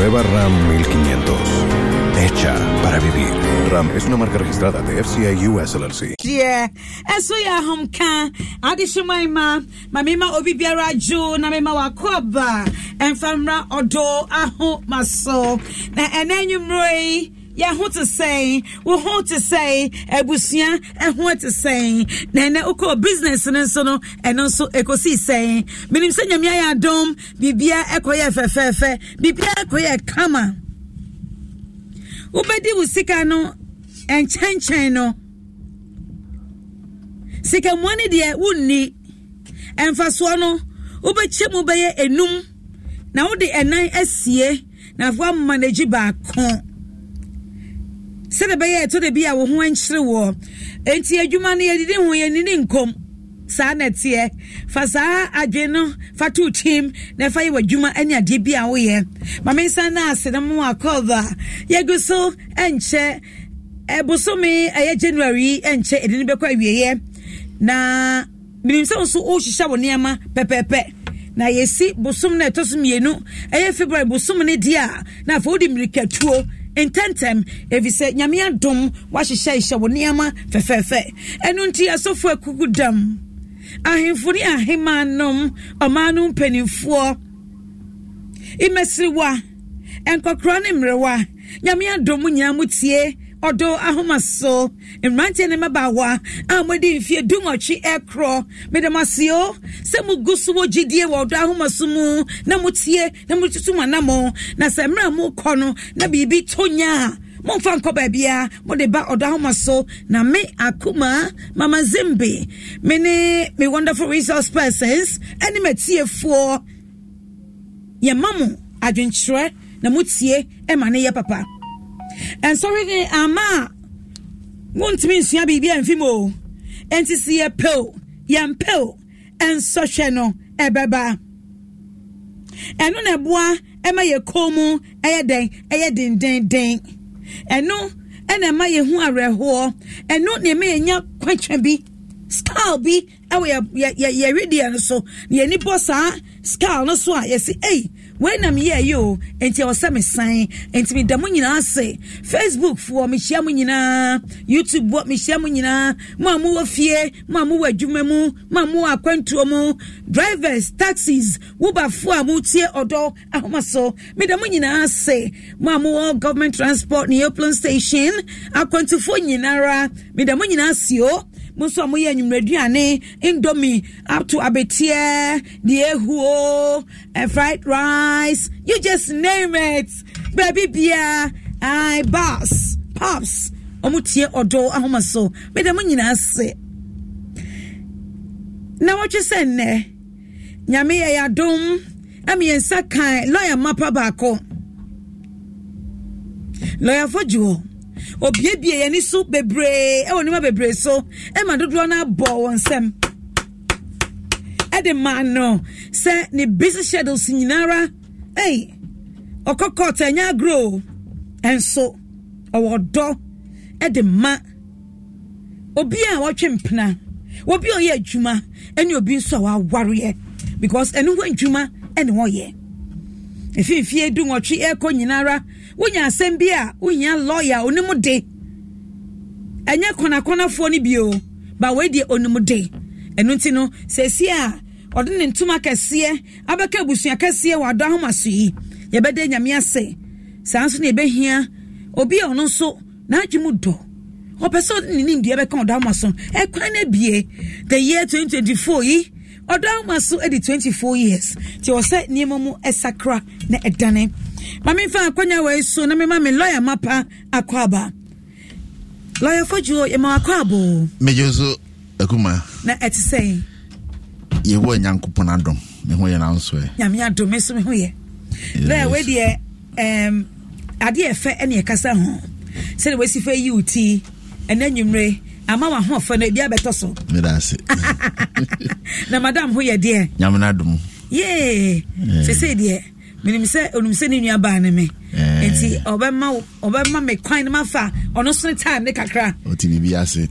Nueva RAM 1500. Hecha para vivir. RAM es una marca registrada de FCA US LLC. Yeah, eso ya homka. Adi shumaima. Mamima obi biara ju na mema wakoba. Enfamra odo aho maso. Na enenyu yɛn ho te sɛn wo ho te sɛn abusua ɛho te sɛn na ɛnɛ wokɔ business no nso no ɛno nso ɛkɔsii sɛn menim sɛ nyame ayɛ adom biribia ɛkɔyɛ fɛfɛɛfɛ biribia ɛkɔyɛ kama wobɛdi wo sika no ɛnkyɛnkyɛn no sikamua no deɛ wonni ɛmfasoɔ no wobɛkyɛ mu bɛyɛ enum na wode ɛnan asie na afoa mmanagyi baako sɛde bɛyɛ ɛtɔ de bi a wo ho nkyere wɔ nti adwuma no yɛdidi ho yɛnini nkɔm saa na ɛteɛ fa saa adwe no fa to kyim na ɛfa yɛ w'adwuma ne adeɛ bi a woyɛ mame nsa no ase na mu akɔlva yɛgu so nkyɛ ɛbosome ɛyɛ january nkyɛ ɛde no bɛkɔ awieeɛ na menim sɛ wo so wohyehyɛ wo nneɛma pɛpɛpɛ na yɛsi bosom no ɛtɔ so mmienu ɛyɛ february bosom no deɛ a na afei wode mmirikatuo ntɛntɛm efisɛ nyame adom wahyehyɛ hyɛ wɔ nneɛma fɛfɛɛfɛ ɛno nti asɔfo akuku dam ahemfo ne ahemmanom ɔman no mpanimfoɔ mmɛsiriwa nkɔkorɔ ne mmerewa nyame adom nyinaa mu tie ɔdɔ ahomaso mmeranteɛ ne mmabaawa a mode mfie dumɔtwe ɛkorɔ mede mo ase o sɛ mogu so wɔ gyidie wɔ ɔdɔ ahomaso mu na motie na motutu mo anamo na sɛ mmerɛ a mokɔ no na biribi to nya a momfa nkɔ baabia mode ba ɔdɔ ahoma so na me akuma mama zembe me ne me wonderful resource persons ɛne matiefoɔ yɛma mo adwenkyerɛ na motie ɛma e ne yɛ papa ɛnsɔre e ne ama e e a wontumi nsua biribi a mfim o ɛnti si yɛpɛ o yɛmpɛ o ɛnsɔhwɛ no ɛbɛba ɛno na ɛboa ɛma yɛ kɔn mu ɛyɛ dɛn ɛyɛ dendenden ɛno ɛna ɛma yɛ ho awerɛhoɔ ɛno na ɛma yɛnya kwatwa bi scar bi ɛwɔ yɛ yɛ yɛ yɛ redeɛ no so na yɛni saa scar no so a yɛsi ɛyi. Hey, wɔnam yɛ yi o nti ɔsɛ me san nti mi da nyinaa ase facebook foɔ mi hyia mu nyinaa youtube foɔ mi hyia mu nyinaa mo a mo wɔ fie mo a mo adwuma mu mo a mo akwantuo mu drivers taxis wobafo a mo tie ɔdɔ ahoma so mi da nyinaa ase mo a mo government transport ne airplane station akwantufoɔ nyinara mi da mu nyinaa ase o mo nso a moyɛ anwummerɛ aduane indomie up to abetiɛ the ehuo uh, eh, fried rice you just name it baabi biara ai eh, bars pops ɔmo tie ɔdɔ ahoma so mede mo nyinaa se na wɔtwe sɛ nnɛ nyame yɛ yɛadom amiyɛnsa kan lɔya mapa baako lɔyafo gye hɔ obiebie yɛn so bebree ɛwɔ nneɛma bebree so ɛma dodoɔ no abɔ wɔn nsam ɛde maa no sɛ ne busy schedules nyinara ɛy ɔkɔ court ɛnyɛ agorɔ ɛnso ɔwɔ dɔ ɛde ma obi a wɔtwe mpena obi a ɔyɛ adwuma ɛne obi nso a wawareɛ because ɛno ho adwuma ɛne wɔyɛ efiifie du nwɔtwe ɛkɔ nyinara. wonya asɛm bi a wohia lɔya onim de ɛnyɛ kɔnakɔnafoɔ no bio ba wei deɛ onim de ɛno nti no sɛsi a ɔde ne ntoma kɛseɛ abɛka abusua kɛseɛ wɔ adɔ ahoma so yi yɛbɛda nyame ase saa nso na yɛbɛhia obi a ɔno nso n'adwe mu dɔ ɔpɛ sɛ ɔde ne nimdeɛ bɛka ɔdɔ ahoma so ɛkwan no abie the year 2024 yi ɔdɔ ahoma so adi 24 years nti ɔsɛ nneɛma mu ɛsakra na ɛdane ma memfa akwanya wei so na mema me lɔya mapa akɔ aba lɔyafo dwuo yɛma e wakɔ aboo megye so akuma na ɛte sɛ yɛwɔ e nyankopɔn adom me ho yɛ nansoɛ e. nyame adom me so me ho yɛ lɔya weideɛ um, adeɛ ɛfɛ ne ɛkasa ho sɛde wasi fa yi wo ti ɛna nwummere ama wahoɔfɔ no ebi abɛtɔ so medase na madam ho yɛ die. nyame no adom yee yeah. sɛsei deɛ menim sɛ onim sɛ ne nuabaa ne me eh. nti ɔbɛma ɔbɛma me kwan no mafa ɔno so ne time ne kakra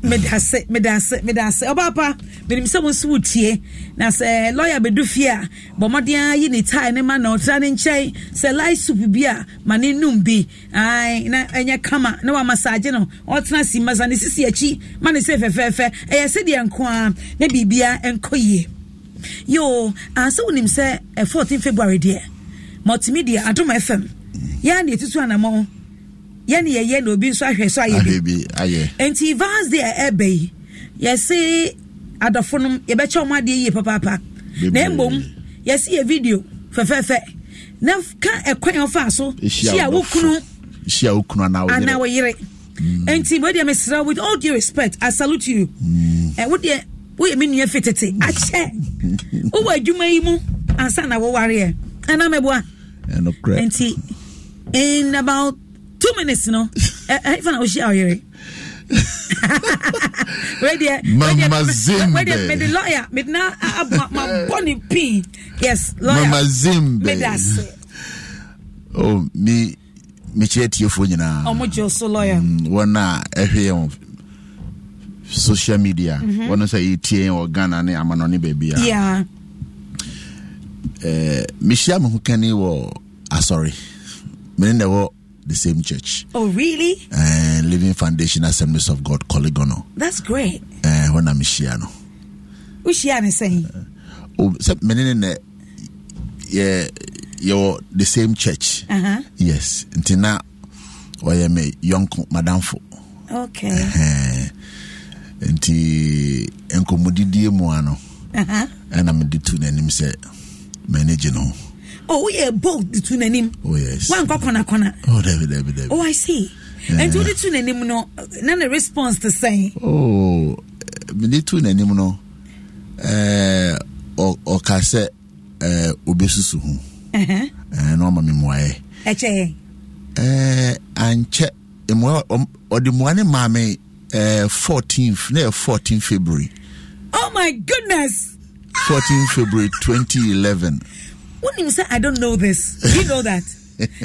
medase medase medase ɔbaapa menim sɛ wo nso wotie na sɛ lɔya bɛdu fie a bɔ mmɔden yi ne tae ne ma na ɔtena ne nkyɛn sɛ lai soup bi a ma ne num bi ae na ɛnyɛ kama na wama saagye no ɔtena si masa ne sisi akyi ma ne sɛ fɛfɛɛfɛ ɛyɛ sɛdeɛ nko a na biribia ɛnkɔ yie yo asɛ wonim sɛ 14 february deɛ multimedia adom fm yɛa ne ɛtutu anammɔ yɛne yɛyɛ na obi nso ahwɛ so ayɛ bi enti vans de a ɛba yi yɛse adɔfo nom yɛbɛkyɛ ɔmo adeɛ yie papaapa na mmom yɛse yɛ video fɛfɛɛfɛ na ka ɛkwan a ɔfa so Shia wo Shia hyia wo kunu anaa yere mm. enti mo deɛ mesrɛ with all due respect i salute you mm. ɛwo deɛ woyɛ me nua fitete akyɛ wowɔ adwuma yi mu ansa na wowareɛ ɛna mɛboa nti in about two minutes no ɛfa eh, eh, na ɔhyia ɔyere wɛdeɛ wɛdeɛ mede lawyer mede na aboa ma bɔ yes lawyer mede ase. oh me mekyerɛ atiefoɔ nyinaa ɔmo gye so lawyer wɔn a ɛhwɛ yɛn social media wɔn nso a yɛtie yɛn ne amanɔne baabi a yeah. Eh, mehyia me ho kane wɔ asɔre mene na ɛwɔ the same church. Oh, really? And uh, eh, Living Foundation Assemblies of God, Coligono. That's great. Uh, when I'm Ishiano. Ushiano saying? Oh, so many yeah, you're the same church. Uh-huh. Yes. Until now, I am a young madam for. Okay. Uh-huh. Nti nkɔmmɔdidie mu ano uh-huh. ɛna mede tu n'anim sɛ managing no. Oh, we yeah, bold to nanim. Oh, yes. One corner, corner. Oh, David, David, David. Oh, I see. Yeah. And to the two nanim, no, none a response to say. Oh, the two nanim, no. Eh, or cassette, eh, obesusu. Uh-huh. And eh, no, mammy, why? Eche. Eh, and check. Ɔde mmoa ne maame 14th na yɛ 14 February. Oh my goodness! 14 February 2011. What you say I don't know this, do you know that?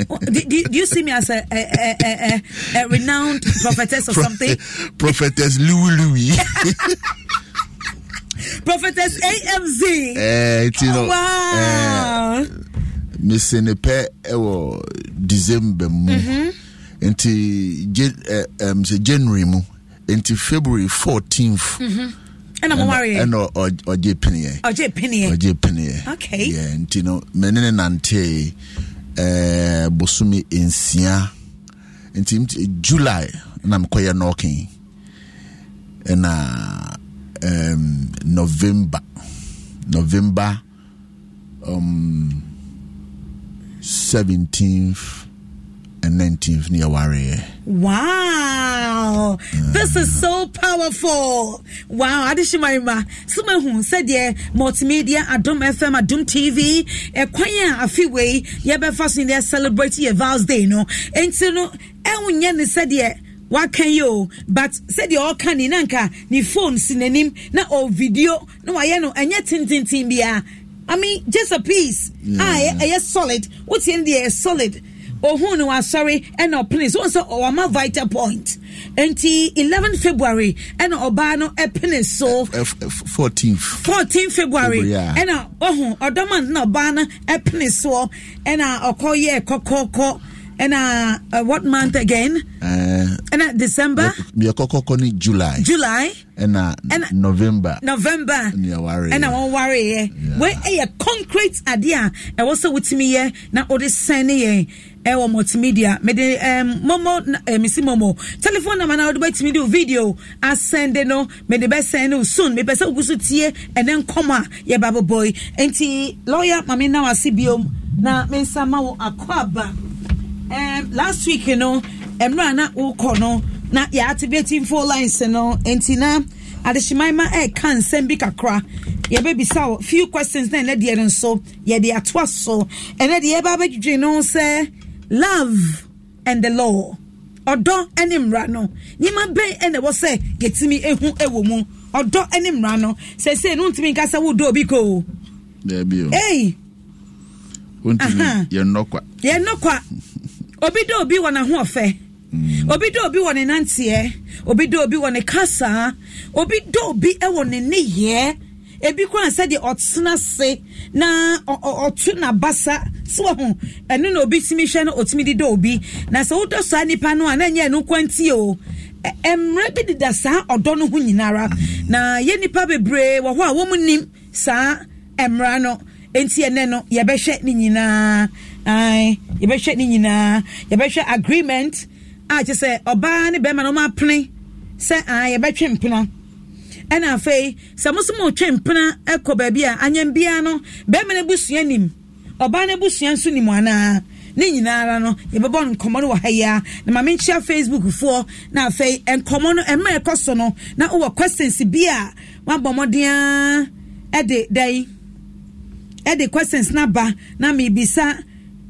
Oh, do, do, do, you see me as a, a, a, a, a renowned prophetess or Pro- something? Prophetess Louie Louie. prophetess AMZ. Uh, eh, you know, oh, wow. Eh, Miss Nepe eh, December mu. Mm-hmm. Nti January mu. February 14th. Mm-hmm ɛna mo wari yɛ ɛna ɔgye piniɛ ɔgye piniɛ okay yɛ nti no mɛne ne nante ɛɛ bosomi nsia nti july na mekɔyɛ nɔɔkin ɛna november november um, 17th and 19th near Warrior. Wow, this is so powerful. Wow, Adishimaima, someone who said, Yeah, multimedia, Adum FM, Adum TV, a choir, a few way, Yabba Fasting, they celebrating your vows day, no, and so no, and when said, Yeah. What can you? but sɛdeɛ all can na nka ne phone sinenim na all video na wayɛ no ɛnyɛ tententen biara i mean just a piece yeah. aye solid What's in deɛ solid ohun no asɔre ɛna ɔpene so sɛ ɔwama vital point nti 11 february ɛna ɔbaa no pene so 14 14 february ɛna ɔhu ɔdɔma na ɔbaa no pene soɔ ɛna ɔkɔ yɛ kɔkɔɔkɔ And uh, what month again? Uh, ɛna december. deɛ kɔkɔkɔ ni july. july. And ɛna november. november. Don't ɛna wɔn wareɛ. wɔn yɛ concrete adeɛ a ɛwɔ sɛ wotumi yɛ na ɔde sɛn ne yɛn. ɛwɔ multimedia mede um, momo uh, eh, misi momo telephone number na wɔde bɛtumi de o video asɛnde no mede bɛsɛn no soon mepɛ sɛ wogu so tie ɛne nkɔm a yɛba bobɔ yi nti lawyer mame na wase biom na mensa ma wo akɔ aba um, last week no mmerɛ na wokɔ no na yɛativating four lines no nti na adehyeman ma ɛka nsɛm bi kakra yɛbɛbisa wɔ few questions na ɛnɛ deɛ no nso yɛde atoa so ɛnɛ deɛ eh, yɛba abɛdwedwe no sɛ love and the law ɔdɔ ne mmara no nneɛma bɛn ɛna ɛwɔ sɛ yɛtumi ehu ɛwɔ mu ɔdɔ ne mmara no sɛsɛ no ntumi nkasa wo do obi ko. beebi o eyi. ntumi yɛ nnɔkwa. yɛ nnɔkwa obi do mm. obi wɔ n'ahoɔfɛ. obi do obi wɔ obi do obi wɔ kasa obi do obi wɔ ne ebi kora sɛdeɛ ɔtena se na ɔto n'abasa si wɔ ho ɛno na obi tumi hwɛ no otumi deda obi na sɛ wotɔ saa nipa no a na nyɛ ɛno kwantie o mmerɛ bi deda saa ɔdɔ no ho nyinara na yɛ nipa bebree wɔ hɔ a wɔn nim saa mmerɛ no nti ɛnɛ no yɛbɛhwɛ ne nyinaa ae yɛbɛhwɛ ne nyinaa yɛbɛhwɛ agreement a kyerɛ sɛ ɔbaa ne bɛrima no ɔmo apene sɛ ae yɛbɛtwe mpena ɛna afei sɛ mo so mo twe mpena ɛkɔ baabi a anyam biara no bɛrima no busua nim ɔbaa no busua nso nim anaa ne nyinaa no yɛbɛbɔ no nkɔmmɔ no wɔ ha yi a na maame nkyia facebook foɔ na afei nkɔmmɔ no mmerɛ ɛkɔ so no na wowɔ questions bi a wabɔ mmɔden a ɛde dɛn ɛde questions na ba na mebisa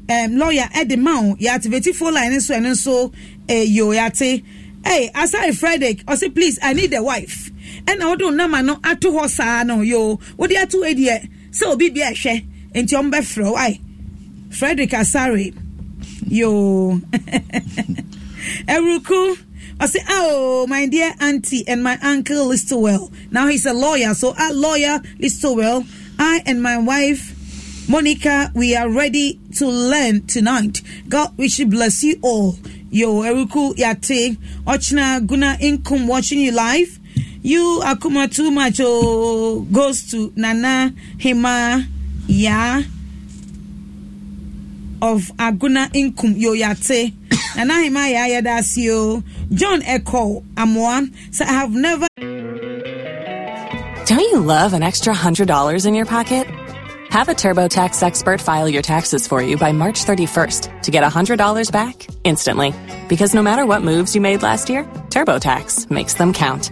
um, lawyer ɛde ma wo yɛactivate phone line no so ɛno nso ɛyo eh, yɛate Hey, Asai Frederick, also please, I need a wife. ɛna not know nama no ato hɔ saa no yo wode ato hɔ deɛ sɛ obi bia ɛhwɛ nti ɔmbɛfrɛ wo ae frederick asare yo Eruku, I say, oh, my dear auntie and my uncle is well. Now he's a lawyer, so our ah, lawyer is well. I and my wife Monica, we are ready to learn tonight. God, we should bless you all. Yo, Eruku Yate, Ochna Guna Inkum, watching you live you Akuma too much oh goes to Nana Hema Ya of Aguna Inkum yo yate Nana Hema Ya yo John Echo Amoa. So I have never Don't you love an extra hundred dollars in your pocket? Have a TurboTax expert file your taxes for you by March 31st to get $100 back instantly. Because no matter what moves you made last year, TurboTax makes them count.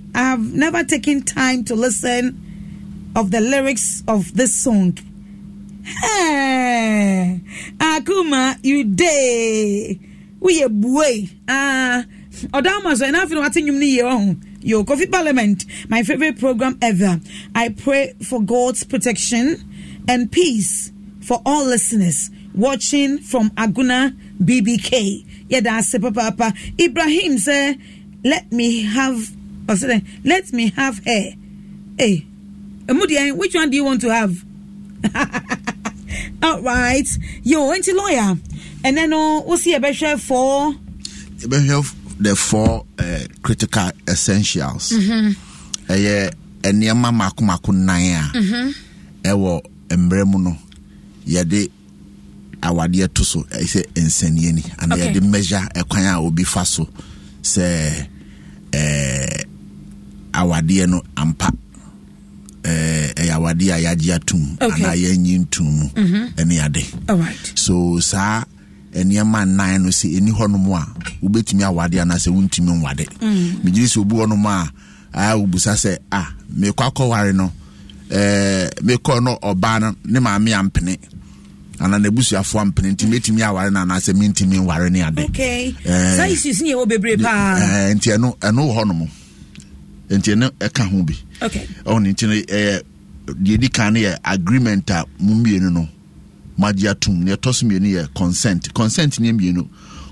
I've never taken time to listen of the lyrics of this song. Hey, Akuma, you day. We a boy. Ah, Odama, so enough in what you need oh. your coffee parliament, my favorite program ever. I pray for God's protection and peace for all listeners watching from Aguna BBK. Yeah, that's it, Papa. Ibrahim, sir, let me have ɔsɛ let me have hair hey emu which one do you want to have alright yo nti lawyer ɛnɛ no wosi ɛbɛhwɛ four. ɛbɛhwɛ the four uh, critical essentials ɛyɛ nneɛma mako mako nan a ɛwɔ mmerɛ mu no yɛde awadeɛ to so ɛsɛ nsaniani ana yɛde measure ɛkwan eh, a obi fa so sɛ ɛɛ. Eh, awadeɛ no ampa eh, ɛyɛ eh, eh, awadeɛ a yɛagye atom anaa yɛanyi ntom mu mm ade so saa nneɛma nnan no sɛ ɛni hɔnom a wobɛtumi awade anaasɛ wontumi nwade mm. megye sɛ obi hɔnom a a wobusa sɛ a mekɔ akɔware no eh, mekɔ no ɔbaa no ne maame ampene ana n'abusuafoɔ ampene nti mɛtumi aware no anaasɛ mentumi nware ne ade okay. eh, saa issues ne yɛwɔ bebree paa eh, nti ɛno ɛno wɔ hɔnom nti ɛno ɛka ho bi ɔno nti no ɛyɛ deɛ di kan no yɛ agreement a mu mmienu no magye atom na ɛtɔ so mmienu yɛ consent consent ne mmienu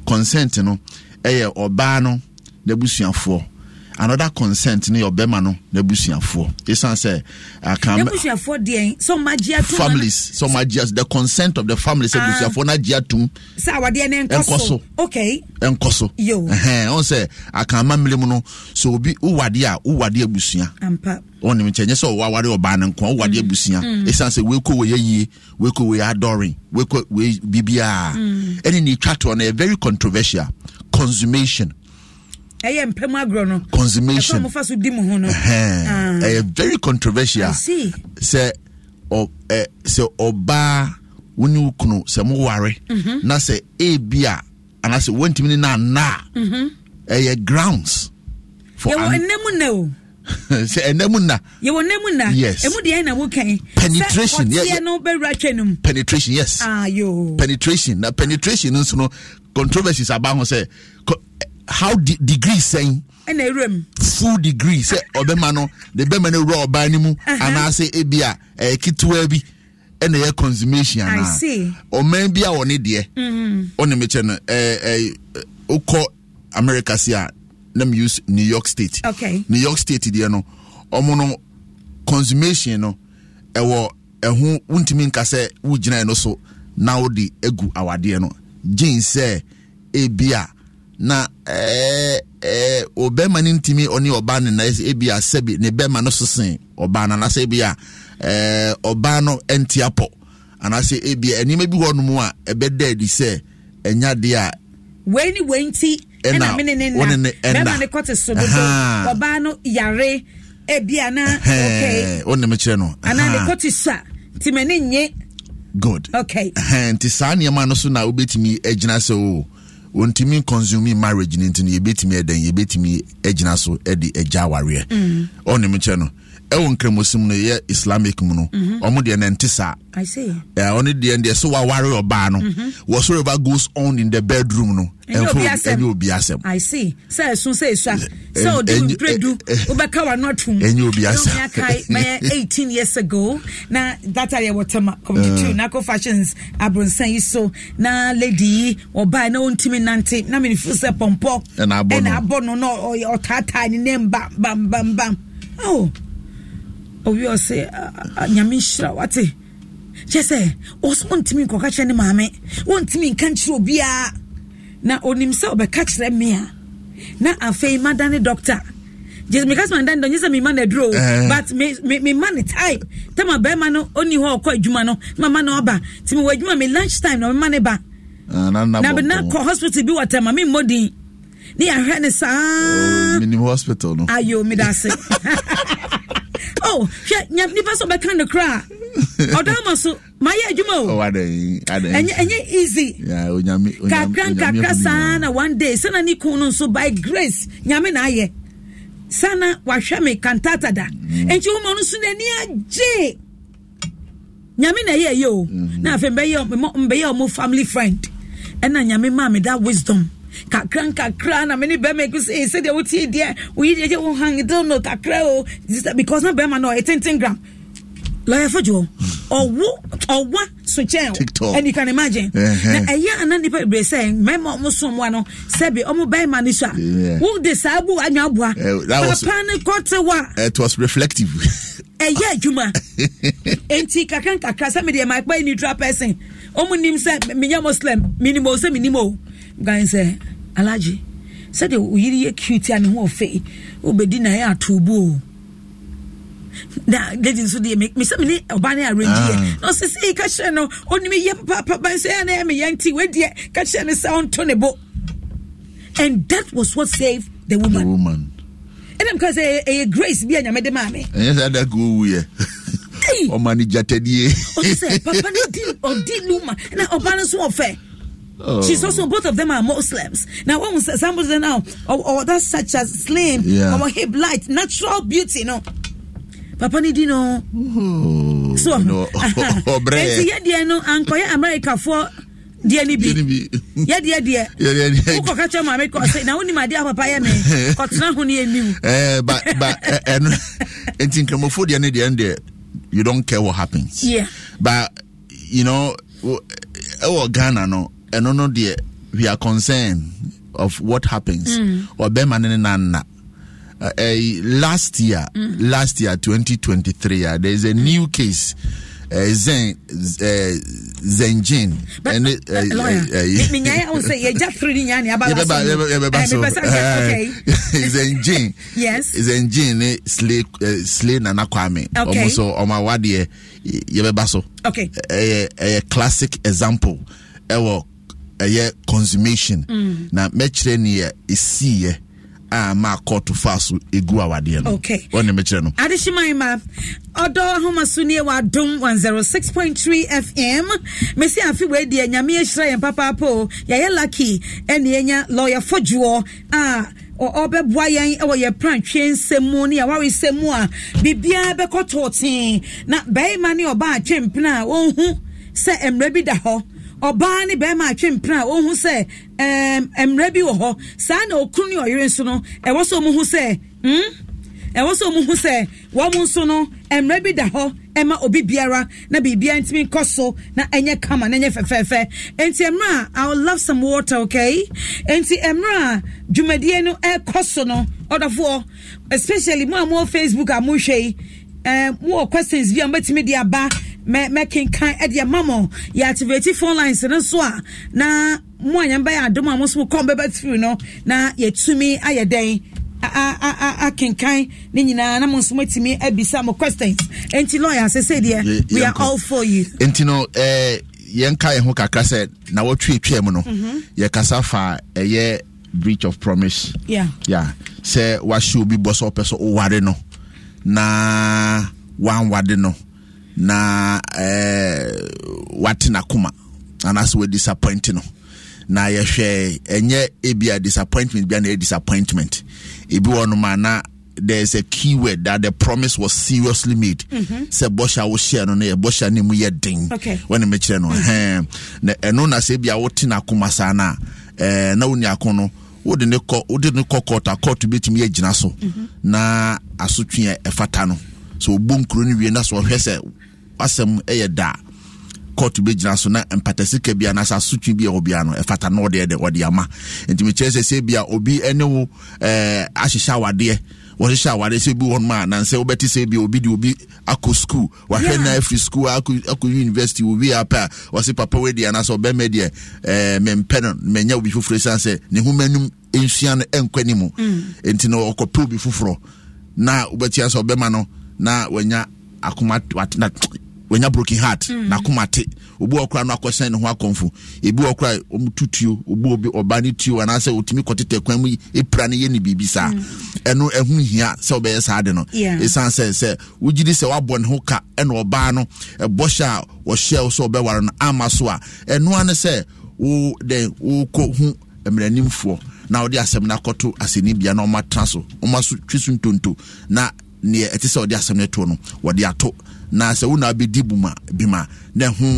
consent no ɛyɛ ɔbaa no n'abusuafoɔ another consent ne ɔbɛma no n'abusuafoɔ esan sɛ akan. n'abusuafoɔ deɛ sɔma jia tum. families sɔma jia the consent of the families abusuafoɔ ah. na jia tum. sɛ awadeɛ ne nkɔ so okay. nkɔ so yo ɛhɛn ɔn sɛ akan ama mmiri mu no so obi uwade a uwade abusua. ampa. ɔnim nkyɛn nyɛ sɛ ɔwɔ awari ɔbaa ne nko ɔwade mm. abusua esan mm. sɛ weko weyɛ yie weko weyɛ adɔrin weko weyɛ bibiara ɛne mm. ni itwa toɔ no very controversial consumation ɛyɛ mpɛm agorɔ no consummation ɛfa so di mu ho no ah. ɛyɛ very controversial sɛ ɔ ɛ sɛ ɔbaa wo ne wo kunu sɛ moware mhm. na sɛ ebi a anaasɛ wɔntumi ne na ana mhm. ɛyɛ grounds for yɛwɔ ɛnɛ mu na o sɛ ɛnɛ na yɛwɔ ɛnɛ mu na yes ɛmu deɛ na wokan penetration sɛ ɔteɛ no bɛwura twɛ no penetration yes ayo penetration na penetration nso no controversies aba ho sɛ how de degree sɛn ɛna ewuram full degree sɛ ɔbɛma no de bɛma no ewura ɔbaa no mu anaasɛ ebi a ɛyɛ ketewa bi ɛna ɛyɛ consummation anaa ɔman bi a wɔne deɛ mm-hmm. ɔne mi kyɛ no ɛɛ ɛɛ okɔ america si a nam use new york state okay. new york state deɛ no ɔmo no consummation no ɛwɔ ɛho wuntumi nka sɛ wugyina yɛ no so na ɔde egu awadeɛ no jeans sɛ ebi a. Eh, na ɔbɛrima eh, eh, no ntumi ɔne ɔbaa no na ebi asebi sɛbi ne bɛrima no sesen ɔbaa no anaasɛ ebi a ɔbaa no nti apɔ anaasɛ ebi a nneɛma bi hɔ nom a ɛbɛda adi sɛ ɛnya deɛ a. wei ni wei nti ɛna mene ne na bɛrima ne kɔ te so dodo ɔbaa no yare ebi ana okay ɔnam kyerɛ no ana ne kɔ te so a tìmɛ ne nye. good okay nti saa nneɛma no so na obetumi agyina sɛ o. wɔntumi consume marriage no nti no yɛbɛtumi ɛdɛn yɛbɛtumi agyina so de agya awareɛ ɔnem mm. kyɛ no ɛwɔ nkramosim no yɛ islamic mu no mhm. ɔmo deɛ nɛnte saa ɔno deɛ deɛ so waware ɔbaa no mhm. whatsoever goes on in the bedroom no ɛnyɛ obi asɛm obi asɛmkae bɛyɛ uh, no obi ɔse nyame nhyira wate kyɛ sɛ ɔsɛ ɔntumi nkɔka kyerɛ ne maame ɔntumi nka nkyerɛ obiaa na onim sɛ ɔbɛka kyerɛ me a na afei mada ne dɔkta jesu mekasa ma ndan dɔ nye sɛ mema no aduro o but mema ne tae tama bɛrima no ɔni hɔ ɔkɔ adwuma no mama no ɔba nti mewɔ adwuma me lunch time na mema ne ba ah, na na kɔ hospital bi wɔ tama memmɔ din ne yɛahwɛ ne saa oh, ayo meda se oh hwɛ nya nipa sɛ ɔbɛka no koraa ɔdɔ ama so mayɛ adwuma o oh, ɛnyɛ easy kakra nkakra saa na one day sɛna ne kun no nso by grace nyame na ayɛ sana wahwɛ me kantata da mm. nti woma no so n'ani agye nyame na ɛyɛ ɛyɛ o mm-hmm. na afei mbɛyɛ mbɛyɛ ɔmo family friend ɛna nyame maa me that wisdom kakra nkakra na mene bɛrima ɛgu sɛ sɛdeɛ wotie deɛ woyi deɛ gye wo hangdel no kakra o because na bɛrima no ɔyɛ tenten gram lọ́yẹ̀fọ́ jọ ọ̀wọ́ ọ̀wá sọ̀kyẹ́ ọ̀ and you can imagine na ẹ̀yẹ́ àná nípa ìbèrè sẹ́ mẹ́mọ́ ọmọ sùn mu àná sẹ́bi ọmọ bẹ́ẹ̀ ma ní sọ à wọ́n de sáà bù ànyà bùa papa ne kọ́ wa. it was reflective. ẹ̀yẹ́ ẹ̀dwuma etí kakra nkakra sẹ́mi de ẹ̀ máa pẹ́ ẹni dra pẹ́sìn ọmọ nim sẹ́ mi muslim mi ni mo gan sɛ alagye sɛdeɛ oyiri yɛ cute a ne ho ɔfɛ wobɛdi na ɛyɛ ato bu o na lady nso deɛ mesɛ mene ɔba ne arɛngyi yɛ na ɔsɛ sɛ ka kyerɛ no ɔnim yɛ papaapa ban sɛ ɛyɛ na ɛyɛ meyɛ nti wadeɛ ka kyerɛ no sɛ ɔnto ne bo and that was what saved the woman, the woman. ɛnam ka sɛ ɛyɛ grace bi a nyame de maa me ɛyɛ sɛ adaka ɔwuiɛ ɔma ne gyatadie ɔsɛ papa no di ɔdi luma na ɔba no so ɔfɛ Oh. She's also both of them are Muslims. Now, when somebody now or, oh, or oh, that's such as slim yeah. or hip light, natural beauty, no? Papa ni dino. Oh, so, oh, no. deɛ no ankɔyɛ America for deɛ ni bi. Yɛ deɛ deɛ. Yɛ deɛ deɛ. Wokɔ ka kyerɛ maame kɔ sɛ na wonim adeɛ a papa yɛ me kɔtena ho ne anim. Ɛɛ ba ba ɛno nti nkramofoɔ deɛ ne deɛ deɛ you don't care what happens. Yeah. But you know ɛwɔ Ghana no. And no deɛ we are concerned of what happens or no ne nanna uh, last year mm. last year 2023 uh, ah, there is a new case Zengin Zen, uh, Zenjin. I say, just eh, okay. Zenjin. Yes. Zenjin, eh, slay, uh, slay Nana Kwame. Okay. Almost, on my word, Okay. A, a classic example. Ewo ɛyɛ consummation mm. na mɛkyerɛ ne yɛ ɛsiiɛ a ma kɔɔto fa so ɛgu awadeɛ no ɔne mɛkyerɛ no adehyemae ma ɔdɔ ahomaso nie wɔadom 106.3 fm mesi afe weideɛ nyame ahyira yɛn papaapoo yɛyɛ lucky ɛne yɛnya lɔyɛfo dwoɔ a ɔbɛboa yɛn wɔ yɛ prantwe nsɛm mu ne yɛware nsɛm mu a biribiara bɛkɔtɔɔ tee na bɛrima ne ɔbaa atwe mpena a wɔnhu sɛ mmerɛ bi da hɔ ɔbaa ne bɛrima atwe mpena a wɔhu sɛ ɛɛm mmerɛ bi wɔ hɔ saa na okun ne ɔyere nso no ɛwɔ so ɔmo ho sɛ hmm ɛwɔ so ɔmo ho sɛ wɔn nso no mmerɛ bi da hɔ ɛma obi biara na biribiara ntumi nkɔ so na ɛnyɛ kama na ɛnyɛ fɛfɛɛfɛ nti mmerɛ a i will love some water okay nti mmerɛ a dwumadie no ɛkɔ so no ɔdɔfoɔ especially mo a mo wɔ facebook a mo hwɛ yi ɛɛ mo wɔ questions bi a mo bɛtumi de aba mɛkenkan ɛde ɛma mo yɛ phone lines no so a ah, na mo a yɛn bɛyɛ adom a mo so kɔn bɛbɛ tiri no na yɛtumi ayɛ ah, dɛn ah, akenkan ne nyinaa na mo nso matumi abisa eh, mo questions enti lawyer sɛ sɛ deɛ we are all for you enti no eh, yɛnka yɛn ho kakra sɛ na wɔtwetwea mu no mm-hmm. yɛkasa fa ɛyɛ eh, breach of promise yeah. sɛ wahye obi bɔ sɛ ɔpɛ sɛ woware no na wanwade no na eh, wate n'akoma anaasɛ wa disappoint no na yɛhwɛ ɛnyɛ ebia disappointment bia na yɛ e disappointment ebi wɔ nom ana there is a keyword that the promise was seriously made mm-hmm. sɛ bɔhyɛ a wohyɛ no no yɛ bɔhyɛ ne mu yɛ den wɔne mekyerɛ no mm-hmm. hɛn na ɛno na sɛ ebia wote n'akoma saa na ɛɛ eh, na wo niako no wode ne kɔ wode ne kɔ court a court betumi yɛ gyina so mm-hmm. na asotwe ɛfata no so obu nkuro no wie na so ɔhwɛ sɛ asɛm yɛ da court bɛgyina so na mpatasika bi anaasɛ asotwe bi a ɛwɔ bia no ɛfata na ɔde ɛde ɔde ama nti mekyerɛ sɛ sɛ bia obi ne wo eh, ahyehyɛ awadeɛ wɔhyehyɛ awadeɛ sɛ bi wɔ nom a nansɛ wobɛte sɛ bi obi de obi akɔ school wahwɛ na afiri school akɔ akɔ university obi a pɛ a wɔse papa wei deɛ anaasɛ ɔbɛma deɛ ɛɛ eh, no mɛnyɛ obi foforɔ san sɛ ne ho mɛnum nsua no ɛnkɔ ne mu mm. nti na ɔkɔpɛ obi foforɔ na wobɛtia sɛ ɔbɛma no na wanya akoma wat wanya broken heart mm. nakoma te obi ɔkora no akɔsɛn ne ho akɔmfo ebi ɔkora ɔmu tutuo obi obi ɔba ne tuo anaasɛ otumi kɔtete kwan mu epira ne yɛ ne biribi saa mm. ɛno ɛho hia sɛ ɔbɛyɛ saa de no esan sɛ sɛ wogyidi sɛ wabɔ ne ho ka ɛna ɔbaa no ɛbɔ a ɔhyɛ sɛ ɔbɛware no ama so a ɛnoa ne sɛ wo dɛn wokɔ ho mmeranimfoɔ na ɔde asɛm no akɔto asɛnnibea na ɔmatena so ɔma so so ntonto na neɛ ɛte sɛ ɔde asɛm no to no wɔde ato na sɛ wona bɛdi buma bi ma na ho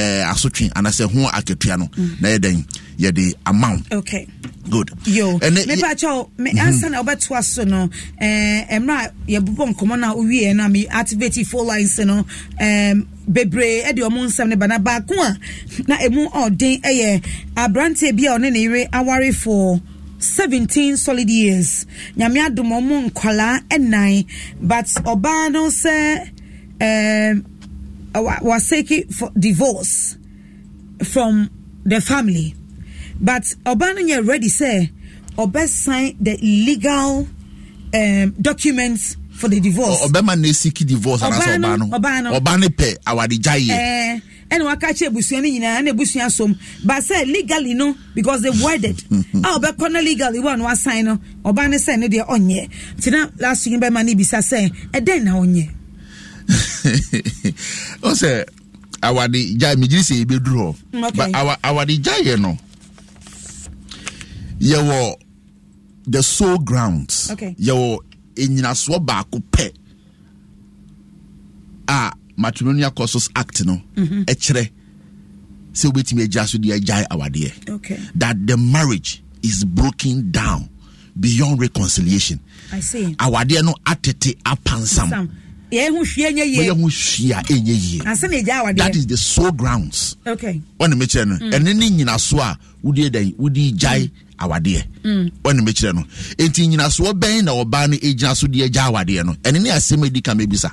eh, asotwe anaasɛ ho akatua no mm. na yɛ yɛde ama okay. good mepakyɛw mhm. ansa na wobɛtoa so no eh, mmerɛ a yɛbobɔ nkɔmmɔ no a wowieɛ no me activate fo lines no bebree ɛde ɔmo nsɛm no ba baako a na ɛmu ɔden ɛyɛ aberanteɛ bi a ɔne ne yere awarefoɔ 17 solid years nyame adom ɔmo nkwalaa ɛnan but ɔbaa no sɛ um, was seeking for divorce from the family. But Obaninya already said Obe signed the legal um, documents for the divorce. Obama ne siki divorce Obano. Obano. Obano pe awadija ye. Eh, ɛna waka kyerɛ abusua no nyinaa na abusua som ba sɛ legally no because they worded. Mhm. a ɔbɛkɔ no legally wo no wasan no ɔba ne sɛ ne deɛ ɔnyɛ nti last week bɛma no bisa sɛ ɛdɛn na ɔnyɛ ɔsɛ awade gya megyere sɛ yɛbɛduru hɔ awa, awade gya yɛ no yɛwɔ the soul ground okay. yɛwɔ ɛnyinasoɔ baako pɛ a matrimonial courses act no mhm. ɛkyerɛ sɛ wobɛtumi agya so de agyae awadeɛ that the marriage is broken down beyond reconciliation awadeɛ no atete apansam yɛhu hwie nyɛ ɛnyɛ yie that is the sole grounds okay wɔne mekyerɛ mm. mm. no ɛne ne nyinaso a wode dɛn wode gyae awadeɛ wɔne mekyerɛ no enti nyinasoɔ bɛn na ɔbaa no ɛgyina so de agya awadeɛ no ɛne ne asɛm a ka mɛbisa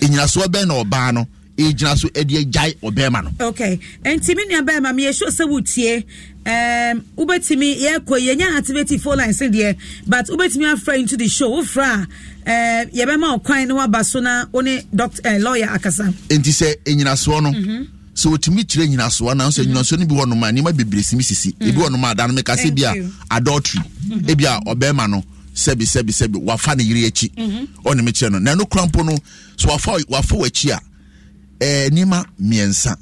ɛnyinasoɔ bɛn na ɔbaa no ɛgyina so ɛde agyae ɔbɛrima no okay nti me nua bɛrima meyɛsɛ sɛ wotie um, wobɛtumi yɛkɔ yɛnya activity phone line se deɛ but wobɛtumi afra into the show wofrɛ a uh, yɛbɛma ɔkwan ne woaba so na wo doctor uh, lawyer akasa enti sɛ ɛnyinasoɔ no mm-hmm. sɛ wɔtumi kyerɛ nyinasoa na sɛ nyinasoɔ no bi wɔ nom a nneɛma bebree simi sisi ebi mhm. wɔ nom a meka sɛ bi a adultery mhm. ebi a ɔbɛrima no sɛbi sɛbi sɛbi wafa ne yere akyi mhm. ɔne me kyerɛ no na ɛno kora no so wafa wafa w'akyi a ɛɛ eh, nneɛma mmiɛnsa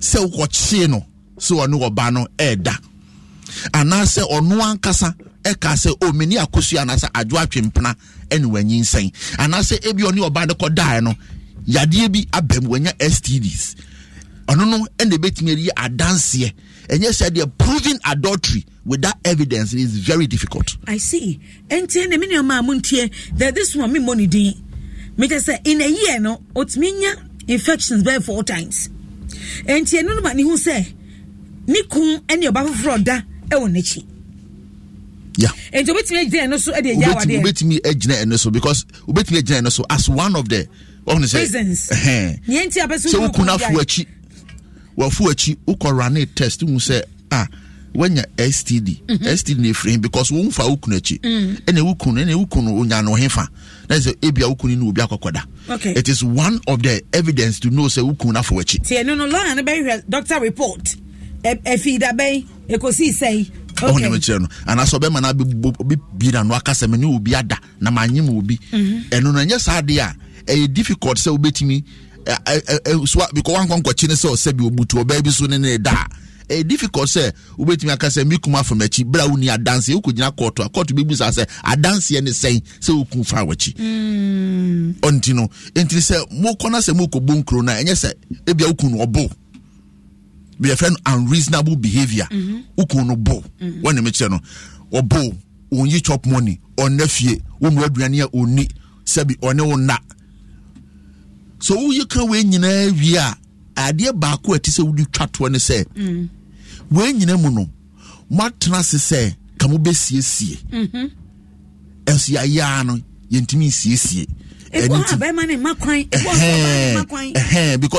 sɛ wɔkyee no sɛ ɔne ɔba no ɛɛda anaasɛ ɔno ankasa ɛka sɛ omini oh, akosua anaasɛ adwo atwempena ɛne wɔanyi nsɛn anaasɛ ebi ɔne ɔba no kɔdaeɛ no yadeɛ bi abɛm wɔanya stds ɔno no ɛna ebɛtumi ayi adanseɛ ɛnyɛ sɛ deɛ proving adultery with that evidence is very difficult. i see ɛnti na mi ni ɔmo a mo n that this one mi mɔ ne din mi kɛ sɛ in a year no otumi nya infections bɛyɛ four times nti ɛno no ma ne ho sɛ ne kun ne ɔba foforɔ da wɔ n'akyi yeah. nti obetumi egyina ɛno so ɛde egya awadeɛ obetumi egyina ɛno so because bet obetumi egyina ɛno so as one of the wɔn ni sɛ reasons yɛn ti abɛsɛ wukun afu akyi wafu akyi wokɔ rani test mu say ah wanya std mhm. std na efiri because wọn fa okun akyi mm. ɛna ewu kun ɛna ewu kun onyano hefa na sɛ ebi a okun ni obi akɔkɔda okay it is one of the evidence to know sɛ okun na afɔ akyi. tiɛ nínú lọ́nà ni bẹ́ẹ̀ hwẹ doctor report ẹ̀fì ìdàbẹ́ èkó sí ìsẹ́yìn. ɔho nyame kyerɛ no anaasɛ ɔbɛma no bɛbi na no akasɛ me ne obi ada na manyem obi mhm. ɛno no ɛnyɛ saa a ɛyɛ difficult sɛ wobɛtumi because wankɔnkɔkye ne sɛ ɔsɛ bi ɔbutu ɔbaa bi so ne ne da a ɛyɛ eh, difficult sɛ wobɛtumi aka sɛ mekuma afam akyi berɛ woni adanseɛ wokɔgyina kɔɔto a kɔɔto bɛbu saa sɛ adanseɛ ne sɛn sɛ wokum fa wakyi mm. ɔnti no sɛ mokɔ sɛ mokɔbɔ nkuro no a ɛnyɛ sɛ ebia no ɔbo no unreasonable mhm. no bo mhm. wɔne no ɔbo chop money ɔnna fie aduane a sɛbi ɔne wo so wei nyinaa wie a adeɛ baako a ɛte sɛ wode twa toɔ ne sɛ wei nyina mu no moatena ase sɛ ka mobɛsiesie mhm. ɛnso yɛayɛa no yɛntumi nsiesie because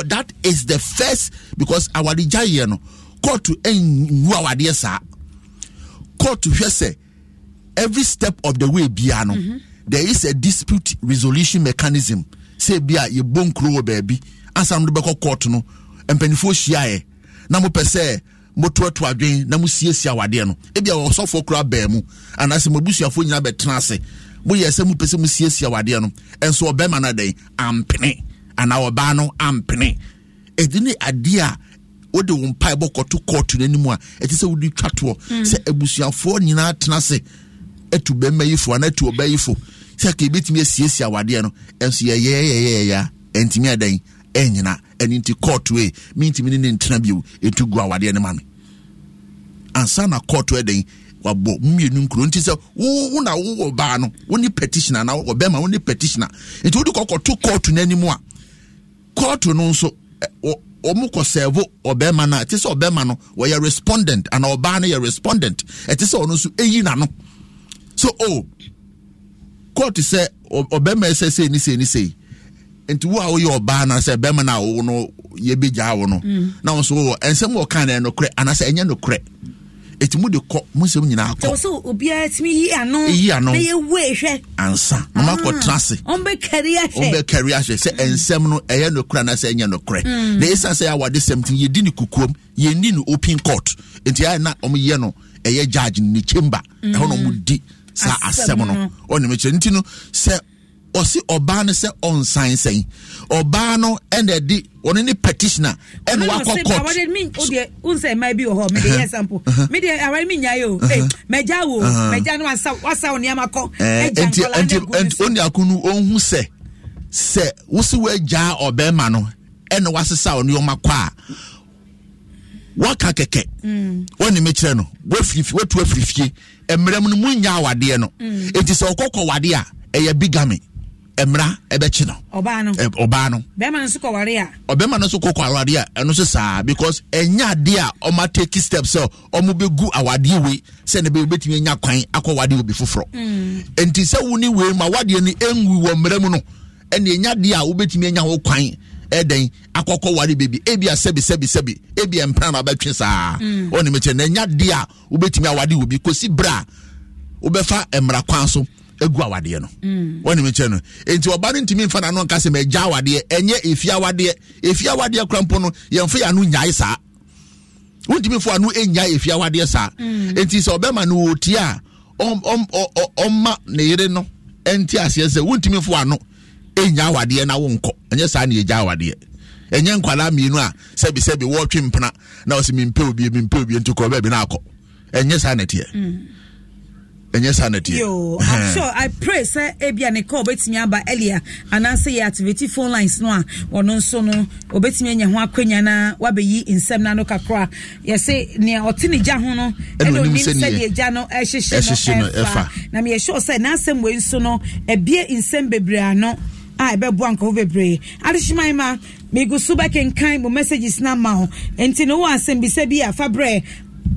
that is the first because awadegyayeɛ no court nwu awadeɛ saa court hwɛ sɛ every step of the way biara no mm -hmm. there is a dispute resolution mechanism sɛ bi a yɛbɔ nkuro wɔ baabi ansa no bɛkɔ court no mpanimfoɔ hyiaeɛ na mopɛ sɛ motoato adwen na mosiesie awadeɛ no ebia ɔsɔfoɔ koraa bɛɛ mu anaasɛ mo abusuafoɔ nyinaa bɛtena ase moyɛ sɛ mopɛ sɛ mosiesie awadeɛ no ɛnso ɔbɛrima no dɛn ampene anaa ɔbaa no ampene ɛdi ne adeɛ a wode wo mpaebɔ kɔto court no anim a ɛte sɛ wode twa toɔ hmm. sɛ abusuafoɔ nyinaa tena ase atu bɛrima yifo anaa atu ɔbaa yifo sɛ ka ebɛtumi asiesie awadeɛ no ɛnso yɛyɛyɛyɛyɛa ɛntumi adɛn ɛnyina ɛno nti court wei mentimi ne ne ntena bio ɛtu gu awadeɛ no ma me ansa na court ɛdɛn wabɔ mmienu nkuro nti sɛ wo na wowɔ baa no wo ne petitioner na wɔ bɛma wo ne petitioner nti wode kɔkɔto court no anim a court no nso wɔn kɔ sɛɛvo ɔbɛrima na ɛte sɛ ɔbɛrima no wɔyɛ respondent ana ɔbaa no yɛ respondent ɛte sɛ ɔno nso ɛyi n'ano so o oh, court sɛ ɔbɛrima ɛsɛ sɛ ni sɛ ni sɛ yi nti wo a woyɛ ɔbaa no sɛ bɛrima no a wo no yɛbɛgyaa wo no mm. na wo nso wowɔ ɛnsɛm wɔka no ɛnokorɛ anaasɛ ɛnyɛ nokorɛ ɛti mode kɔ mo nsɛm nyinaa kɔsɛ obiara tumi yi ano yi ano na yɛwu ehwɛ ansa na ah, ma kɔ tena ase ɔmbɛkari ahwɛ ɔmbɛkari ahwɛ sɛ ɛnsɛm mm. no ɛyɛ nokorɛ anaasɛ ɛnyɛ nokorɛ mm. na ɛsiane sɛ yɛawade sɛm ti yɛdi ne kukuom yɛnni no open court nti ayɛ na ɔmyɛ no ɛyɛ judge ne chamber ɛhɔ na ɔmdi saa asɛm no ɔnem nti no sɛ ɔsi ɔbaa no sɛ ɔnsan sɛn ɔbaa no ɛna ɛdi ɔno ne petitioner ɛna wakɔ court. awari uh-huh. mi o deɛ nsɛn mmaa bi wɔ hɔ mi de yɛ sampo mi de awari mi nya yi o mɛgya wo mɛgya no wasa wasa o nneɛma kɔ ɛgya nkɔla ne gu ne so. ɛnti akunu ohun sɛ sɛ wosi wo egya ɔbɛɛma no ɛna wasesa ɔne ɔma kɔ a waka kɛkɛ mm. wɔne mi kyerɛ no wɔtu afirifie mmerɛ mu no mu nya awadeɛ no mm. eti sɛ ɔkɔkɔ wadeɛ a ɛyɛ bigamy mmara ɛbɛkyi no ɔbaa no bɛrima no nso kɔkɔ awade a ɛno nso saa because ɛnya ade a ɔma take steps sɛ ɔmo bɛgu awadeɛ wei sɛ ne bɛyɛ wobɛtumi anya kwan akɔ wadeɛ obi foforɔ enti mm. sɛ wo ne wei ma wadeɛ no ɛngu wɔ mmerɛ mu no ɛne ɛnya adeɛ a wobɛtumi anya ho kwan ɛdɛn akɔkɔ ware beebi ebi asɛbi sɛbi sɛbi ebi mpran na ɔbɛtwe saa mm. ɔne mɛkyɛ na ɛnya adeɛ a wobɛtumi awade obi kɔsi bra wobɛfa mmara kwan so egu awadeɛ no mm. wɔnim kyɛ no nti ɔba no ntumi mfa n'ano nka sɛ ma ɛgya awadeɛ ɛnyɛ efi awadeɛ efi awadeɛ kora mpo no yɛmfa yɛ ano nyae saa wontumi fo ano enyae efi awadeɛ saa mm. nti sɛ ɔbɛma no wɔtie a ɔma ne yere no ɛnte aseɛ sɛ wontumi fo ano enya awadeɛ na wonkɔ ɛnyɛ saa ne yɛgya awadeɛ ɛnyɛ nkwadaa mmienu a sɛbisɛbi wɔɔtwe mpena na ɔsɛ mimpɛ obie mimpɛ obie nti kɔ baabi na ɛnyɛ saa na tie. yoo i'm sure i pray sɛ ebi a ne call obetumi aba earlier anaasɛ yɛ activity phone lines no a ɔno nso no obetumi anya ho akonnwa na wabɛyi nsɛm na no kakra yɛsɛ nea ɔte ne gya ho no ɛna onim sɛ deɛ gya no ɛhyehyɛ no ɛfa na meyɛ sure sɛ n'asɛm wei nso no ɛbie nsɛm bebree ano a ɛbɛboa nkɔfo bebree adehyeman ma megu so bɛkenkan mo messages na ma wo nti no wɔ asɛmbisa bi a fa berɛ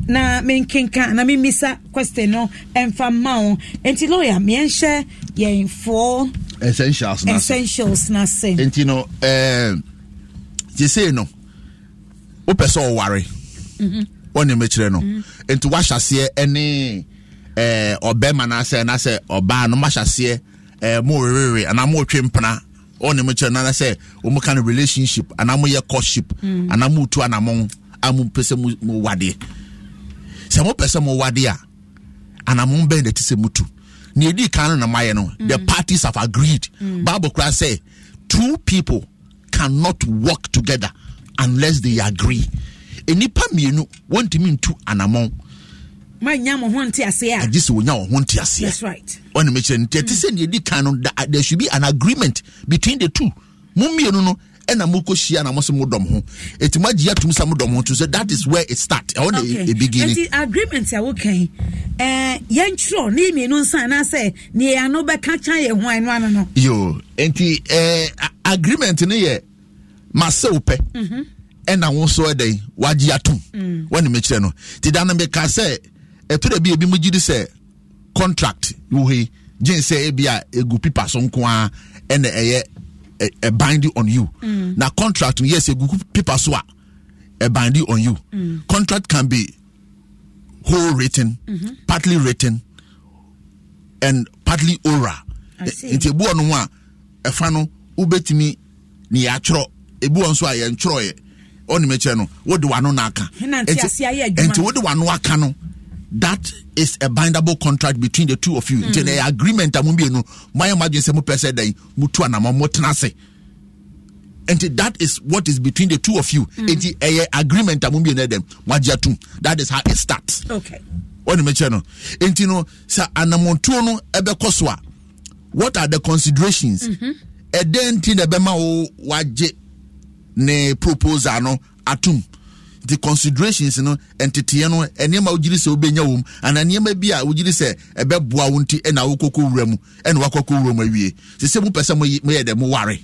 na menkenka na memmisa question no ɛmfa mma wo nti lawyer meɛnhyɛ yɛn essentials na essentials na se nti no ɛɛ eh, te sei no wopɛ sɛ ɔware mhm. ɔne mɛkyerɛ no mhm. nti wahyɛ ɛne ne eh, ɛɛ ɔbɛrima na sɛ na sɛ ɔbaa no mahyɛ aseɛ ɛɛ eh, mo rerere anaa mo twe mpena ɔne mɛkyerɛ no na sɛ wɔn ka no relationship anaa mo yɛ courtship mhm. anaa mo tu anamɔn a mo pɛ sɛ mo sɛ mopɛ sɛ mowade a anammɔn bɛn na ɛte sɛ mutu nea ɛdi kan no na no the mm. parties have agreed mm. bible koraa sɛ two people cannot work together unless they agree e, nnipa mmienu wɔntumi ntu anammɔn manya mo ho nte aseɛ a agye sɛ wɔnya wɔ ho nte aseɛ that's right ɔne mekyerɛ no nti ɛte sɛ nea ɛdi kan no there should be an agreement between the two mo no ɛna mokɔhyia na mo se modɔm ho ɛti moagye atom sɛ modɔm ho to sɛ that is where it start ɛhɔ na ɛbegini e- e agreement a wokan eh, yɛntwerɛ ne mmienu nsa anaasɛ neɛ ano bɛka kya yɛ ho ɛno ano no yo enti eh, agreement no yɛ masɛ wo pɛ mhm. ɛna wo nso ɛdɛn wagye atom mm. woanim akyerɛ no nti da no meka sɛ ɛtorɛ bi ebi mu gye di sɛ contract wo hei gyen sɛ ebi a ɛgu pipa so nko a ɛna ɛyɛ a, a binding on you. Mm. Now contract yes a good paper so a binding on you. Mm. Contract can be whole written, mm-hmm. partly written, and partly oral. Nti ebu ọnu a ɛfa no wobɛtumi ne yɛatwerɛ ebu ɔnso a yɛntwerɛ yɛ no wode wano n'aka nti wode wano aka no that is a bindable contract between the two of you nti na yɛ mm. agreement a mo mmienu mo ayɛ mo adwene sɛ mo pɛ sɛ dan mo tu anamɔ mo tena that is what is between the two of you mm. nti ɛyɛ agreement a mo mmienu dɛm mo agye atum that is how it starts. okay wɔn mi kyɛ no nti no sɛ anamɔtuo no ɛbɛkɔ so a what are the considerations mm-hmm. ɛdɛn then na ɛbɛma wo wagye ne proposal no atum. Mm -hmm. The considerations no nteteɛ no nneɛma wogyiri sɛ wobɛnya wɔ mu anaa nneɛma bi a wogyiri sɛ ɛbɛboa wo nti ɛna wokɔkɔ wura mu ɛna wakɔkɔ wura mu awie sɛ sɛ mopɛ sɛ moyɛ dɛ moware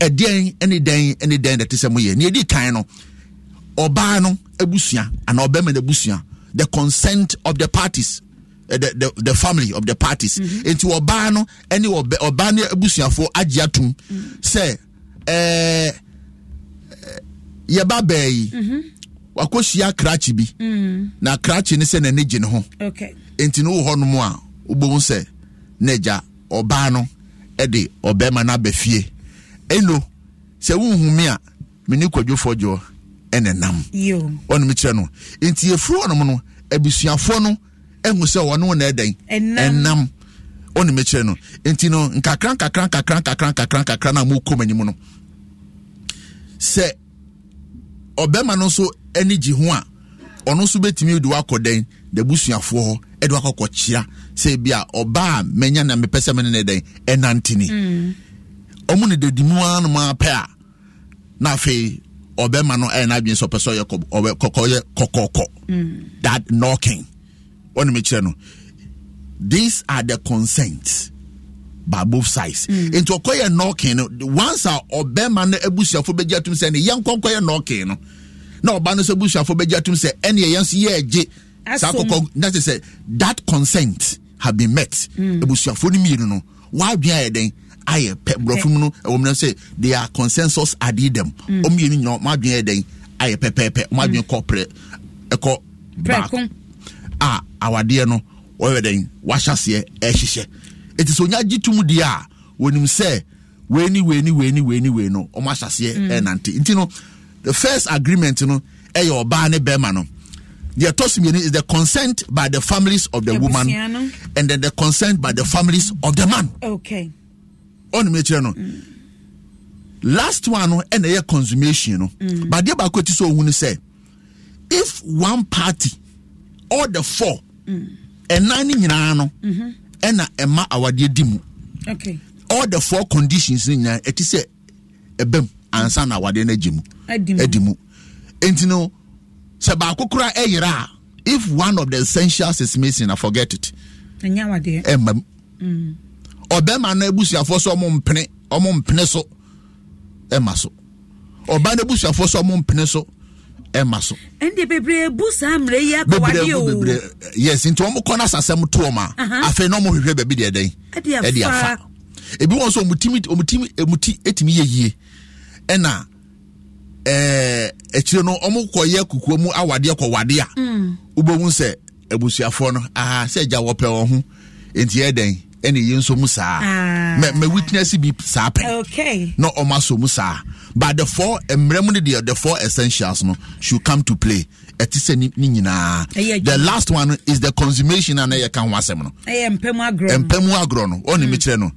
ɛdeɛn ne dɛn ne dɛn dɛte sɛ moyɛ ne ɛdi kan no ɔbaa no abusua anaa ɔbɛma no abusua the consent of the parties eh, the, the, the family of the parties mm-hmm. nti ɔbaa no ne obano no abusuafoɔ agye atom sɛ ɛɛ yɛba bɛɛ yi mhm. wakɔhyia krakye bi mm. na krakye ne sɛ n'ani gye ne ho enti wo hɔ nom a wobɛhu sɛ n'agya ɔbaa no de ɔbɛrima no aba fie ɛno sɛ wohumi a mene kwadwofoɔ gyeɔ ɛne nam ɔnom kyerɛ no ɔnom no abusuafoɔ no ɛhu sɛ na ɛdɛn ɛnam ɔnom kyerɛ no enti no nkakra nkakra nkakra nkakra nkakra no a ɔbɛrima no nso ani gye ho a ɔno nso bɛtumi de wakɔ dɛn n'abusuafoɔ hɔ de wakɔ kɔkyia sɛ ebi a ɔbaa mɛnya na mɛpɛ sɛ mɛne ne dɛn ɛnantini mm. ɔmo ne dodi mu ara nom apɛ a na afei ɔbɛrima no ɛyɛ n'adwene sɛ ɔpɛ sɛ ɔyɛ kɔkɔ ɔyɛ kɔkɔɔkɔ mm. that knocking wɔn mu kyerɛ no these are the consents. by both sides nti a nɔɔkin knocking once our ɔbɛrima no abusuafo bɛgye atum sɛ ne yɛn nkɔ nkɔyɛ nɔɔkin no na ɔba no nso abusuafo bɛgye atum sɛ ɛnna yɛn nso yɛ that consent have been met abusuafo mm. no mmienu no Why be dɛn then? pɛ borɔfo mu no ɛwɔ mu they are consensus adi them ɔmo mmienu nyinaa ɔmo adua yɛ dɛn ayɛ pɛpɛɛpɛ ɔmo adua kɔ pɛrɛ ɛkɔ baako a awadeɛ no ɔyɛ dɛn wahyɛ aseɛ ɛhyehyɛ. E ɛti sɛ onya gye tom deɛ a wɔnim sɛ weini weini weini weini wei no ɔmo ahyɛseɛ mm. eh, ɛnante nti no the first agreement no ɛyɛ ɔbaa ne bɛrima no the atosumieni is the consent by the families of the woman and then the consent by the families of the man. okay. ɔnum ekyirɛ no. Mm. last one no ɛna eh, ɛyɛ consummation no. Mm. but deɛ baako ti so ohun sɛ if one party all the four ɛnan mm. Eh, ne nyinaa no. Mm -hmm ɛna ɛma awadeɛ di mu okay. all the four conditions ni nyinaa ɛti sɛ ɛbɛm ansa na awadeɛ no agye mu ɛdi mu nti no sɛ baako kora ɛyera a if one of the essentials is missing na forget it ɛmam mm. ɔbɛrima no abusuafoɔ sɛ ɔmo mpene ɔmo mpene so ɛma so ɔbaa no abusuafoɔ sɛ ɔmo mpene so ɛma so. ɛnde bebree bu saa mmerɛ yi akɔwadeɛ yes nti wɔn kɔ n'asasɛm to wɔn a. afei na wɔn hwehwɛ baabi deɛ dɛn. ɛde afa ebi wɔn nso wɔn ti wɔn ti wɔn ti etimi yɛ yie ɛna ɛɛ akyire no wɔn kɔ yɛ kukuo mu awadeɛ kɔ a. Mm. wobɛhu sɛ abusuafoɔ no aha sɛ gya wɔpɛ wɔn ho nti yɛ ɛne yɛ nso mu saa ah. mɛ witness bi saa pɛn na ɔma so mu saa but the four mmerɛ mu no deɛ the four essentials no should come to play ɛte sɛ ni nyinaa e the last one is the consummation a na e yɛka ho asɛm no e mpɛmu agorɔ no ɔne mekyerɛ no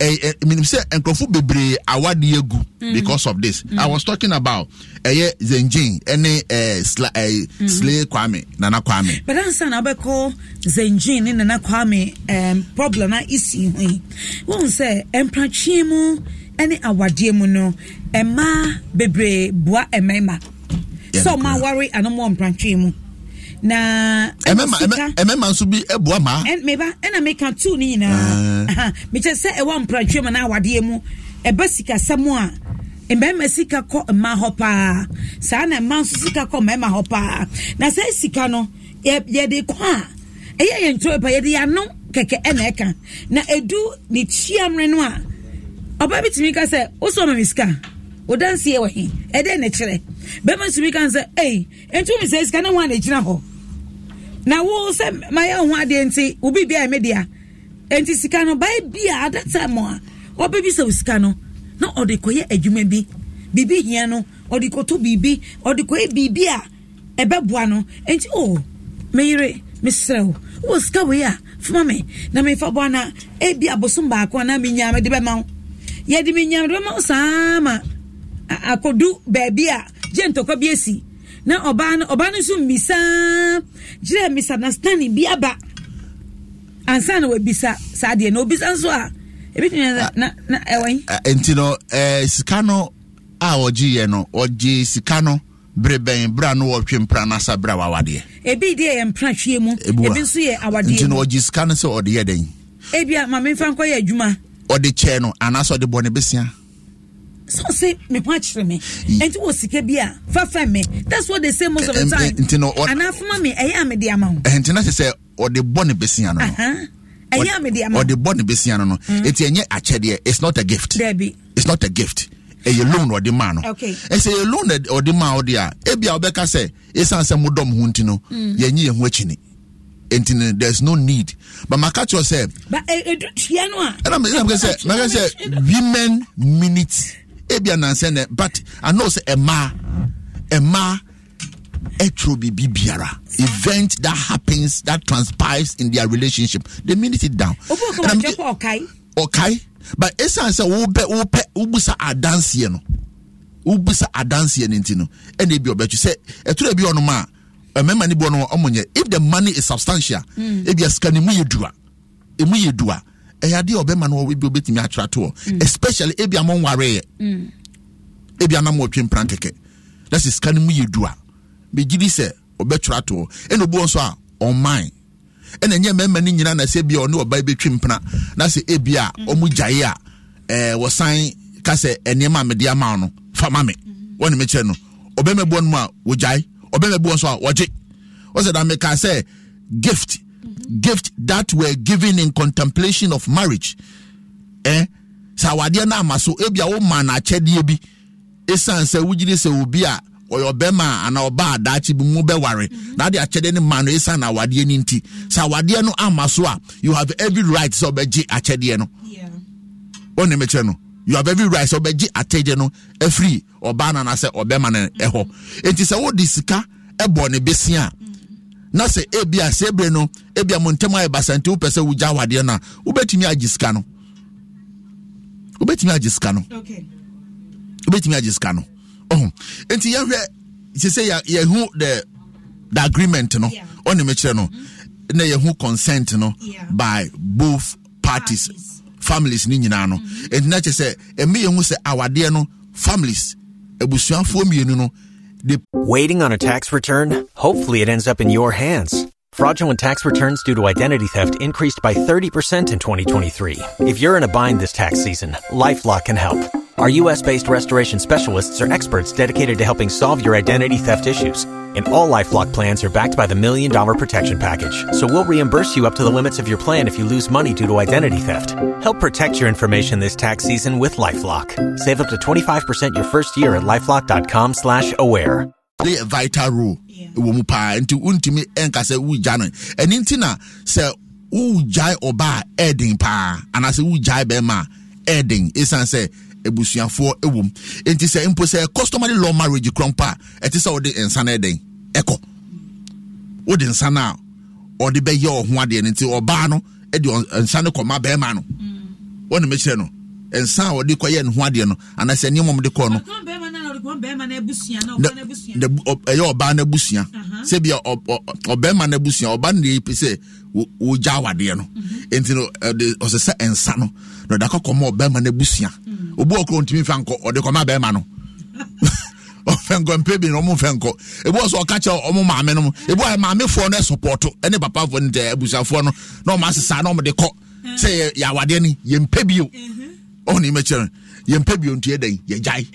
Eh, eh, minim sɛ nkurɔfo bebree awadeɛ gu mhm. because of this mm. i was talking about ɛyɛ zengin ɛne eh, mhm. slay kwame nana kwame. bẹ̀rẹ̀ ansa na abẹ́kọ zengin ne nana kwame um, problem na isi ho yi wọ́n sẹ́ mpratwie mu ɛne awadeɛ mu no mmaa bebree bua mmarima sɛ ɔmo aware anamọ mpratwie mu. na ɛmɛma nso bi ɛboa maa meba ɛna meka too no nyinaa mekyɛ sɛ ɛwɔ mu a mmarima sika kɔ mma hɔ paa saa na mma nso sika kɔ mmarima hɔ paa na saa sika no yɛde kɔ a ɛyɛ yɛn ntoro pa yɛde kɛkɛ ɛna ɛka na edu ne no a bi tumi ka sɛ wosɔ ma sika wodanseɛ wɔ he ɛdɛ ne kyerɛ bɛrima ka sɛ ei ntu sɛ sika na wɔn a e na hɔ na wo sɛ mayɛ ho adeɛ nti wobi bia me dea nti sika no bae bia ada time a wɔbɛbisa wo sika no na ɔde kɔyɛ adwuma bi biribi hia no ɔde kɔtɔ biribi ɔde kɔyɛ biribi a ɛbɛboa no nti o meyere mesrɛ wo wowɔ sika wei a foma me na mefa boa na ebi abosom baako anaa menyaa mede bɛma wo yɛde menyaa mede bɛma wo saa ma akɔdu baabi a gye ntɔkwa bi asi na ɔbaa no ɔbaa no nso mmisaa gyerɛ misunderstanding bi aba ansa na wabisa saa deɛ na obisa nso a ebi tumi na na ɛwɔ eh, yi. Eh, eh, nti no ɛɛ sika no a ɔgye yɛ no ɔgye sika no bere bɛn bere a no wɔtwe mpra n'asa bere a wawadeɛ. ebi deɛ yɛ mpra hwie mu ebi nso yɛ awadeɛ mu nti no ɔgye sika no sɛ ɔde yɛ dɛn. ebi a maame nfa nkɔ yɛ adwuma. ɔde kyɛ no anaasɛ ɔde bɔ ne besia so say mepo akyerɛ me ɛnti wɔ sika bi a fafa me that's what they say most of the eh, eh, time nti no anaa foma me ɛyɛ a mede ama wo eh, nti na sɛ sɛ ɔde bɔ ne bɛsia no no ɛyɛ a mede ama ɔde bɔ ne bɛsia no hmm. no ɛti ɛnyɛ akyɛdeɛ it's not a gift dabi it's not a gift ɛyɛ loan ɔde maa no ɛsɛ ɛyɛ loan ɔde maa ɔde a ebi a ɔbɛka sɛ esan sɛ mo dɔm ho nti no hmm. yɛnyi yɛn ho akyini nti no there is no need but maka kyerɛ sɛ. ba edu tia no a. ɛna mɛ ɛna mɛ sɛ mɛ sɛ women minute ebi anansa na but ano sɛ ɛmaa ɛmaa ɛturo bibi biara event that happens that transpires in their relationship they mean it down. o b'o kama jɛ ko ɔkai. ɔkai but esan sɛ wopɛ wopɛ wobusa adanseɛ no wobusa adanseɛ no nti no ɛna ebi ɔbɛtwi sɛ ɛturo ebi ɔnom a mmarima ne bi ɔnom a ɔmo nyɛ if the money is substantial hmm. ebi asika ne mu yɛ dua emu yɛ dua ɛyɛ adeɛ ɔbɛma no ɔwɔ bi obɛtumi mm. especially ebi amɔ nwareɛ mm. ebi anam wɔtwe mprantɛkɛ e e na sɛ sika no mu yɛ dua megye di sɛ ɔbɛtwerɛ toɔ ɛna obuɔ nso a ɔman ɛna ɛnyɛ mmarima no nyinaa na sɛ ebia ɔne ɔba bɛtwe mpena na sɛ ebia ɔmo gyae a ɛɛ eh, wɔsan ka sɛ e nneɛma a mede ama no fa ma me mm-hmm. wɔne me kyerɛ no ɔbɛmɛboɔ no mu a wɔgyae ɔbɛmɛboɔ nso a wɔgye wɔsɛ gift gift that were given in contemplation of marriage eh sɛ awadeɛ no ama so ebia woma na akyɛdeɛ bi ɛsiane sɛ wogyere sɛ obi a ɔyɛ ɔbɛma a anaa ɔba adaakye bi mu bɛware mhm. na ade akyɛdeɛ no ma no ɛsiane na awadeɛ no nti sa awadeɛ no ama so a you have every right sɛ ɔbɛgye akyɛdeɛ no ɔne mekyerɛ no you have every right sɛ ɔbɛgye atɛgye no afiri ɔbaa no anasɛ ɔbɛma no ɛhɔ mhm. enti sɛ wode sika ɛbɔ ne bɛsia a na sɛ ebi sɛ ebire no ebia mo ntɛm ayɛ basante wopɛ sɛ wogya awadeɛ no a wobɛtumi agye sika no wobɛtumi agye sika no wobɛtumi agye sika no ɔho nti yɛhwɛ sɛ yɛhu the the agreement no ɔne mekyerɛ no mm-hmm. na yɛhu consent no by both parties, families ne nyinaa no ɛnti mm-hmm. na kyerɛ sɛ ɛmɛ yɛhu sɛ awadeɛ no families abusuafoɔ mmienu no Waiting on a tax return? Hopefully, it ends up in your hands. Fraudulent tax returns due to identity theft increased by 30% in 2023. If you're in a bind this tax season, LifeLock can help. Our U.S. based restoration specialists are experts dedicated to helping solve your identity theft issues and all LifeLock plans are backed by the Million Dollar Protection Package. So we'll reimburse you up to the limits of your plan if you lose money due to identity theft. Help protect your information this tax season with LifeLock. Save up to 25% your first year at LifeLock.com slash aware. Play a vital role. ebusuafoɔ ɛwɔ mu nti sɛ mpo sɛ customary law marriage krɔmpa ɛte sɛ wɔde nsa no ɛdɛn ɛkɔ wode nsa no a ɔde bɛyɛ ɔho adeɛ no nti ɔbaa no ɛde nsa no kɔma bɛrima no mm. wɔne mɛkyerɛ no nsa a ɔde kɔyɛ ne ho adeɛ no anaasɛ nneɛma ɔmde kɔ no ɛyɛ ɔbaa no abusua sɛ bia ɔbɛrima no abusua ɔba no deɛ yɛpɛ sɛ wogya awadeɛ no enti no ɔsɛ sɛ ɛnsa no na ɔde akɔkɔma ɔbɛrima no abusua obi ɔkorɔ ntumi mfa nkɔ ɔde kɔma bɛrima no ɔfɛnkɔ mpɛ bi na ɔmo fɛnkɔ ebi wɔ so ɔka kyɛ ɔmo maame no ebi wɔ maamefoɔ no ɛsɔpɔtɔ ɛne papafoɔ no tɛ abusuafoɔ no na ɔmo asesa na ɔmo de kɔ sɛ yɛ awadeɛ ni yɛ mpɛ bio ɔhun ni mɛ yɛ mpɛ bio ntu yɛ dɛ yɛ gyae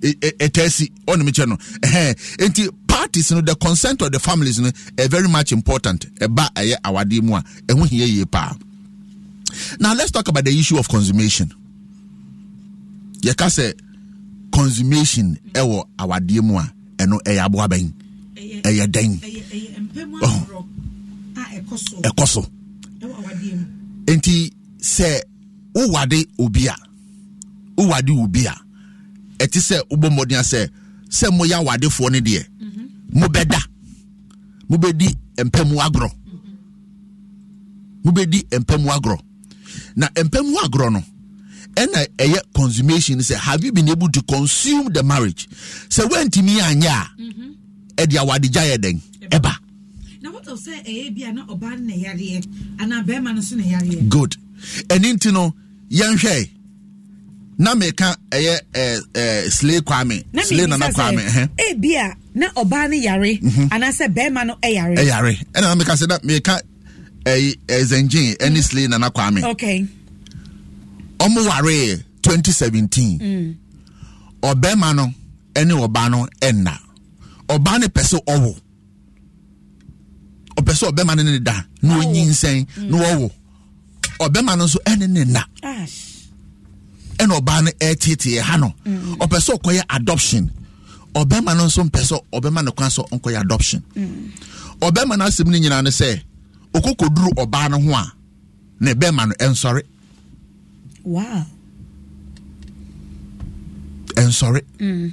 ɛtɛɛsi ɔnum kyɛ no ɛhɛn nti parties no the consent of the families no ɛ very much important ɛba ɛyɛ awadeɛ mu a ɛho hia yie paa now let's talk about the issue of consummation yɛka sɛ consummation ɛwɔ awadeɛ mu a ɛno ɛyɛ aboa bɛn ɛyɛ dɛn ɛkɔ so nti sɛ wowade obi a wowade obi a ɛte sɛ wobɔ mmɔdena sɛ mo moyɛ awadefoɔ no deɛ mobɛda mobɛdi mpamu agorɔ mobɛdi mpamu agorɔ na mpamu agorɔ no ɛna ɛyɛ consumation. sɛ have you been able to consume the marriage sɛ woantumi anyɛ a ɛde awadegya yɛ den ɛba good ɛne nti no yɛnhwɛ na meka ɛyɛ eh, eh, slay kwame slay nana kwame ebi eh, eh. eh, a na ɔbaa no yare mhm. anaasɛ bɛrima no yare yare ɛna meka sɛ na meka zengin ɛne mhm. slay nana kwame ɔmo waree 2017 mm. ɔbɛrima no ɛne ɔbaa no ɛnna ɔbaa no pɛ sɛ ɔwo ɔpɛ sɛ ɔbɛrima no ni da na ɔnyinsɛn na mm. ɔwo ɔbɛrima no nso ɛne ne na. ɛna ɔbaa no ɛtetee ha no mm. ɔpɛ sɛ ɔkɔyɛ adoption ɔbɛrima no nso mpɛ sɛ ɔbɛrima no kwan sɛ ɔnkɔyɛ adoption mm. ɔbɛrima no asɛm no nyinaa no sɛ okokoduru ɔbaa no ho a na bɛrima no ɛnsɔre ɛnsɔre mm.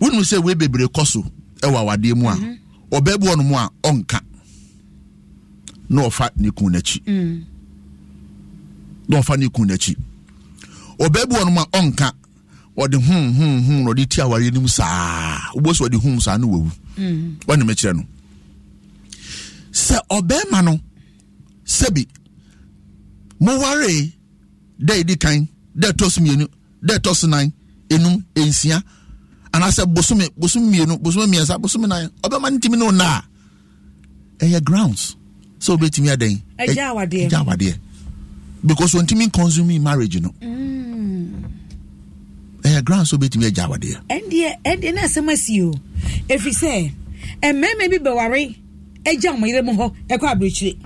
wonim sɛ wei bebree kɔ so ɛwɔ awadeɛ mu a mm-hmm. ɔbɛɛboɔ no mu a ɔnka na ɔfa ne kun n'akyi na ɔfa ne kun n'akyi ɔbɛɛbi wɔn mu a ɔnka hum hum hum na ɔde ti awari anim saa ɔbɔ so ɔde hum saa na wɔwu wɔn mu kyerɛ no sɛ ɔbɛɛma no sɛbi moware dɛ edi kan dɛ ɛtɔ so mmienu dɛ ɛtɔ so nan enum ensia anaasɛ bosome bosome mmienu bosome mmiɛnsa bosome nan ɔbɛma no ntumi no naa ɛyɛ grounds sɛ obetumi adan ɛgya awadeɛ e- ɛgya awadeɛ because wɔntumi consuming marriage no. Mm ɛyɛ hmm. eh, ground so bɛtumi agya awadeɛ ɛndeɛ ɛndeɛ na asɛm asi o ɛfiri sɛ mmarima bi bɛware agya wɔn yere mu hɔ ɛkɔ aburokyire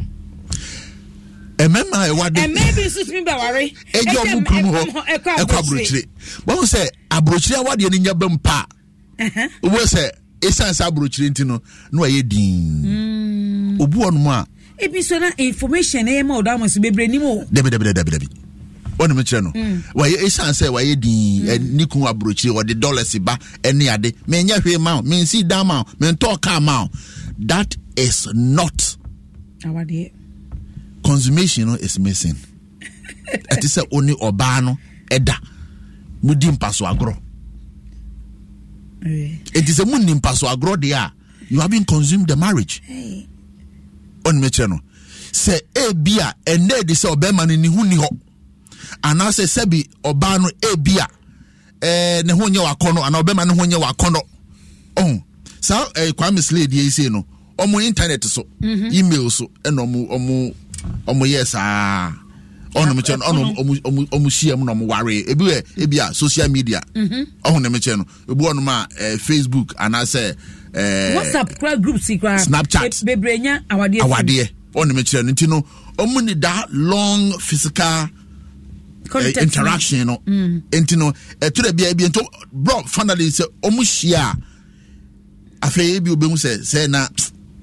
mmarima a ɛwade mmarima bi nso tumi bɛware agya wɔn kurum hɔ ɛkɔ aburokyire wɔn sɛ aburokyire awadeɛ ni nya bɛm paa wɔn sɛ esan sa aburokyire nti no na diin hmm. obu wɔn a ebi nso na information na yɛ ma ɔdɔ ama so bebree nim o ɔnum kyerɛ no hmm. wɔyɛ esan sɛ wɔyɛ dii ɛni hmm. eh, kun aburokyire wɔde dollars ba ɛni ade mɛnyɛ hwee ma o mɛnsi dan ma o mɛntɔ kaa ma that is not awadeɛ consummation no is missing It is sɛ o ni ɔbaa no ɛda mo di mpaso agorɔ ɛti eh. sɛ mo ni mpaso agorɔ deɛ you have been consumed the marriage ɔnum kyerɛ no sɛ ebi a ɛnɛ de sɛ ɔbɛrima ni hu ni hɔ. anaasɛ sɛbi ɔbaa no ebi a ɛɛ ne ho nyɛ wakɔnɔ anaa ɔbɛma ne ho nyɛ wakɔnɔ ɔn saa ɛɛ slade yɛ ese no ɔmo internet so mhm. email so ɛna ɔmo ɔmo ɔmo yɛ saa ɔnum kyɛn no ɔnum ɔmo ɔmo ɔmo hyia na ɔmo ware ebi yɛ ebi a social media mhm. ɔhunum kyɛn no ebi ɔnum a facebook anaasɛ ɛɛ whatsapp kura group si kura snapchat bebree nya awadeɛ awadeɛ ɔnum kyɛn no nti no ɔmo ni Eh, interaction you no nti no ɛtwerɛ biaa bi nti bro. finally sɛ ɔmo hyia a Say bi wobɛhu sɛ sɛ na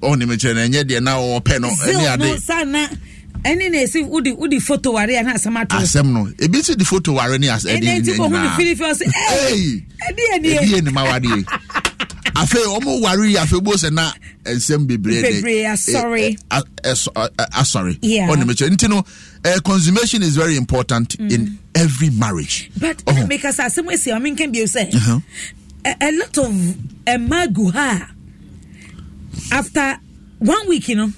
ɔne oh, mekyerɛ oh, no ɛnyɛ deɛ na ɔpɛ no ɛne ade ɛne na ɛsi wode wode photo ware ana asɛm ato asɛm no ebi nso de photo ware ne asɛm ɛne nti kɔhu no filifi ɔsɛ ɛdi ɛni ɛdi ɛni ma wadeɛ afei wɔn wari yi afei bó sɛ na nsɛm bebree de bebree asɔre asɔre ɔnum ekyir nti no uh, consummation is very important mm. in every marriage. but ɛna mi kasa asɛm esi ɔmi nkɛn bi sɛ a lot of ɛma eh, gu ha after one week you no know,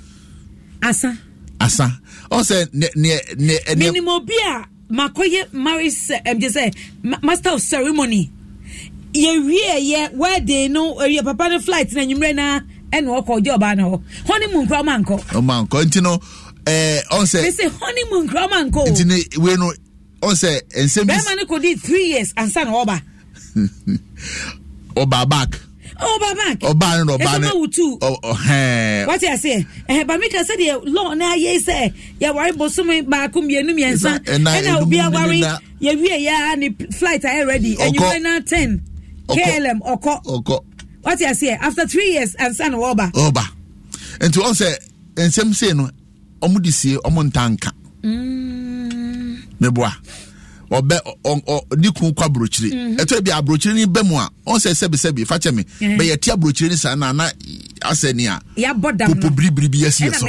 asa. asa ɔsɛ ne ne ne. minimu obi a makɔye marriage ɛm jɛ sɛ master of ceremony yɛwie yɛ wedding no ɛwie papa no flight na anwummerɛ na ɛna ɔkɔ gye ɔbaa no hɔ honeymoon kora ɔma nkɔ ɔma nkɔ nti no ɛɛ eh, ɔn sɛ honeymoon kora ɔma nkɔ nti ne wei no ɔn nsɛm bi bɛrima no kɔ di three years ansa na ɔba ɔba back ɔba back ɔba no na ɔba no ɛsɛ wutu ɔhɛn wate ase ɛhɛ bami ka sɛ deɛ law na ayɛ sɛ yɛware bosome baako mmienu mmiɛnsa ɛna obi aware yɛwie yɛ a ne flight ayɛ ready enyimɛ na ten. klm ọkọ. ọkọ. wate aseɛ after three years ansa na wɔba ɔba nti ɔn sɛ nsɛm sei no ɔmo de sie ɔmo ntanka meboa mm. ɔbɛ ɔdi kun kɔ aburokyire ɛtɔ mm-hmm. bi aburokyire ni bɛ mu a ɔn sɛ sɛbisɛbi fakyɛ mi mm-hmm. bɛyɛ ti aburokyire ni saa na ana asɛ ni a Ya bọ dam na. popo biribiri bi yɛsi yɛ sɔ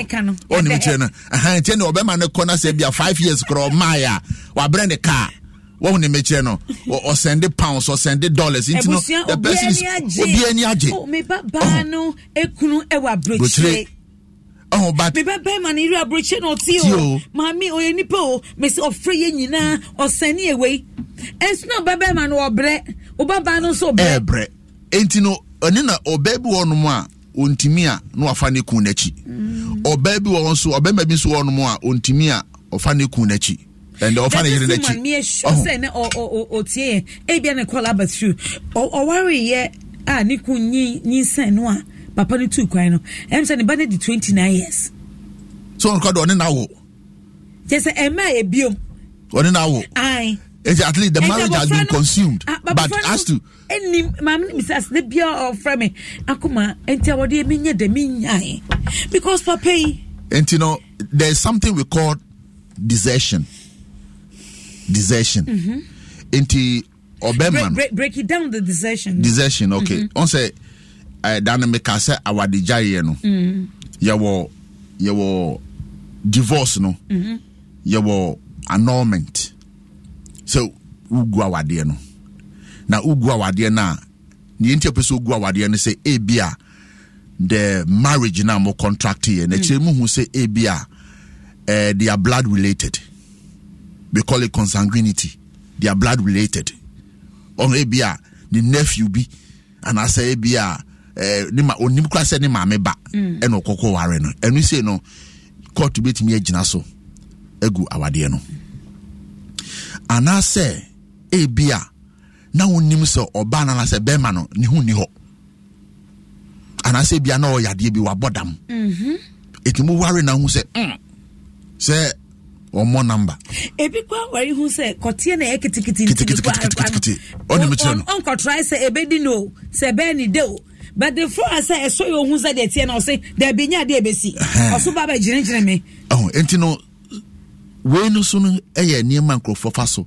ɔnim kyerɛ no ɛhɛn tiɛ ni ɔbɛma ne kɔ na sɛ bi a five years kora ɔmaa ya. a wabrɛ ne kaa. wɔn ne mɛkyerɛ no ɔsɛnde pounds ɔsɛnde dollars nti no the person is obi ani agye. o oh, mi ba baa no ekunu ɛwɔ aburokyire. ɔhun ba. mi ba bɛɛ ma ni iru aburokyire na ɔti o maami oye nipa o mesi ɔfrɛ yɛ nyinaa ɔsɛnni ewe esu na ɔba bɛɛ ma no ɔbrɛ ɔba baa no nso ɔbrɛ. ɛɛbrɛ eti no ɔne na ɔbaa bi wɔ ɔnom a ontimi a na wafa ne kun n'akyi ɔbaa mm. bi wɔ nso ɔbɛrima bi nso wɔ ɔnom a ontimi a ɔfa ne kun n'akyi and ọfa na yiri n'ekyi mi esu sẹ ne ọ ọ ọ tie yẹ e ebi ẹni kọla abasiru ọwari yẹ a ne kun nyi nyi nsẹn no a papa ne tu kwan no ẹn sẹ ne ba ne di twenty nine years. so nkwa do ọne na awo. jẹsẹ ẹmẹ ebiom. E ọne na awo. ayi. It's at least the marriage has been consumed. Uh, but, but as to any e mammy misses the beer or frame, Akuma, and tell what they mean, the mean because papa. And you know, there's something we call desertion desertion mm-hmm. nti ɔbɛma no break, break it down the desertion desertion okay ɔn sɛ ɛdan mi ka sɛ awadegya yɛ no yɛwɔ yɛwɔ divorce no mm-hmm. yɛwɔ annulment sɛ ugu awadeɛ no na ugu awadeɛ no a nea nti a pɛ sɛ ugu awadeɛ no sɛ ebi a the marriage na mo contract yɛ n'akyire mm. mu hu sɛ ebi a ɛɛ they are blood related we call it consanguinity they are blood related ɔno ebi a ne nephew bi anaasɛ ebi a ɛɛ eh, ne ma onim kura sɛ ne maame ba ɛna ɔkɔkɔ ware no ɛnu sei no court betumi agyina so egu awadeɛ no anaasɛ ebi a na onim sɛ ɔbaa nana sɛ bɛrima no ne ho ni hɔ anaasɛ ebi a na ɔyɛ adeɛ bi wabɔ dam etumi ware na ho sɛ say ɔmmɔ namba ebi kɔ awari hu sɛ kɔteɛ na e ɛyɛ kitikiti ntinikɔnkɔtrae sɛ ɛbɛdi no sɛ ɛbɛɛ ne de o but the floor sɛ ɛsɔ yɛ ohun sɛ deɛ teɛ na ɔse dɛbi nya adeɛ bɛsi ɔso ba bɛ gyinagyina mi. ɔhun oh, eti no wei no so no e yɛ nneɛma nkurɔfoɔ fa so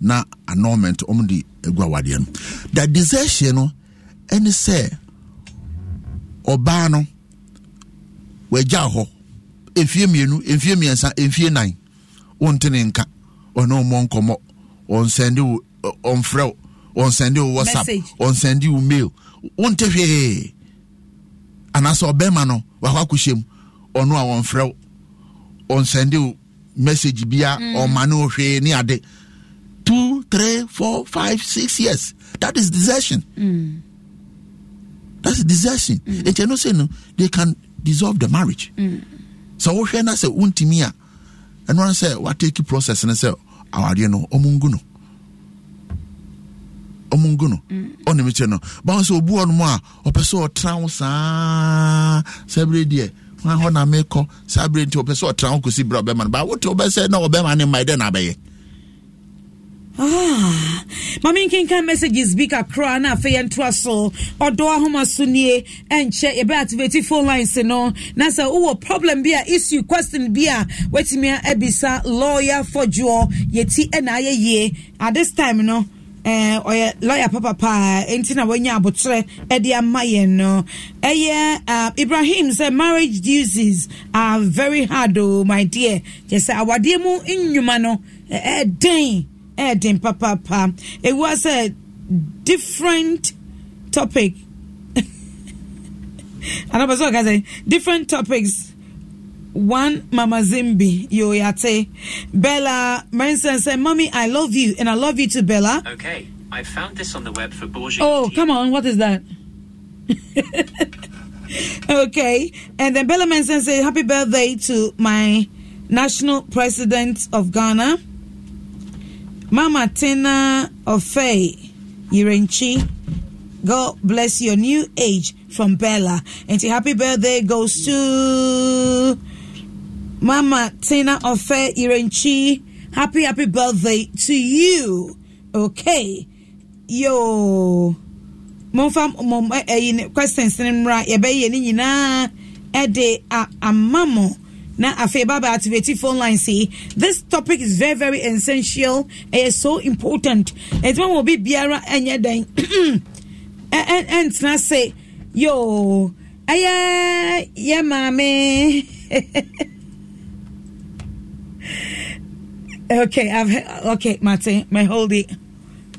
na anɔɔmɛnt wɔn de egu awadeɛ no da desertion no ɛne sɛ ɔbaa no wɔagya hɔ mfie mmienu mfie mmiɛnsa mfie nan wontene nka ɔne mmɔ nkɔmmɔ ɔnsɛnde wo ɔmfrɛ wo ɔnsɛnde wo whatsapp ɔnsɛnde wo mail wonte hwee anaasɛ ɔbɛrima no wakɔ akɔhyɛ mu ɔno a ɔmfrɛ wo ɔnsɛnde wo message bia mm. ɔma ne wo hwee ne ade two three four five six years that is desertion mm. is desertion mm. nti ɛno sɛ no they can dissolve the marriage mm. sɛ wohwɛ na sɛ wontumi a ɛno ara sɛ wateki process no sɛ awadeɛ no ɔmo ngu no ɔmo ngu no ɔnim kyɛ no báwo sɛ obu ɔnom a ɔpɛ sɛ ɔtena ho saa sɛbere deɛ hɔ na mekɔ saa bere nti ɔpɛ sɛ ɔtena ho kɔsi berɛ ɔbɛma no baa wote wobɛsɛ na ɔbɛma ne mma ɛdɛ na abɛyɛ Ah, mame nkenka messages bi kakra na afei yɛntoa so ɔdɔ ahoma so nie ɛnkyɛ yɛbɛ activate phone lines no na sɛ wowɔ problem bi a issue question bi a woatumi abisa eh, lawyer fɔdwoɔ yɛti oh, ɛna eh, ayɛ yie at this time no ɛɛ ɔyɛ lawyer papapaa nti na wɔanya abotrɛ ɛde ama yɛn no ɛyɛ ibrahim sɛ marriage duties are very hard o oh, my dear kyɛ sɛ awadeɛ mu nnwuma no ɛɛden eh, eh, Papa, it was a different topic anapa sɛ ɔka different topics one mama zimbi yate bella marinson said mommy i love you and i love you too bella okay i found this on the web for Borgia. oh come on what is that okay and then bella marinson said happy birthday to my national president of ghana Mama Tina Ofei Yirenchi. God bless your new age from Bella. And happy birthday goes to Mama Tina Ofe Irenchi. Happy, happy birthday to you. Okay. Yo. momfa mom ɛyi eh, eh, ne questions ne mmra yɛbɛyɛ ne nyinaa ɛde a mo now, Afeba activate phone line. See, this topic is very, very essential. It is so important. It will be Biara and day. And and now say, yo, yeah, yeah, mommy. okay, I've okay, Martin, my whole day.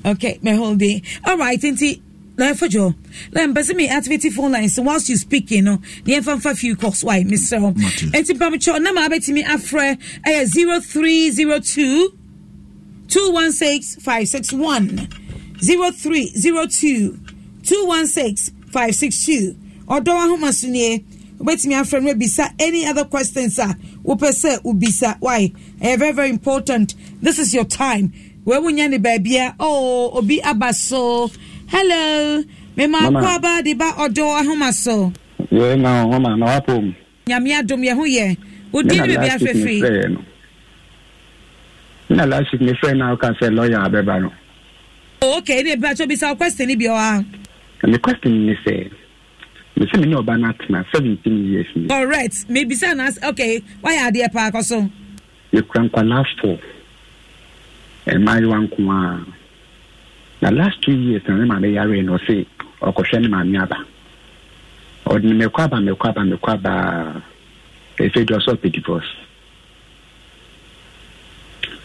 Okay, my whole day. All right, auntie. Like for Joe, like person me activity phone lines. So whilst you speak, you know, the infant few calls. Why, Mister? And to Bamicho, number abeti me afre eh, zero three zero two two one six five six one zero three zero two two one six five six two. Ọdọ ahoma so nie, wobɛtumi afrɛ no abisa any other questions a wopɛ sɛ wobisa why ɛyɛ eh, very very important this is your time wɔawonya ne baabia oh, obi aba so hello memaako aba de ba ɔdɔ ahoma so nyame adom yɛ ho yɛ wodi ne afɛfiri na last me friend na ɔka sɛ lawyer abɛba no oh, okay ne ebi atwa bi sa question ni bi me question ni sɛ me say me ne ɔba na years ni correct mebisa na okay wayɛ adeɛ paa kɔ so na last two years na ne maame yare yi na ɔse ɔkɔhwɛ ne maame aba ɔde ne mɛkɔ aba mɛkɔ aba mɛkɔ aba efe de ɔsɛ ɔpɛ divorce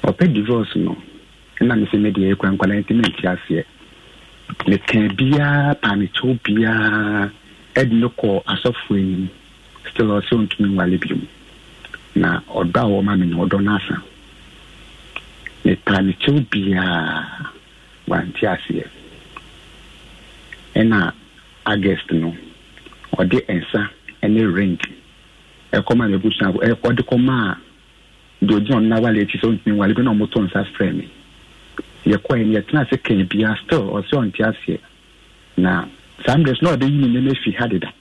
ɔpɛ divorce no ɛna me sɛ medeɛ ɛkɔ nkwala nti menti aseɛ meka biara panekyɛw biara ɛde no kɔ asɔfoɔ anim still ɔsɛ ɔntumi nwale bio na ɔdɔ a wɔma me no ɔdɔ no asa mepanekyɛw biara wante aseɛ ɛna august no ɔde nsa ne ring ɛkɔma n'abusuafo ɛkɔde kɔma a deɛ ogyina ɔno n'awale akyi sɛ ɔntumi nwale bi na ɔmoto nsa frɛ mi yɛkɔɛ no yɛtena ase kan bia still ɔsɛ ɔnte aseɛ na saa mmerɛ so na ɔde yi ne nneɛma efi ha deda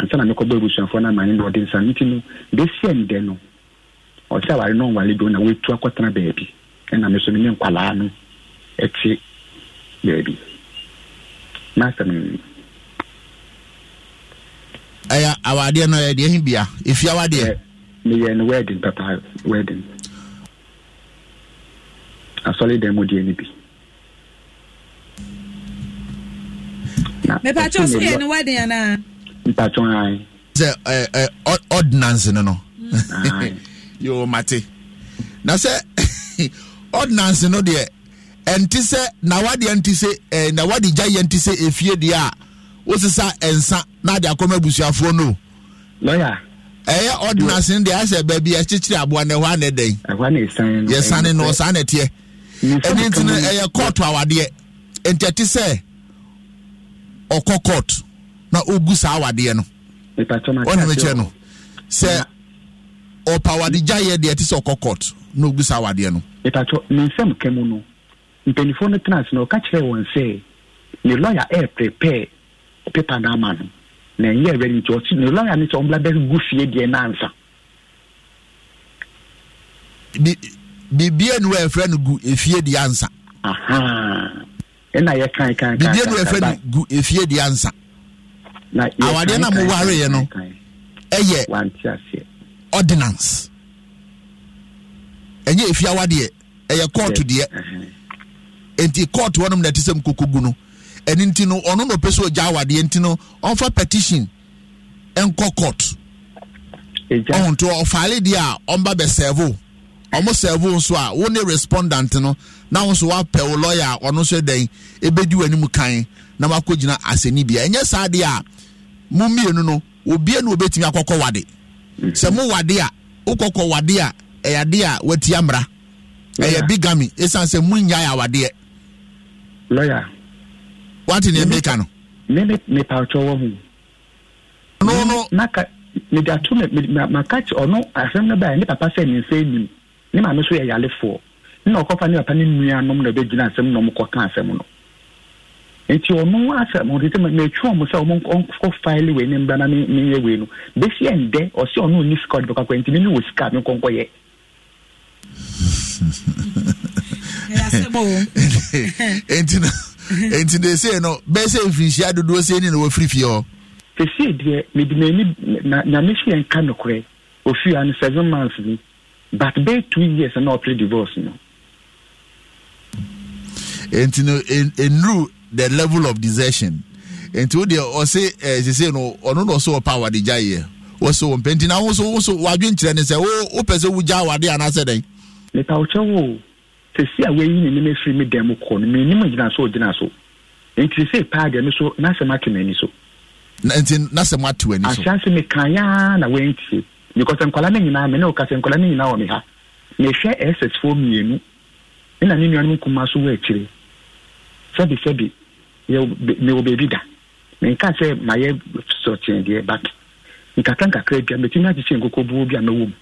ansa na mekɔbɔ abusuafoɔ no amane na ɔde nsa no nti no bɛsia ndɛ no ɔsɛ aware na ɔnwale bi na wetu akɔtena beebi ɛna me so me ne nkwalaa no ɛkyi baabi n'asɛm ni. ɛyɛ awadeɛ no ɛyɛ deɛ ɛhin bia efi awadeɛ. meyɛ no wedding papa wedding asɔre dan mu deɛ ni bi. mepatwɛ so yɛ no wedding anaa. mpatwɛ ayi. sɛ ɛ ɛ ordinance no no. Mm. yoo mate na sɛ ordinance no deɛ ɛnti sɛ nawadeɛ nti sɛ ɛɛ eh, nawade gya yɛ nti sɛ efie eh, deɛ a wosisa eh, nsa n'ade akɔma abusuafoɔ no. lɔya. ɛyɛ ordinance no deɛ asɛ baabi akyekyere aboa na ɛhɔ anɛ dɛn. ɛhɔ anɛ san. yɛ san no saa na ɛteɛ. ɛni nti no ɛyɛ kɔɔto awadeɛ nti ɛte sɛ ɔkɔ kɔɔto na ogu saa awadeɛ no. ɔnum ekyɛ no sɛ ɔpa awade gya yɛ deɛ ɛte sɛ ɔkɔ kɔɔto na ogu saa awadeɛ no. ìpàtọ́ mi nsẹ́mu no mpanyinfoɔ no tena ase na ɔka kyerɛ wɔn sɛ ne lɔya ɛɛ prepare pepa no ama no na ɛnyɛ ready nti ɔsi ne lɔya no sɛ ɔmbla bɛgu fie deɛ nansa. biribiara nu a yɛfrɛ no gu efie deɛ ansa. ɛna yɛ kan kan kan kan biribiara nu a yɛfrɛ no gu efie deɛ ansa. awadeɛ na mo ware yɛ no ɛyɛ ordinance ɛnyɛ efie awadeɛ ɛyɛ kɔɔto deɛ nti court hɔ nom na ɛte sɛ mkoko gu no ɛno nti no ɔno na ɔpɛ sɛ ɔgya awadeɛ nti no ɔmfa petition nkɔ court ɔho nti ɔfaale deɛ a ɔmba bɛsɛvo ɔmo sɛvo nso a wo ne respondent no na wo nso woapɛ wo lɔya a ɔno nso dɛn ɛbɛdi w'anim kan na woakɔ gyina asɛni bia ɛnyɛ saa deɛ a mo no obia na obɛtumi akɔkɔ wade mm-hmm. sɛ mo wade a wokɔkɔ wade a ɛyɛ adeɛ a watia mmara ɛyɛ bigami ɛsiane sɛ monyae awadeɛ lọya. wati na eme ka no. mmemme mmepa atwa ọwọ hụ. no no. n'aka mede baa ne papa sɛ ne nsa anim ne maame so yɛ yalefoɔ na ɔkɔfa ne papa ne nuanom na ɔbɛgyina asɛm na ɔmokɔka asɛm no nti ɔno wei ne na menyɛ wei no nti sika enti no enti de sei no bɛɛ sɛ mfirinhyia dodoɔ sei ne na wɔafiri fie hɔ sɛsei deɛ mede m'ani na mehyi yɛ nka nokorɛ ɔfie a no seven months bi but bɛɛ two years na ɔpere divorce no enti no ɛnuru the level of desertion nti wo deɛ ɔse eh, ɛɛ sese no ɔno na ɔso ɔpa awade gya yɛ wɔso wɔn pɛ nti na wɔso wɔso wadwe nkyerɛ ne sɛ wo wopɛ sɛ wogya awade anaasɛ dɛn. nipa ɔkyɛw o sisi a ni ne nim afiri me dan mu kɔ no menim gyina so ɔgyina so nti sɛ paa deɛ no so n'asɛm ato ni so nti n'asɛm ato ani so ahyɛnse meka yaa na wɔantie because nkwadaa no nyinaa me ne wo kasa nkwadaa no nyinaa wɔ me ha mehwɛ ss foɔ mienu, ɛna ne nuanom kuma so wɔ akyire sɛbi sɛbi mewɔ baabi da menka sɛ mayɛ sɔkyen deɛ but nkakra nkakra bia mɛtumi akyekye nkokɔbuo bi a mɛwɔ mu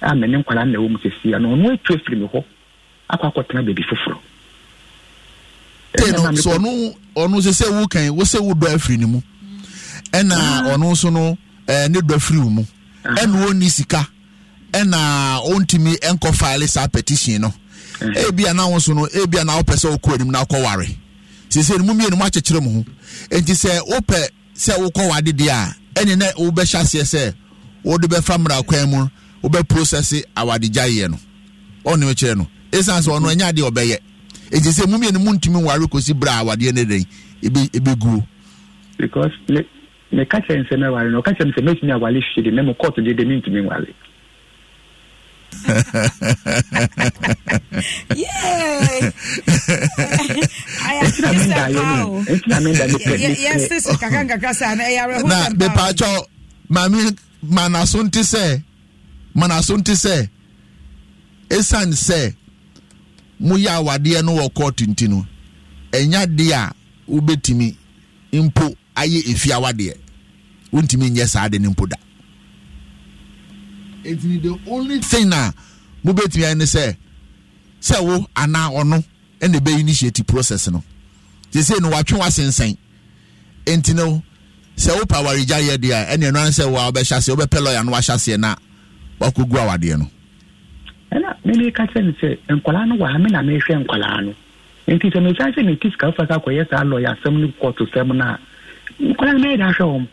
Ah, a na ne nkwadaa na ɛwɔ mu sisi ano ɔno etu efiri mi hɔ akɔ akɔtena beebi foforɔ. Eh, ɛnna so ɔno ɔno sɛ sɛ wukan wosɛ wo dɔ afiri ne mu ɛnna ah. ɔno nso no ɛɛ eh, ne dɔ afiri wo mu ah. ɛnna wɔn sika ɛnna ɔntumi ɛnkɔ faale saa petition no eh. ebi anaw nso no ebi anaw pɛ sɛ ɔkɔ enim na ɔkɔ ware sisi ɛnum mmienu akyekyere mu ho nti sɛ ɔpɛ sɛ ɔkɔ wade deɛ a ɛnna ɛna ɔbɛhyɛ aseɛ sɛ ɔde bɛfa mmerakwan mu no. wobɛ process awadegyaeɛ no ɔne kyerɛ no ɛsiane sɛ ɔno ɛnyɛ adeɛ ɔbɛyɛ ɛnti sɛ mu mmienu muntumi ware kɔsi berɛ a awadeɛ no dɛn ɛbɛguo because meka kyerɛ nsɛ no aware no ɔka kyerɛ m sɛ mɛtumi awale hwe de na mu kɔɔto deɛ de mentumi nware na mepaakyɛw maame manaso nte sɛ mana so nti sɛ ɛsiane sɛ moyɛ awadeɛ no wɔ kɔɔto nti no ɛnya deɛ a wobɛtumi mpo ayɛ ɛfi awadeɛ wontumi nyɛ saa de no mpo da ɛtini the only thing a mobɛtumi ayɛ ne sɛ sɛ wo anaa ɔno ɛna ɛbɛyi initiate process no sesei no watwe wasensɛn ɛnti no sɛ wopa awaregya yɛ deɛ a ɛne ɛno ane sɛ wo a wobɛhyɛ aseɛ wobɛpɛ lɔya no wahyɛ aseɛ no ɔkɔgu awadeɛ no ɛna mene ka kyerɛ no sɛ nkwala no wɔ ha me na mehwɛ nkwalaa no nti sɛ mekyan sɛ meti sika wofa sɛ akɔyɛ saa lɔyɛ asɛm no kɔto sɛm no a nkwalaa no mɛyɛ de ahwɛ wɔ m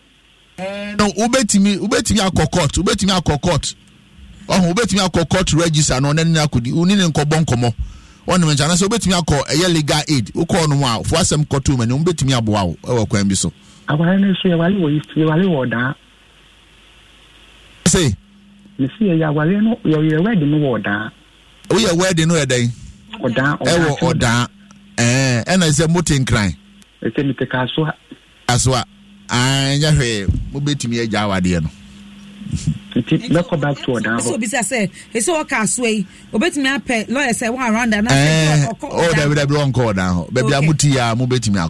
wobɛtumi wobɛtumi akɔ wobɛtumi akɔ ɔho wobɛtumi akɔ register na ne nkɔbɔ nkɔmmɔ ɔnem nkyɛ anasɛ wobɛtumi akɔ ɛyɛ legal aid wokɔɔ no mu a asɛm wobɛtumi aboa wo ɛwɔ ne si yɛ yawari no yɛ wɛdi no wɔ ɔdaa. Oh, woyɛ wɛdi no yɛ dɛ. ɔdaa ɔdaa ɛwɔ ɔdaa ɛɛ ɛna sɛ mote nkran. ɛsɛ mi keka asoa. asoa ah, ɛɛ nyɛ hwɛ mo betumi agya awadeɛ no. nti mɛkɔ back to ɔdaa hɔ. ɛsɛ obi sɛ sɛ ɛsɛ ɔka asoa yi obetumi apɛ lɔɔre sɛ wɔn around ana. ɛɛ ɔwɔ dabi dabi wɔn kɔ ɔdaa hɔ baabi a mo ti yɛ a mo betumi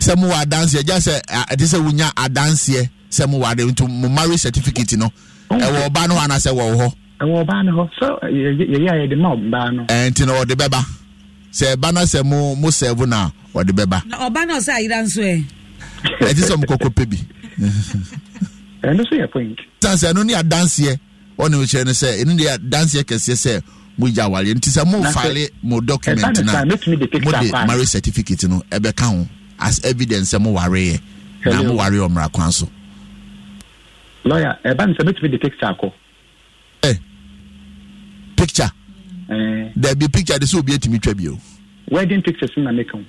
sɛ mo wɔ adanseɛ gya sɛ ɛte sɛ wonya adanseɛ sɛ mo wade nti mo marriage certificate no ɛwɔ ɔbaa no hɔ anaasɛ ɛwɔ hɔ. ɛwɔ ɔbaa no hɔ so yɛyɛ a yɛde ma ɔbaa no. ɛnti na ɔde bɛba sɛ ɛba na sɛ mo mo sɛɛbo na ɔde bɛba. na ɔbaa na ɔsɛ ayira nso yɛ. ɛti sɛ mo kɔkɔ pɛ bi. ɛno so yɛ point. tansi ɛno ne adanseɛ ɔne kyerɛ no sɛ ɛno ne adanseɛ kɛseɛ sɛ mo gya awareɛ nti sɛ mo fale mo document na mo de marriage certificate no ɛbɛka ho as evidence sɛ mo wareɛ na mo ware ɔmra kwan so lɔya ɛba nsɛm etumi de picture akɔ. ɛ eh. picture. ɛɛ eh. dɛbi picture de sɛ obi etumi twɛ bi o. wedding pictures na make n.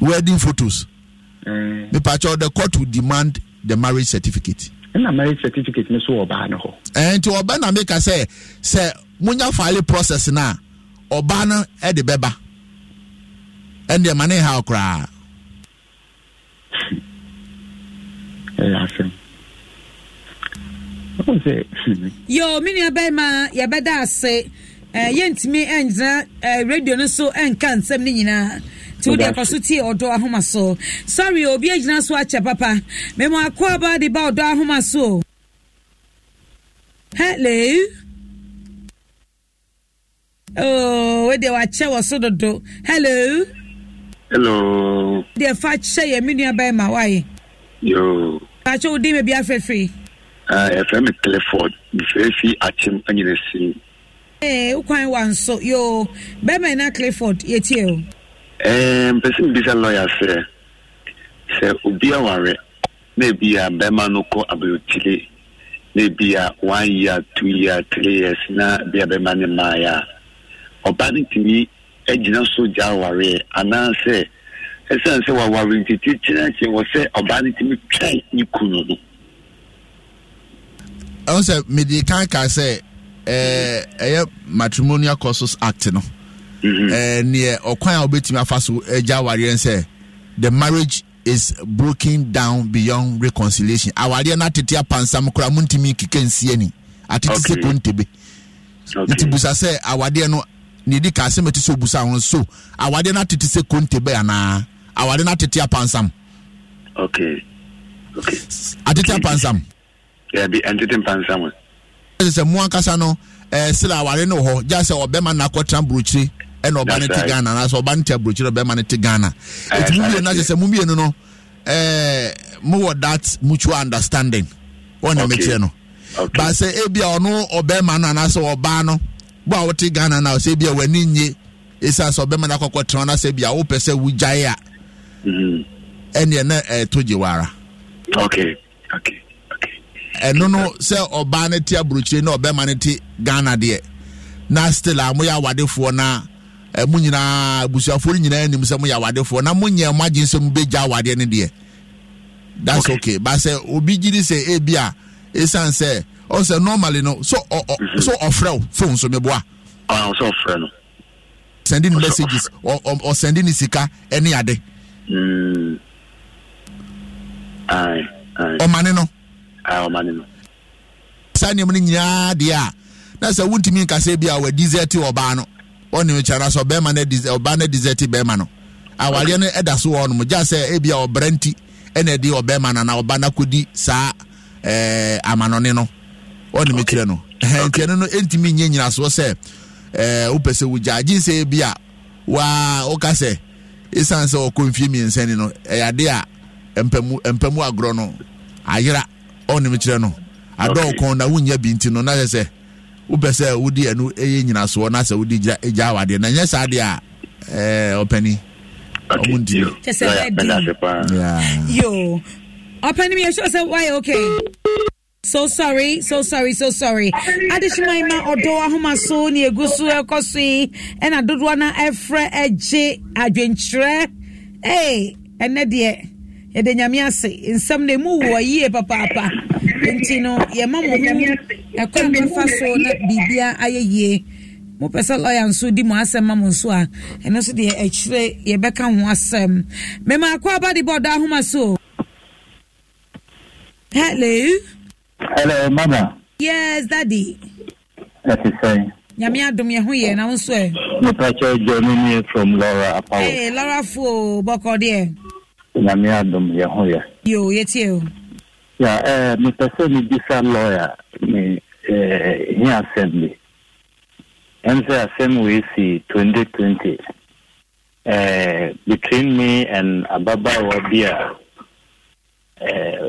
wedding photos. ɛɛ eh. mipatsɛ the court will demand the marriage certificate. ɛna marriage certificate ni so wɔ ɔbaa ni hɔ. ɛɛ nti ɔbɛn na meka sɛ sɛ munya file process na ɔbaa no ɛde bɛba ɛnna ɛma ne ha koraa. ɛyɛ asɛm yo me nua bɛrima yɛbɛda ase eh, yɛntumi enza eh, eh, radio no so ɛnka eh, nsɛm no nyinaa nti wode ɛkɔ so tie ahoma so sɔre obi agyina so akyɛ papa me akoaba akwa ba di ba ɔdɔ ahoma so hello oh, wede wakyɛ wɔ so dodo hello hello deɛ fa kyɛ yɛ me nua why yo pàtó wò dín mi bí afẹ́fẹ́. ẹ̀fẹ́ ah, mi teleford nfẹ̀ẹ́fì àkyẹm ẹ̀yìn ẹ̀sìn. ee ukwan wa nso yoo bẹẹma ẹna clifford yẹtí ẹ o. ẹẹ mpẹsí mi bisa lọọyà sẹ sẹ obi aware na ebi a bẹẹma no kọ abayotire na ebi a one year two year three years na ebi a bẹẹma ne maa ya ọbaa ne tìmí egyina so gya aware anaasẹ ɛsiane sɛ waware ntete kyerɛ nkyɛ wɔ sɛ ɔbaa no tumi twɛn ne kunu no ɛhu sɛ mede kan ka sɛ ɛyɛ matrimonial courses act no mhm. neɛ ɔkwan a wobɛtumi afa so agya eh, awareɛ sɛ the marriage is broken down beyond reconciliation awareɛ no atete apansam koraa montumi keka nsie ni atete sɛ ko ntebe nti busa sɛ awadeɛ no ne di ka asɛm ɛte sɛ obusa ho so awadeɛ no atete sɛ ko ntebe anaa awade no atete apansam okay okay atete apansam yɛbi ɛntete mpansam ɛsɛ sɛ mu ankasa no ɛɛ eh, sila awade no hɔ gya sɛ ɔbɛma no akɔtena burokyire ɛna ɔba no te eh, ghana anaasɛ ɔba no te aburokyire ɔbɛma no te ghana ɛti mu mmienu akyɛ sɛ mu mmienu no ɛɛ mu wɔ that mutual understanding wɔn na mɛkyerɛ no baasa e ebi a ɔno ɔbɛma no anaasɛ ɔbaa no bo a wɔte ghana na ɔsɛ ebi a wɔani nye esi asɛ ɔbɛma no akɔkɔ tena ɔno ebi a wopɛ sɛ wogyae a Mm-hmm. ɛneɛ na eh, ɛto gye wara ɛno no sɛ ɔbaa no te aburokyire na ɔbɛma no te ghana deɛ na still a moyɛ awadefoɔ na eh, mo nyinaa abusuafoɔ no nyinaa anim sɛ moyɛ awadefoɔ na monyɛ mo agye sɛ mobɛgya awadeɛ no deɛ that's ok okay. but sɛ obi gyiri sɛ ebi a ɛsiane sɛ ɔn sɛ normally no so ɔ mm-hmm. so ɔfrɛ o phone so mi ah, ɔfrɛ no. sending messages ɔ ɔ sika ɛne ade. ɔmane no saa nneɛma no nyinaa deɛ a na sɛ wontumi nkasɛ bi a wɔ desert ɔbaa no ɔnim kyɛ na sɛ ɔbɛrima no ɔbaa no desert bɛrima no awareɛ no ɛda so wɔ nom gya sɛ ebi a ɔbrɛ nti ɛna ɛde ɔbɛrima no na ɔba no akɔdi saa ɛɛ amanɔne no ɔnim kyerɛ no ntiɛno no ɛntumi nyɛ nyinasoɔ sɛ ɛɛ wopɛ sɛ wogya agye sɛ bi a waa woka sɛ ɛsiane sɛ ɔkɔ mfie mmiɛnsa ni no ɛyɛ ade a mpamu agorɔ no ayera ɔnim kyerɛ no na wonya bi nti no na sɛ wopɛ sɛ nyinasoɔ na sɛ wodi gya gya na nyɛ saa a ɛɛ ɔmo so sorry so sorry so sorry adehyemma ma ɔdɔ ahomaso ne egu so ɛkɔ so yi ɛna dodoɔ na ɛfrɛ ɛgye adwenkyerɛ ee ɛnɛ deɛ yɛde nyame ase nsɛm na emu wɔ yie papaapa nti no yɛma mo ho ɛkɔ amefa so na biribia ayɛ yie mopɛ sɛ lɔya nso di mo asɛm ma mo nso a ɛno nso deɛ akyire yɛbɛka ho asɛm memaako aba de bɔ ɔdɔ ahoma hello Hello, mama. Yes, daddy. That is saying. nyame adom yɛ ho yɛ na nso ɛ. mepakyɛ jɔni ni from laura apawo. ee eh, laura fo bɔkɔ deɛ. nyame adom yɛ ho yɛ. yo yɛ tie o. ya ɛɛ eh, mepɛ sɛ mi bisa lɔya mi ɛɛ eh, hin asɛm bi ɛn sɛ asɛm wei si twenty eh between me and ababaawa bi a.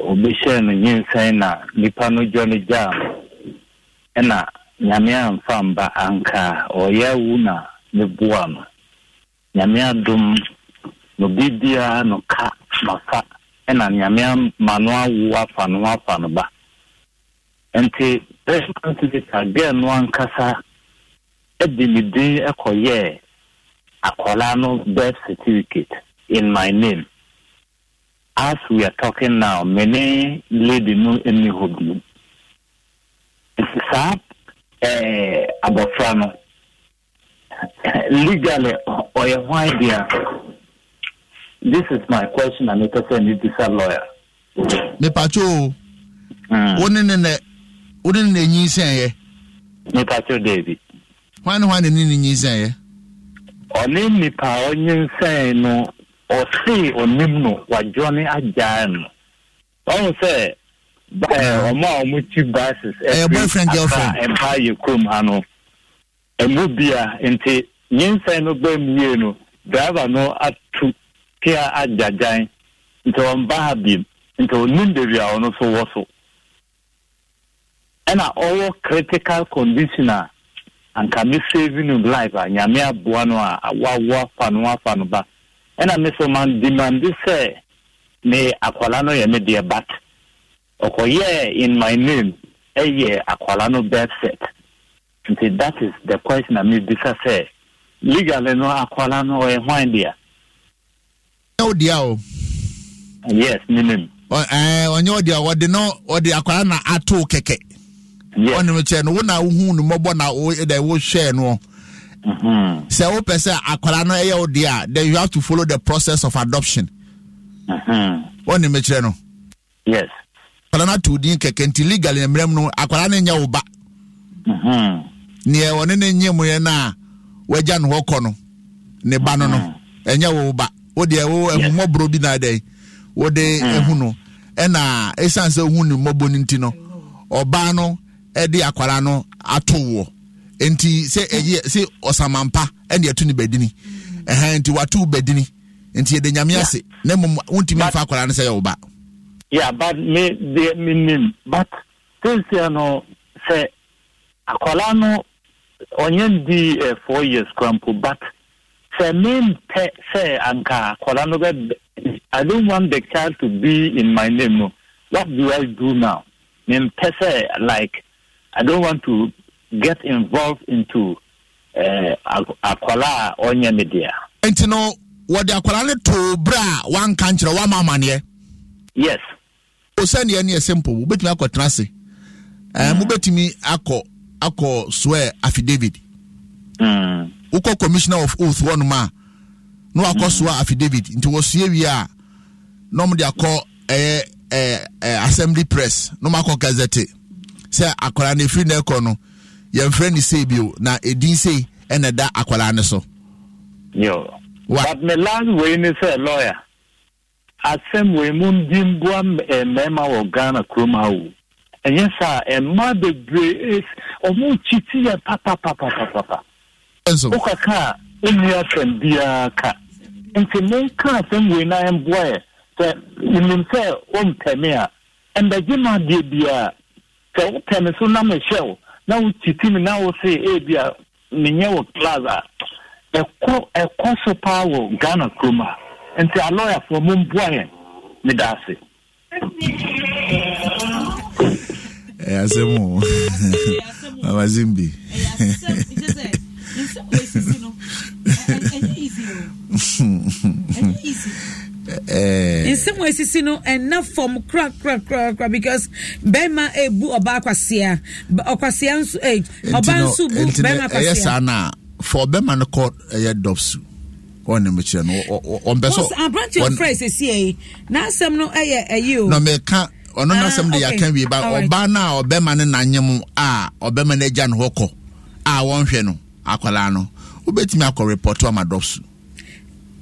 obehyia no nyinsɛn na nnipa no dwa no gyaa no ɛna nyame amfa mba ankaa ɔyɛ awu na ne boa no nyame adom no biribiara no ka mafa ɛna nyame ma no awu afa no afa no ba nti ka bia no ankasa de ne din ɛkɔyɛɛ akwaraa no birth certificate in my name as we are talking now many lady no any hɔ bio nti saa ɛɛ eh, abɔfra no legally ɔyɛ hwan deɛ this is my question and mepɛ sɛ ne a lawyer. mepatso o wone ne nɛ wone ne n'enyi nsɛnyɛ. mepatso deebi. hwan ne hwan ne ne ne nyi nsɛnyɛ. nipa no. ɔsee ɔnim no wadwɔne agyaa no sɛ ɔmo a ɔmo ti ɛmpa yɛ kurom ha no ɛmu bia nti nyinsɛn no yie no no atu kia agyagyan nti ha nti a ɔno so wɔ so ɛna ɔwɔ critical condition a anka saving a nyame aboa no a no afa ɛna me so ma demande sɛ me akwala no yɛ me deɛ bat ɔkɔyɛɛ in my name ɛyɛ e akwala no birth set nti that is the question a mebisa sɛ legally no akwala no ɔyɛ hwan dea wo dea o yes menim ɔnyɛ eh, wo dea wɔde no akwala na atoo kɛkɛ no wo na wohu no mmɔbɔ na e Mm-hmm. sɛ wopɛ sɛ akwara no ɛyɛ wo deɛ a then you have to follow the process of adoption mm-hmm. wɔne mekyerɛ no akwara no ato din kɛkɛ nti legally mmerɛm no akwara no nyɛ wo ba mm-hmm. neɛ ɔne ne nye mu yɛ no a wagya no hɔ kɔ no ne ba no no ɛnyɛ wo ba wo deɛ wo ahummɔborɔ bi na dɛn wode ehu no ɛna ɛsiane sɛ wohu ne mmɔbɔ no nti no ɔbaa no ɛde akwara no ato woɔ nti sɛ ɛyɛ eh, sɛ ɔsamampa ɛna yɛtu ne bɛdini ɛhɛn nti watu bɛdini nti yɛde nyame ase na mmom wontumi afa akwaraa no sɛ yɛ wo ba yeah but me deɛ menim but tinsia no sɛ akwaraa no ɔnyɛ ndi eh, four years krampo but sɛ mempɛ sɛ anka akwaraa no bɛ i don't want the child to be in my name no what do i do now mempɛ sɛ like i don't want to get involved into uh, akwara a ɔnyɛ ne dea. nti no wɔde akwara no to bere a wanka nkyerɛ wama amaneɛ. yes. osaniya ni ɛsɛ mpɔ mubetumi akɔ tena ase ɛɛ eh, hmm. mubetumi akɔ akɔ swear affidavit. Mm. wokɔ commissioner of oath wɔnom a na wakɔ hmm. soa affidavit nti wɔsue wie a na ɔmde akɔ ɛyɛ eh, eh, assembly press na ɔmakɔ gazette sɛ akwara no efiri na ɛkɔ no yɛmfrɛ no sei bio na ɛdin sei ɛna da akwadaa no so yo What? but me last wei ne sɛ lawyer asɛm wei mu ndi mboa eh, mmarima wɔ ghana kurom awo ɛnyɛ saa mmaa bebree eh, ɔmo kyiti yɛ papapapapapa wokaka a wonni asɛm biara ka nti menka asɛm wei na ɛmboa yɛ sɛ nim sɛ wompɛ me a ɛmbɛgye ma adeɛ biara sɛ wopɛ me so na mehyɛ wo na woti mi na e wo e e eh, se ebi a menyɛ wɔ class a ɛkɔ ɛkɔ so paa wɔ ghana kurom a nti alɔyafoɔ momboa yɛn meda ase asɛm mama zimbi eh, Eh. nsɛm a ɛsisi no kura kura kura because bɛrima ɛbu ɔbaa kwasea ɔkwasea nso eh, ɔbaa nso bu bɛrima kwasea ɛyɛ saa no a fa ɔbɛrima no kɔ ɛyɛ dɔpsu ɔne mu kyerɛ no ɔmpɛ sɛ aberanteɛ frɛ sɛsie yi n'asɛm no ɛyɛ ɛyi o na meka ɔno ah, n'asɛm de yɛaka wie ba ɔbaa no a ɔbɛrima no nanyem a ɔbɛrima no agya ne hɔ kɔ a wɔnhwɛ no akwalaa no wobɛtumi akɔ repɔto ama dɔpsu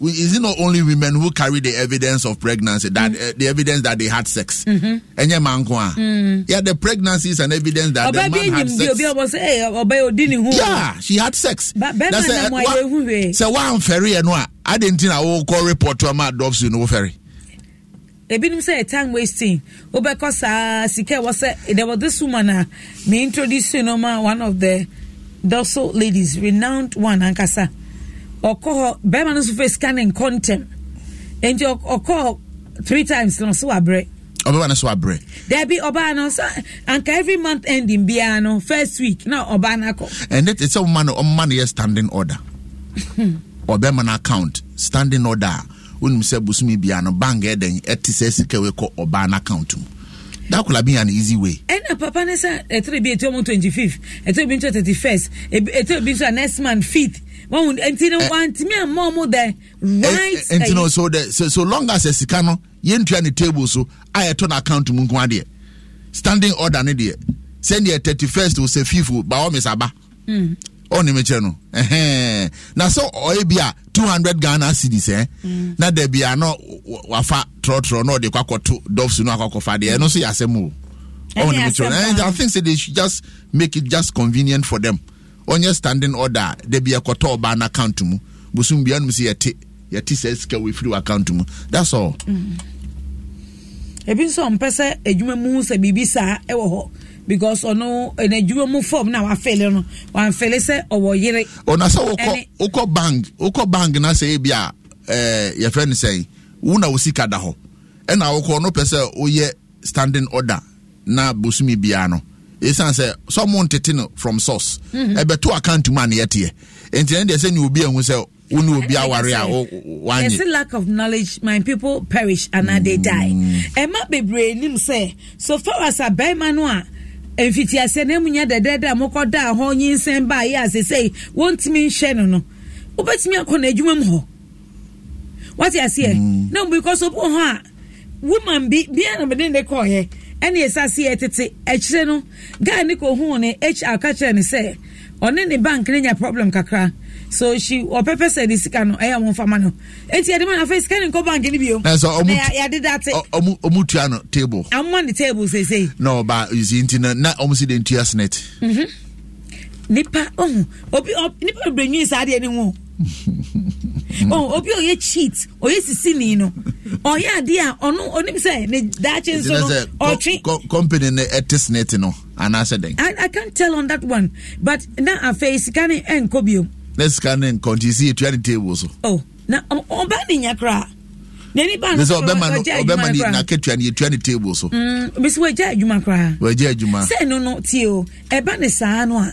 we, is it not only women who carry the evidence of pregnancy that mm. uh, the evidence that they had sex? Mm-hmm. Mm-hmm. Yeah, the pregnancy is an evidence that the man had sex. Say, hey, Oba yeah, she had sex. But That's a, so why I'm ferry and why I didn't think I will call report to my dogs in ferry. ebinom sɛ time wasting wobɛkɔ saa sika ɛwɔ sɛ there was this woman a me introduce you no ma one of the docile ladies renowned one ankasa ɔkɔ hɔ bɛrima no nso fɛ sika ne nkɔ ntɛm nti ɔkɔ three times no so wabrɛ ɔbɛba no so wabrɛ dabi ɔbaa no so anka every month ending biara no first week na ɔbaa no akɔ ɛnɛ te sɛ ɔma no ɔma no yɛ standing order ɔbɛrima no account standing order a wonim sɛ bosome biara no bank ɛdɛn ɛte sɛ sika wei kɔ ɔbaa no account mu that could have been an easy way. And a papa ne sɛ ɛtɛrɛ bi etu ɔmo twenty fifth ɛtɛrɛ bi nso thirty first ɛtɛrɛ be nso next month fifth wọn nti no so the so, so long as sika no yɛn ntua ne table so a yɛtɔ account mu nko adeɛ standing order ne deɛ sɛndeɛ thirty first o sɛ fifo ba ɔmo saba. ɔne me kyerɛ no na sɛ ɔyɛ bi a 200 ghana cedis eh? mm. na da bia no wafa trɔtrɔ na ɔde kɔakɔto dɔfs no akɔkɔfa deɛ ɛno nso yɛ asɛm o ɔne me kyerɛ no i think say they should just make it just convenient for them ɔnyɛ standing order de bi ɛkɔtɔ ɔbaa n'account mu bosom bia nom sɛ yɛte yɛte sɛ sika wɔfiri w'account mu that's all mm-hmm. ebi nso ɔmpɛ sɛ edwuma mu sɛ biribi saa ɛwɔ hɔ because ɔno n'edwuma mu fɔm na wafɛle no wafɛle sɛ ɔwɔ yere. ɔna sɛ wokɔ wokɔ bank wokɔ bank na sɛ ebi a ɛɛ eh, yɛfɛ ne sɛn wuna wosi ka da hɔ ɛna wokɔ ɔno pɛ sɛ oyɛ standing order na bosumi bia no ɛsiane sɛ sɛ mo ntete no from source mhm. ɛbɛto account mu a ne yɛteɛ enti ɛne deɛ sɛ ne obi ahu sɛ wo ne obi aware a wanye there's a lack of knowledge my people perish and mm. they die mm. ɛma bebree nim sɛ so far as a bɛrima no a mfitiaseɛ na emu nya dɛdɛɛdɛ a mokɔda a hɔ nyinsɛn ba a yɛ ase sɛ wɔntumi nhyɛ no no wobɛtumi akɔ n'adwuma mu hɔ wate aseɛ na mu bi kɔ so bo hɔ a woman bi bia na mede ne kɔɔyɛ ɛne ɛsase yɛ tete akyire no guy ne kɔhuu ne hr ka kyerɛ ne sɛ ɔne ne bank ne nya problem kakra so she ɔpɛpɛ sɛ de sika no ɛyɛ ɔmo mfama no eti ɛdi ma na afei sika ne nkɔ bank ne bio. ɛsɛ ɔmu na yade da te. ɔmu tua no table. ɔmu ne table sese. na ɔba yi nti na na ɔmu si de ntua snit. Mhm. nipa ɔhun obi nipa bebree nyi saa adeɛ ne ho. Mm. oh obi oyɛ cheat oyɛ sisi ni no ɔyɛ adeɛ a ɔno onim sɛ ne daakye nso no ɔtwe. company ne ɛte snate no anaasɛ dɛn. I, I can't tell on that one but na afei sika ne nkɔ bio. na sika ne nkɔ nti si etua ne table so. oh na ɔbaa ne nya koraa. n'ani ba no sɛ ɔbɛma no ɔbɛma no n'akatua no yɛtua ne table so. bisi mm, wagya adwuma koraa. wagya adwuma. sɛ no no tie o ɛba ne saa no a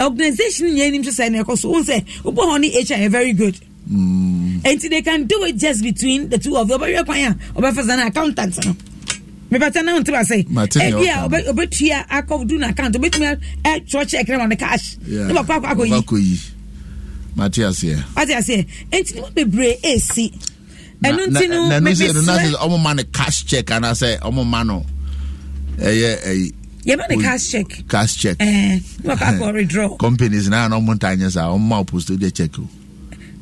organisation yɛn anim so sɛ na ɛkɔ so wɔn sɛ wɔbɔ hɔn ne hr yɛ very good. Mm. And they can do it just between the two of you. Ọbẹ̀wé kwan yà ọbẹ̀fẹ̀sẹ̀ náà accountant náà. Mẹ̀bàtà náà ntoma sẹ̀. Ẹbi a ọbẹ̀tuya akọ do na account ọbẹ̀tumi ẹ tọ́ check náà wọn ni cash. Ní bàkọ́ akọ akọ yìí. Ọbakọ yìí. Màtí aseɛ. Màtí aseɛ. Nti ni wọn bebree esi. Ɛnu nti no mɛmɛsirɛ. N'anu sɛ ɔmu ma no cash check anasɛ ɔmu ma no ɛyɛ eh, ɛyi yɛma eh, ne cash check cash check ɛɛ ne bàkɔ akɔ redraw companies náà n'ɔmu ta nyɛ sa ɔmu ma post o de check o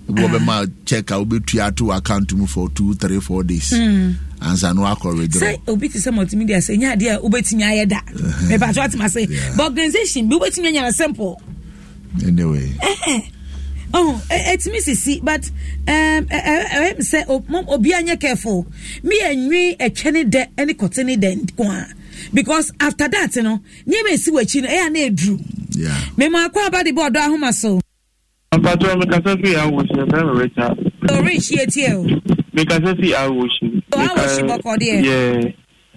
wobɛma check a wobɛtua ato account mu for two three four days mm. ansa no akɔ withdraw sɛ obi te sɛ multimedia sɛ ɛnyɛ adeɛ a wobɛtumi ayɛ da uh-huh. mepatro atema sɛ yeah. but organisation bi wobɛtumi anya no simple anyway Oh, ɛtumi sisi but um, ɛɛm sɛ obi anyɛ careful Me enwi ɛtwɛ ne dɛ ɛne kɔte ne dɛ nko a because after that no nneɛma esi wɔ akyi no ɛyɛ a na eduru mɛmɔ akɔ abadibɔ ɔdɔ ahoma so. Mpatrọ mekasa fi awoshi ẹfẹ mi Richard. Orich yẹ tiẹ o. Mekasa fi awoshi. O awoshi bọkọ díẹ. Yẹ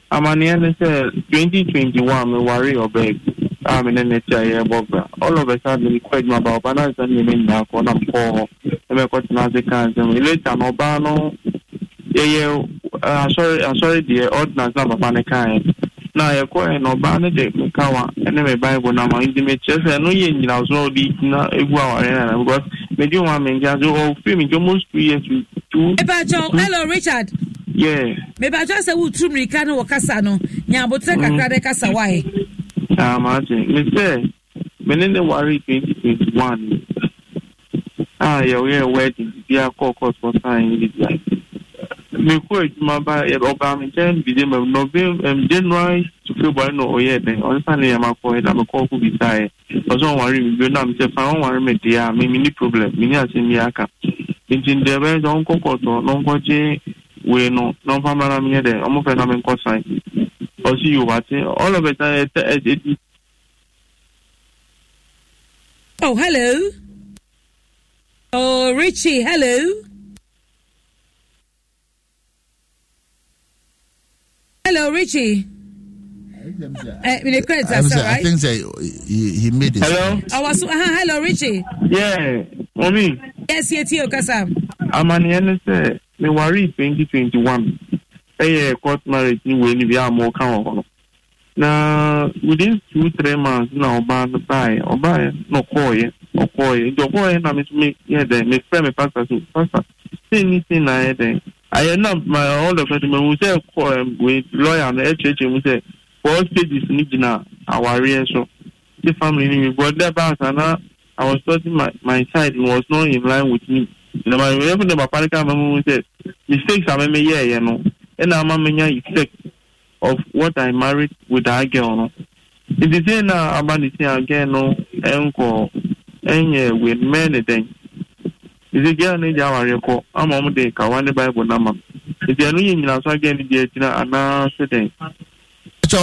amaniya ni sẹ twenty twenty one mi wari ọbẹ egu a ne ne ti a yẹ bọ gba ọlọ bẹ sá mi kọ ẹgbẹ ọba ọba náà sani mi nyà kọ náà kọ ọ ẹbẹ kọ tẹ náà ṣe kàn ṣe mi later náà ọba náà yẹ yẹ asọri asọri diẹ ordinance náà bàbá ni kàn yẹ. na yɛkɔɛ na ɔbaa no de me kawa ne na ma ndị mekyerɛ sɛ ɛno yɛ nyinaso a ɔde gyina egu aware na because medi wɔn amenkya so ɔfiri me nti almost two years two. ebakyɛw hello richard. yeah. mebakyɛw sɛ wotu mirika no wɔ kasa no nyaabotire mm. kakra de kasa wae. ama ase me sɛ me ne ne twenty twenty one a ah, yɛwɔ yɛ wedding bi akɔ court for sign bi bi ase. mekɔ adwuma ba ɔbaa e, me nkyɛn december mu november january to february na ɔyɛ dɛn ɔnsa ne yɛma kɔɛ na mekɔ ko bisaeɛ ɔsɛ ɔware me bio na mesɛ fa ɔware me deɛ a memeni problem meni asɛm bi aka nti deɛ ɛbɛyɛ sɛ ɔnkɔ kɔtɔ na ɔnkɔgye wei no na ɔmfa mmara menyɛ dɛ ɔmofɛ na menkɔsae ɔse yo wate all of it ɛdi eh, eh, eh, Oh, hello. Oh, Richie, hello. Hello, Richie. Eh, I think say, he, made it. Hello. I was, uh, hello, Richie. Yeah, Omi. Yes, yes, yes, Kasam. I'm an NSA. Me worry 2021. Hey, eh, court marriage ni we ni bi amo kan ho no. Na within two three months na ọba no buy, ọba no koye, no koye. Do koye na me me yeah, me friend me pastor, pastor. Say anything na there ayɛ na ma all of us mahu sɛ kɔ wei lawyer no ɛkyerɛkyerɛ mu sɛ four stages no gyina awareɛ so the family no mi but that balance ana i was talking my my side was not in line with me na my wife na papa no ka ma mu sɛ mistakes a mɛmɛ yɛɛyɛ no ɛna ama mɛnya effect of what i married with that girl no nti sɛ na aba ne ti a no ɛnkɔ ɛnyɛ with men ne ezekiel na-eji awa kọ ama m dị ka nwanne baịbụl na ma nti ɛno yɛ nyinasa gɛ ne deɛ agyina anaa sɛ dɛn ɛkyɛ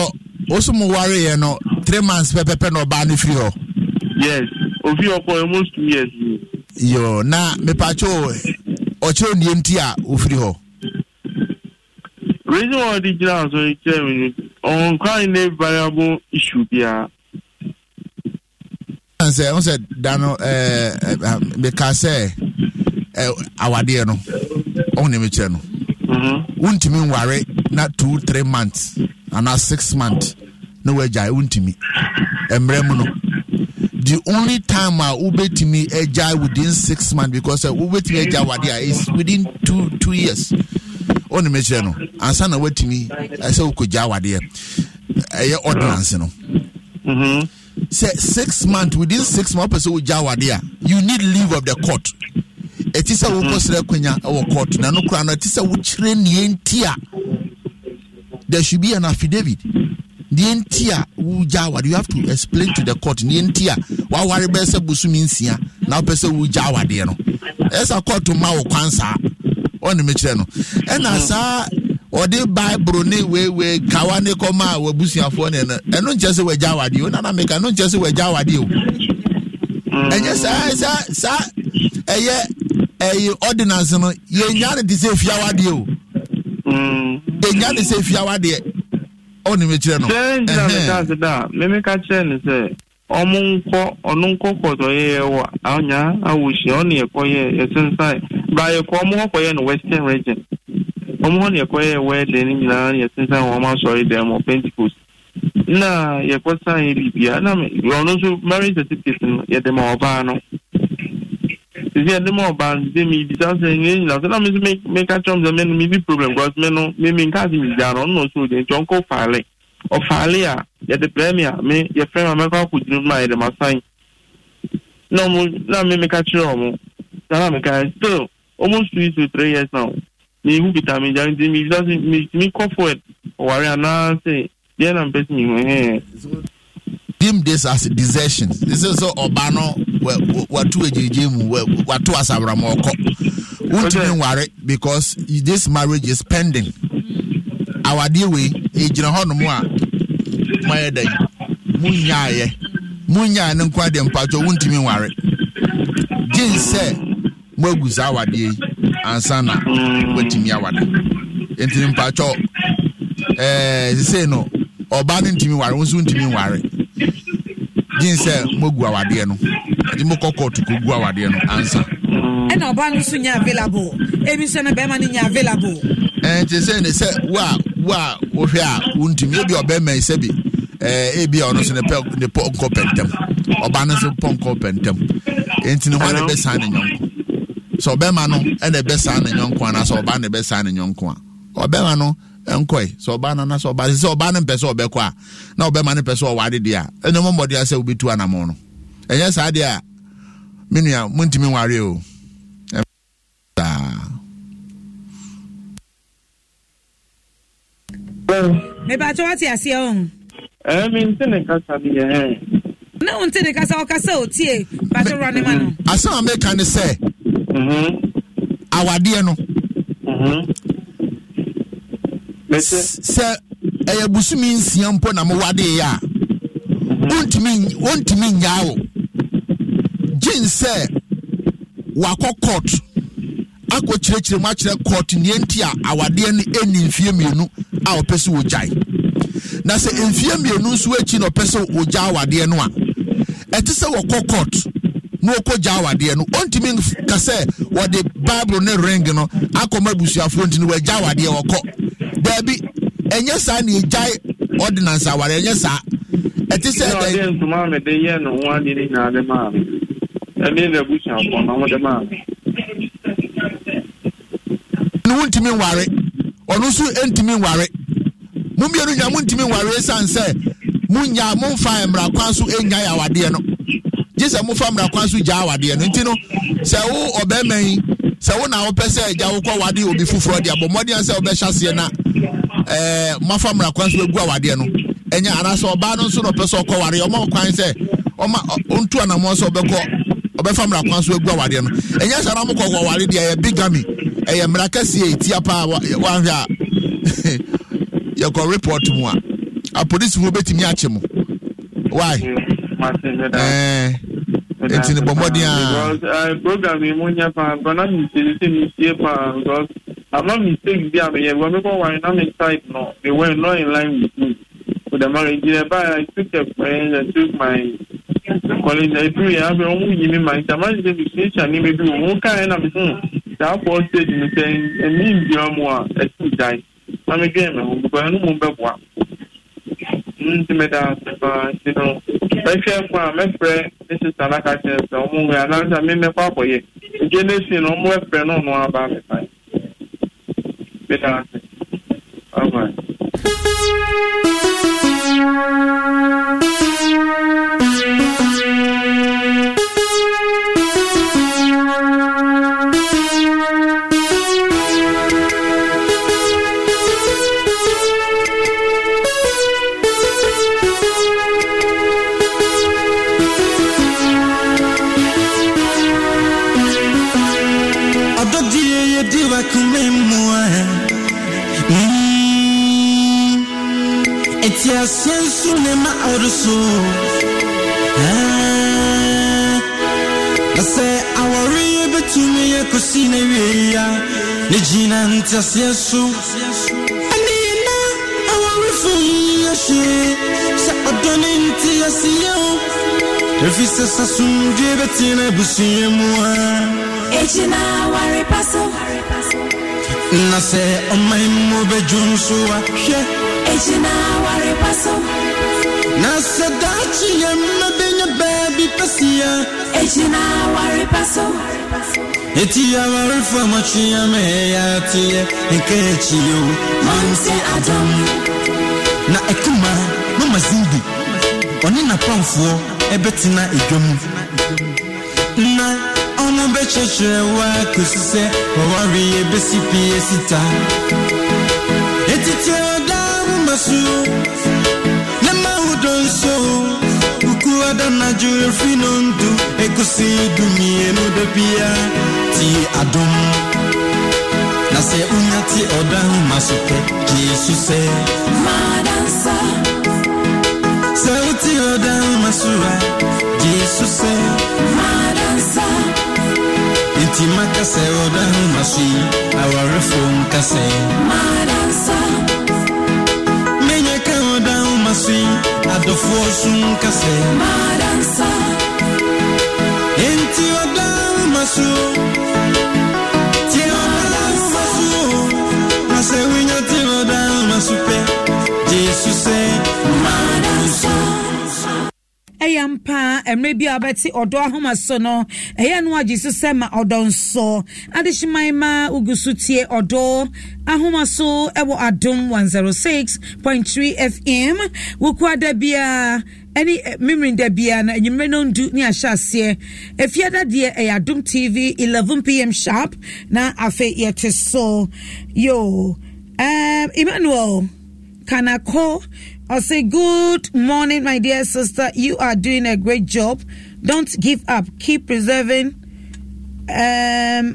woso mu wareyɛ nọ' three months pepepe na ɔbaa no yes ofi hɔ kɔ almost two years yo na mepacho ọchị onye ntị a ofiri hɔ reason why dị gyina so kyerɛ me no ɔnkwan ne variable issue biara sɛ wo sɛ da awadeɛ no ɔho ne mekyerɛ no mhm. wontumi nware na two three months anaa six months na woagyae wontumi mmerɛ mu no the only time a wobɛtumi agyae within six months because wobɛtumi agyae awadeɛ a is within two two years ɔne mekyerɛ no ansa na woatumi sɛ wokɔgya awadeɛ ɛyɛ ordinance no mhm. sɛ six months within six months wopɛ sɛ wogya awadeɛ a you need leave of the court ɛti sɛ wokɔ serɛ akwanya wɔ court na no kora no ɛti sɛ wokyerɛ neɛ nti a there should be an affidavit neɛ nti a wogya awade you have to explain to the court neɛ nti a woaware bɛɛ sɛ bosomi nsia na wopɛ sɛ wogya awadeɛ no ɛsɛ court ma wo kwan saa ɔne mekyerɛ no ɛna mhm. saa ɔde baibulu ne wewe kawa ne kɔma a wabusuafoɔ ne no ɛno nkyɛ sɛ wagya awadeɛ o nana meka no nkyɛ sɛ wagya awadeɛ o mhm. ɛnyɛ saa saa saa ɛyɛ ɛyi ordinance no yɛnya mm. ne te sɛ fiawadeɛ o mm. yɛnya ne sɛ fiawadeɛ ɔne e. mekyerɛ no memeka kyerɛ no sɛ ɔmo nkɔ ɔno nkɔ kɔtɔ yɛyɛ wɔ anya awohyia ɔne yɛkɔ yɛ yɛsensae ba yɛkɔ ɔmo hɔ kɔyɛ no western region ɔmo hɔ yɛ nyinaa dɛm na san yɛ na ɔno nso marriage certificate no ma Sisi ene ban, sisi mi bisan se nye yon la. Se la mi si men ka chom se men mi di problem kwa se men nou, men men ka mi jan nou nou sou den, chon ko fale. O fale ya, ya de premi ya, men ya premi men kwa kouti nou man e de masan. Nou nan men men ka chom moun. Nan men ka e still, o moun sui sui 3 years nou. Mi yon kita mi jan, mi bisan se mi kon fwet, wari anan se, diyan nan pes mi mwen he him this as desertion sɛ sɛ ɔba no wato agyirigye mu wato asabramɔ ɔkɔ wontumi nware because this marriage is pending awadeɛ wei ɛgyina eh, hɔnom a moayɛ dɛn monyaayɛ monyaa ne nko adeɛ mpatwɔ wontumi nware gyen sɛ moagu saa awadeɛ yi ansa na woatumi awada enti mpatwɔ ɛɛ eh, sesei no ɔbaa no ntumi nware wo nso wontumi nware gyin sɛ mo gu awadeɛ no ɛdi mo kɔ kɔɔtu ko gu awadeɛ no ansa. ɛna ɔbaa no nso nya available ebi nso na bɛrima no nya available. ɛn ti sɛ ne sɛ wo a wo a wohwɛ a wuntumi ebi ɔbɛrima yi ebi ɔno nso ne pɔ nkɔ pɛntɛm ɔbaa no nso pɔ nkɔ pɛntɛm enti ne ho a ne bɛ san ne nyɔnko sɛ ɔbɛrima no ɛna ɛbɛ san ne nyɔnko na ɛbɛ san ne nyɔnko a ɔbɛrima no. nkɔe sɛ ɔbaa no nasɛ ɔbaa sɛ ɔbaa no mpɛ sɛ ɔbɛkɔ a na ɔbɛma no pɛ sɛ deɛ a ɛno mɔmmɔde a sɛ wobɛtu anamo no ɛnyɛ saa deɛ a me nua montumi nware o mepatɛ wate aseɛ ɔ mente ne kasa na wonte ne kasa ɔkasa otie patɛ rɔ ne ma no asɛm a meka ne sɛ mhm. awadeɛ no mhm. sɛ ɛyɛ busumi nsia mpo na mowade yɛ a mhm. wontumi nnyaa wo gyen sɛ wakɔ court akɔ kyerɛkyerɛ mu akyerɛ court nneɛ nti a awadeɛ no ɛni mfie mmienu a ɔpɛ sɛ wogyae na sɛ mfie mmienu nso akyi na ɔpɛ sɛ wogya awadeɛ no a ɛte sɛ wɔkɔ court na wɔkɔgya awadeɛ no ɔntumi ka sɛ wɔde bible ne ring no akɔma abusuafoɔ nti no wɔagya awadeɛ wɔkɔ daabi ɛnyɛ saa na egyae ordinance awari ɛnyɛ saa ɛti sɛ ɛdɛ. ɛna ntoma mi de yɛ ne ho adi ne nyinaa de maa mi ɛne na ebusuafo na ɔmo de maa mi. ne ho ntumi nware ɔno nso e ntumi nware mo mmienu nyɛ mo ntumi nware san sɛ mo nya mo nfa mmara kwan so enya awadeɛ no gye sɛ mo fa mmara kwan so gya awadeɛ no nti no sɛ wo ɔbɛrima yi. sɛ wo na wopɛ sɛ agya wokɔ wade obi foforɔ deɛ abɔ mmɔden sɛ wobɛhyɛ aseɛ na eh, mafa mmara kwan so bɛgu awadeɛ no ɛnyɛ anaasɛ ɔbaa no nso na ɔpɛ sɛ ɔkɔ ware ɔma kwan sɛ ɔma ɔntu anammɔ sɛ ɔbɛkɔ ɔbɛfa mmara kwan so agu awadeɛ no ɛnyɛ sɛ na mokɔ wɔ ware deɛ ɛyɛ bigami ɛyɛ mmara kɛseɛ ɛtia paa a yɛkɔ report mu a apolisifoɔ bɛtumi akye mo nti ne bɔmmɔden a uh, program yi mu nyɛ paa nkɔ na mesɛe sɛ mesie paa because ama mistake bi a meyɛ bɔ mekɔ ware na me type no they were not in line with me with the marriage nti ɛba I took a friend I took my colleague I threw yɛ abɛ ɔmo yi mi ma nti ama sɛ mesie hyɛ ne mebi wɔ mo kaa na me ho hmm, saa pɔl stage mi sɛ ɛmi ndua mu a ɛsi gyae na me dwɛn me ho because ɛno mu bɛboa ntumi da paa nti no mɛhwɛ ɛfo a mɛfrɛ mrs alaka kyerɛ sɛ ɔmo wɛ anaasɛ memɛkɔ akɔyɛ gye ne si no ɔmo ɛfrɛ no ɔno aba me fae meda ase bye Thank you. sunema orusu na sɛ awɔreyɛ bɛtumi yɛ kɔsi na wieya ne gyina ntaseɛ so ɛne na awɔrefo yɛhwee sɛ ɔdɔne nte aseɛ o ɛfiri sɛ sasomdwe bɛtena abusua mu a ɛgyina awarepa so na se ɔman mu bɛdwom so ahwɛ gyina awarepa so na sɛ daakye yɛ mmabɛnya baabi kɛseɛ ɛgyina awarepa so eti awarefo amakyeɛ mɛɛyɛ ateɛ nka akyiyɛ adam na ekuma, mama zimbi ɔne napamfoɔ ɛbɛtena edwa mu na ɔmo bɛkyerɛkyerɛ wo a wa sɛ wɔware yɛbɛsi pii asita ɛtitiɛ su na mahudo nso ukuada na juru fi no ndu egusi dumie mu da bia ti adom na sɛ wonya te ɔda ho ma so pɛ gyee so sɛ sɛ wote ɔda ho ma so a gyee so sɛ nti maka sɛ ɔda ho ma so yi awarefo nka sɛ adɔfoɔ sun kasɛ maransa enti ɔda woma so tie ɔda woma so na sɛ wonya te ɔda woma so pɛ yesu sɛ maransa ɛyɛ mpa mmerɛ bi a wɔbɛte ɔdɔ ahoma so no ɛyɛ no agye so sɛ ma ɔdɔ nsɔ adehyeman ma wogu so tie ɔdɔ ahoma so ɛwɔ adom 106.3 fm wokoa da biara ɛne eh, memere da biara na anwummerɛ no ndu ne ahyɛ aseɛ afiada deɛ ɛyɛ adom tv 11pm sharp na afei yɛte so yo um, emmanuel kanako ɔsɛ good morning my dear sister you are doing a great job don't give up keep preserving um,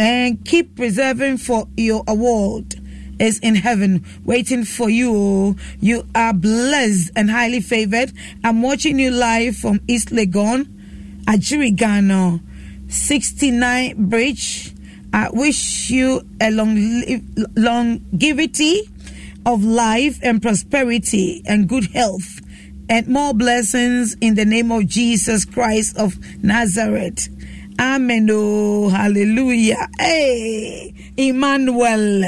and keep preserving for your award is in heaven waiting for you. You are blessed and highly favored. I'm watching you live from East Legon, Ajirigano, 69 Bridge. I wish you a long longevity of life and prosperity and good health and more blessings in the name of Jesus Christ of Nazareth. Amen. Oh, hallelujah. Hey, Emmanuel.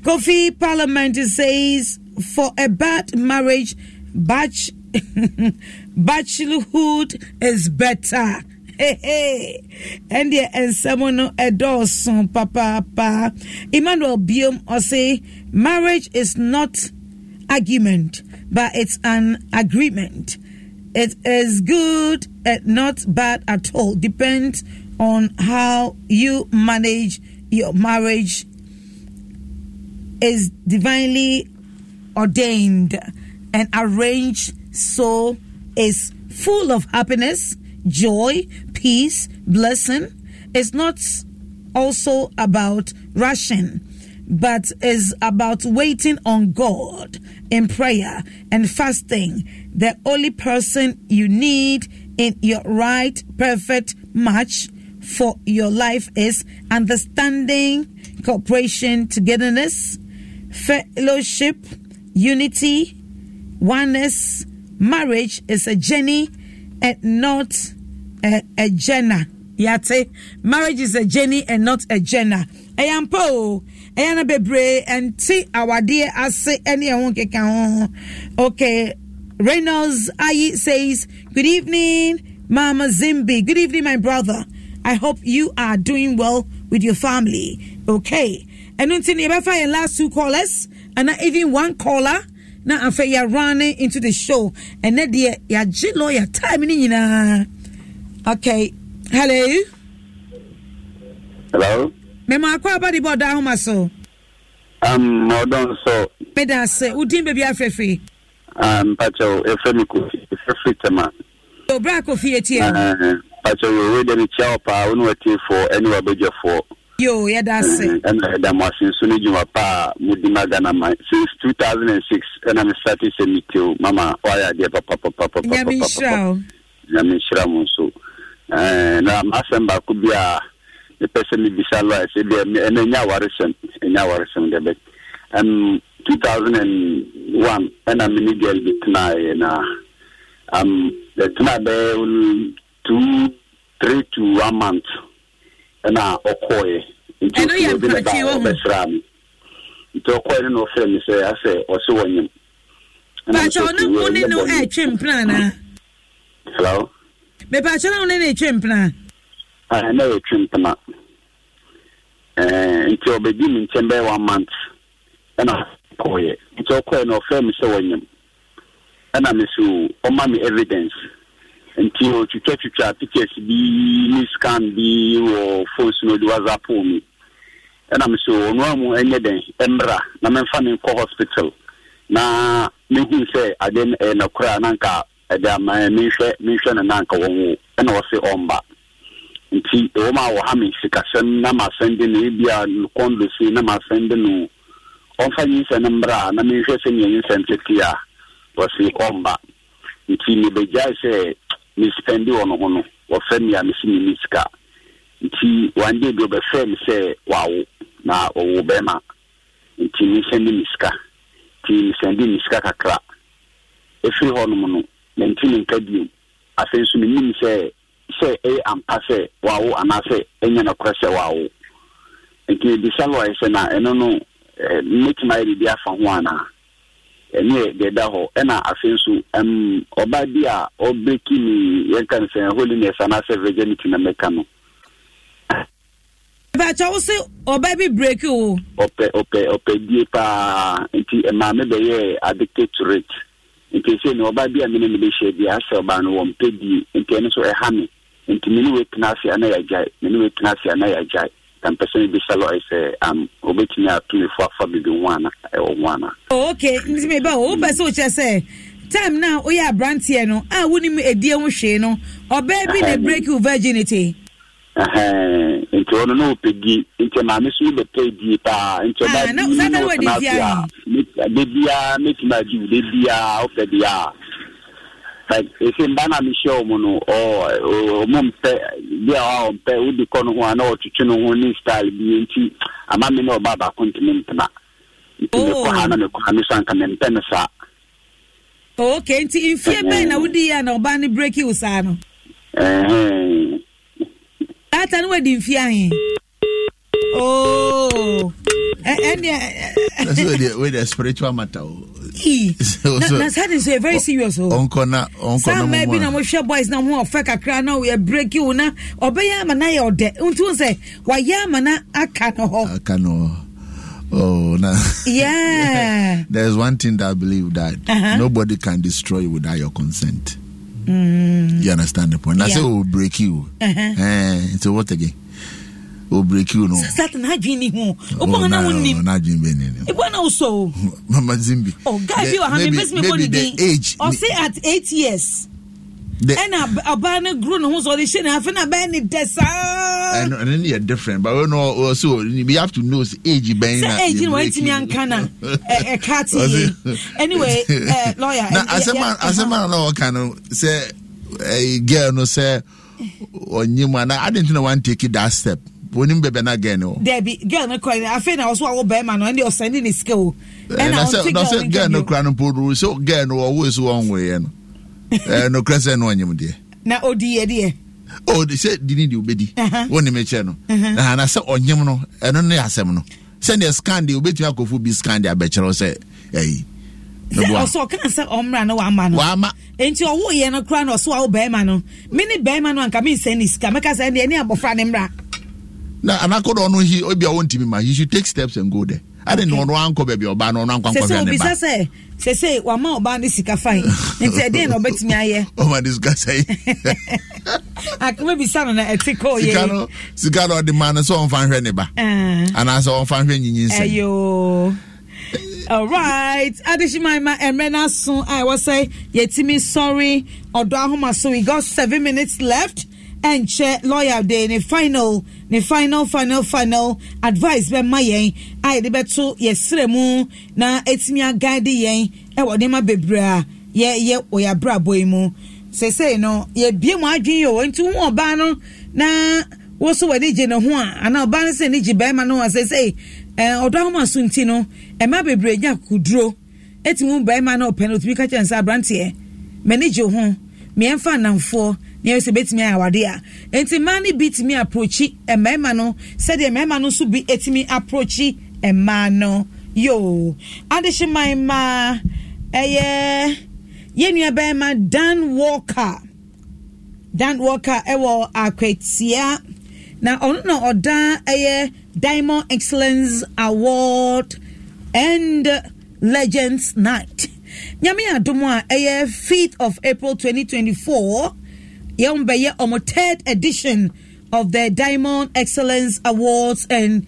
Kofi Parliament says for a bad marriage, batch, bachelorhood is better. Hey, hey. And yeah, and someone adores papa, papa. Emmanuel Biom or say marriage is not argument, but it's an agreement. It is good and not bad at all. Depends on how you manage your marriage is divinely ordained and arranged so is full of happiness, joy, peace, blessing. It's not also about rushing but is about waiting on God in prayer and fasting, the only person you need in your right perfect match for your life is understanding, cooperation, togetherness, fellowship, unity, oneness. Marriage is a journey and not a, a journey marriage is a journey and not a jenna ɛyɛ mpa o ɛyɛ no bebree ɛnte awadeɛ ase ne ɛho nkeka ho okay reynolds ayi says good evening mama zimbi good evening my brother i hope you are doing well with your family okay ɛno nti no yɛbɛfa yɛn last two callers and even one caller na afei yɛ running into the show ɛnɛ deɛ yɛagye lawyer time no nyinaa okay hello. hello. mẹ́mọ̀ akọ́ abadibọ̀ ọ̀dọ̀ ahoma so. Um, ọdọ nsọ. meda ase wodin baabi afɛfɛ. mpakyɛw um, efɛ mi kofi efɛ tema. tɛma. obìnrin akɔfi etí ɛ. mpakyɛw yòówó de mi kyia ɔpa wọn wɔ e tie fɔ ɛni wɔ abɛgyɛ fɔ. yoo yɛda ase. Uh, ɛna e ɛda e mo ase nso ne dwuma paa mo di ma ghana ma since two thousand and six ɛna mi start sɛ mi tew mama wayɛ adeɛ papapapapapapa. nyame nhyira o. nyame nhyira nso. Eh, na asɛm baako bi a mepɛ sɛ mebisa lɔa sɛ deɛ ɛno awaresɛm ɛnyɛ awaresɛm deɛ bɛ 2001 ɛna me ne bi na ɛtena two three to one month ɛna ɔkɔɔeɛ nti ba me nti ɔkɔɔeɛ na ɔfrɛ me sɛ asɛ ɔse wɔnyam bakyɛ ɔne no ɛtwe mepɛakyɛ no wo ne ne ɛtwe mpena na yɛtwe mpena eh, nti ɔbɛdi me nkyɛn bɛyɛ one month ɛna kɔɔyɛ nti ɔkɔɛ no ɔfrɛ me sɛ wɔnyam ɛna me so ɔma me evidence nti ɔtwitwatwitwa pictures bi ne scan bi wɔ phones no ɔde whatsapp wɔ mi ɛna me so ɔnoa mu ɛnyɛ dɛn ɛmmra na memfa me nkɔ hospital na mehu sɛ adeɛ no ɛyɛ nokora na nka ɛde ama ɛ menhwɛ menhwɛ ne nanka wɔn wo ɛna wɔse ɔmba nti ɛwɔ ma wɔha me sikasɛm na masɛnde no ebia kɔndosi na masɛnde no ɔmfa nyinsɛ no mmerɛ a na menhwɛ sɛ neɛ nyinsɛm tete a wɔse ɔmba nti mebɛgyae sɛ mesipɛnde wɔ no ho no wɔfrɛ me a mesi mimi sika nti wande bi ɔbɛfrɛ me sɛ wawo na ɔwo bɛma nti mesɛnde me sika nti mesɛnde me sika kakra ɛfiri e hɔ nom no mentimi nka bio afei nso menim sɛ sɛ ɛyɛ ampa sɛ wawo anaasɛ ɛnyɛ nokorɛ sɛ wawo nti ɛbisa lɔɛ sɛ na ɛno no eh, mɛtumi ayɛ biribi afa ho anaa ɛne deɛ da hɔ ɛna afei nso ɔba bi a ɔbreki ne yɛnka no sɛ holiness anaasɛ virginity na mɛka no pàtó wo sè ọba bi breki wo. ọpẹ ọpẹ ọpẹ die paa nti maame bẹ yẹ addicted to rate. nti sɛ ne ɔba bi a mene mebɛhyia bi asɛ ɔba no wɔ mpɛ bi nti ɛno so ɛha me nti mene wɔtena ase a na yɛagyae mene wɔtena ase a na yɛagyae tampɛ sɛ am wɔbɛtumi ato me fo afa bibi ho ana ɛwɔ ho oh, wokyerɛ sɛ time no a woyɛ aberanteɛ no a wonim ɛdie ho hwee no ɔbaa bi na break you virginity nti ɔno na ɔpɛdi nti maame so die paa mɛtumi wopɛ deɛ a mba na mehyɛ wɔ mu no ɔmo mpɛ bi a ɔmpɛ wode kɔ no ho a na ɔtwetwe no ho ne nti ama me ne baako ntimi mpena nti oh. na mekɔ me so anka mempɛ no saa ok nti mfie bɛn na na ɔba ne wo data no wadi mfie ahe eh? oh ɛnɛ with a spiritual matter oh. na saa de so very oh, serious o oh. ɔnkɔ na ɔnkɔ na mu na mo hwɛ boys na ho ɔfɛ kakra na yɛ break wo na ɔbɛyɛ ama na yɛ ɔdɛ ntu sɛ wayɛ ama Oh, no. Yeah. There's one thing that I believe that uh-huh. nobody can destroy without your consent. Mm. You understand the point? I say we'll break you. Uh-huh. Eh, so what again? We'll break you no. Certain hygiene who. no, no, no, Na hygiene be ni. Mama Zimbi. Oh, guy, you are having me Maybe the age. Or say at eight years ɛna ɔbaa no goro ne ho sɛ ɔde hyɛ ne afe na bɛɛ ne dɛ saa ɛno ne yɛ different but wɔn no uh, so we have to know say age bɛn na sɛ age no wɔntumi anka na ɛka te yi anyway uh, lawyer na asɛm asɛm a na ɔka no sɛ girl no sɛ ɔnye mu ana adi ntina wan take that step onim bɛbɛ na girl no. dɛbi girl no kɔ afei na ɔso awɔ bɛrima no ɛni ɔsɛn ni ne sika o ɛna ɔn ti girl no kura no po so girl no ɔwɔ esu wɔn wɔ yɛ no nokorɛ sɛ eh, no anyim deɛ na ɔdi yɛ deɛ ɔde sɛ dini de wobɛdi wonim kyɛ no na sɛ ɔnyem no ɛno ne asɛm no sɛdeɛ scan deɛ wobɛtumi akɔfo bi scan deɛ abɛkyerɛw sɛ ɛyi ɔsɛ ɔka sɛ ɔmmra no wama no wama enti ɔwoyɛ no kora no ɔsɛ wawo oh, bɛrima no mene bɛrima no anka mensɛ ne sika mɛka sɛ ɛne abɔfra ne mmra na anakɔdɔ no he obi oh, a wɔntimi ma he should take steps and go there ade na ɔno ankɔ baabi ɔbaa na ɔno ankɔ ankɔ hwɛ ne ba sese obisa sɛ sese wama ɔbaa ne sika fain nti ɛdeɛ na ɔbɛtumi ayɛ ɔma de sika sɛyi akoma bisa no na ɛte kɔɔ yɛ sika no sika no ɔde maa no sɛ ɔmfa nhwɛ ne ba ah. anaasɛ ɔmfa nhwɛ nyinyi nsɛm ɛyoo alright adeshimaima emrena sun i was say yetimi sorry odo ahoma so we got seven minutes left and chair lawyer day in a final ne final final final advice bɛma yɛn a yɛde bɛto yɛsrɛ mu na ɛtumi agaide yɛn ɛwɔ nneɛma bebree a yɛyɛ ɔyɛ abrabɔ yi mu sese no yɛbie mu adwene yi o nti wɔn ɔbaa no na wɔso wɔde gye ne ho a anaa ɔbaa no sɛ ne gye barima no ho a sese ɛɛ ɔdɔ ahoma so nti no mmaa bebree nya kuduro eti mu barima no ɔpɛ no otumi kakyɛ nsa aberanteɛ mɛ ne gye ho mmiɛnfa anamfoɔ nea sɛ bɛtumi ayɛ awade a nti mmaa no bi tumi aprochi mmarima no sɛdeɛ mmarima no nso bi tumi aprochi mmaa no yoo adehyeman mmaa ɛyɛ yɛn nua bɛrima dan walker dan walker ɛwɔ akwatia na ɔno na ɔdan ɛyɛ diamond excellence award and legends night nyame adom a ɛyɛ 5th of april 2024 On the third edition of the diamond excellence awards and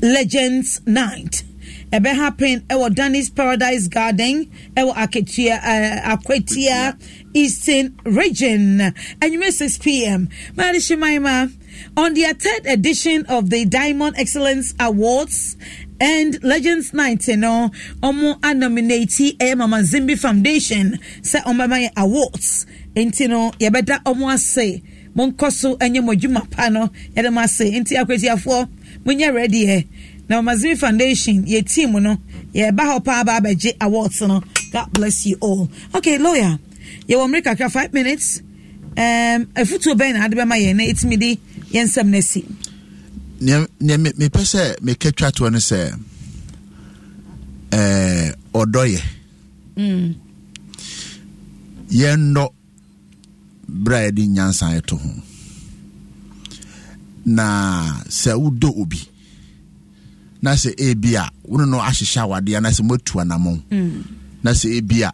legends night it ɛbɛ happen at Danny's Paradise Garden at Aketia ɛɛ Eastern Region ɛnumɛ 6 p.m. Maale on the third edition of the Diamond Excellence Awards and Legends 90 know, our nominee ɛyɛ eh, Mama Zimbi Foundation sɛ on my awards. nti no yɛbɛda ɔmo ase monkɔ so nyɛ mo adwuma pa no yɛde mo ase nti akwatiafoɔ monyɛ readyɛ na ɔmazimi foundation yɛ team no yɛba hɔ paa ba abɛgye awards no god bless you all okay lawyer yɛwɔ mmere kakra five minutes um, afutuo bɛn na ade bɛma yɛn na ɛtumi de yɛn nsɛm no asi neɛ mepɛ sɛ meka twa toɔ no sɛ ɔdɔyɛ mm. yɛnnɔ berɛ a yɛde nyansa ɛto ho na sɛ wodɔ obi na sɛ ebi a wone no ahyehyɛ awadeɛ na sɛ moatu anammɔn mm. na sɛ ebi a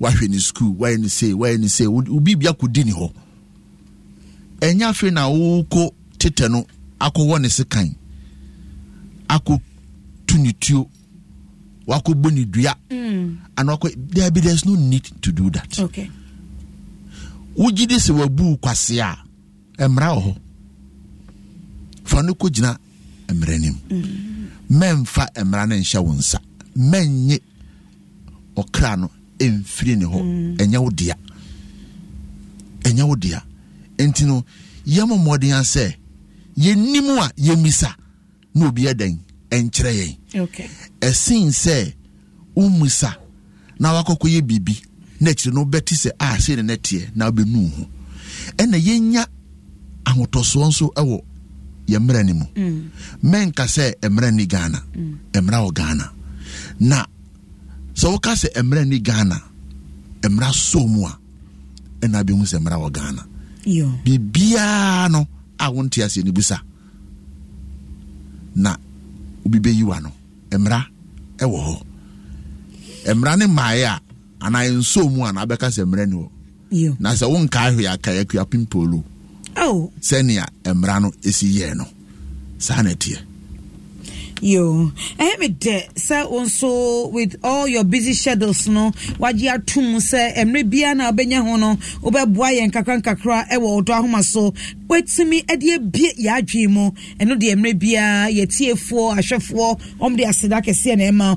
wahwɛ ne skul wayɛ no sei wayɛ no sei obi bia kɔdi ne hɔ ɛnyɛ afei na wokɔ tetɛ no akɔwɔ ne sekan akɔtu ne tuo wakɔbɔ ne dua mm. and wakɔ there be there's no need to do that okay. wogye de sɛ wabu kwase a mmara wɔ hɔ fa no kɔgyina mmara nim mmɛmfa mmara no nhyɛ wo nsa mmɛnye ɔkra no ɛmfiri ne hɔ ɛnyɛ wo dea ɛnyɛ wo dea nti no yɛmɔ mmɔden a yɛnim a yɛmmisa na obi ɛdɛn ɛnkyerɛ yɛn ɛsen sɛ wommisa na wakɔkɔyɛ biribi na no bɛte sɛ a ah, sei ne nɛteɛ na wobɛnu ho ɛna yɛnya ahotɔsoɔ nso ɛwɔ yɛ mmerɛ no mu mm. mɛnka sɛ mmerɛ ni ghana mm. wɔ ghana na sɛ woka sɛ mmerɛ ni ghana mmerɛ so mu a ɛna bɛhu sɛ mmerɛ wɔ ghana biribiaa no a wonte aseɛ no busa na wobi bɛyi wa no mmara ɛwɔ hɔ mmara ne mmaeɛ anaa nsuo mu anaa bɛka sɛ mmerɛ ni hɔ na sɛ wonkaa hwee aka akua pimpolo oh. sɛnea mmara no ɛsi yɛɛ no saa na ɛteɛ yo ɛyɛ mi dɛ sɛ nso with all your busy schedules no wagye atum sɛ mmerɛ biara na wobɛnya ho no wobɛboa yɛn nkakra ɛwɔ ɔdɔ ahoma so wɔatumi de abie mu ɛno deɛ mmerɛ biara ahwɛfoɔ aseda kɛseɛ na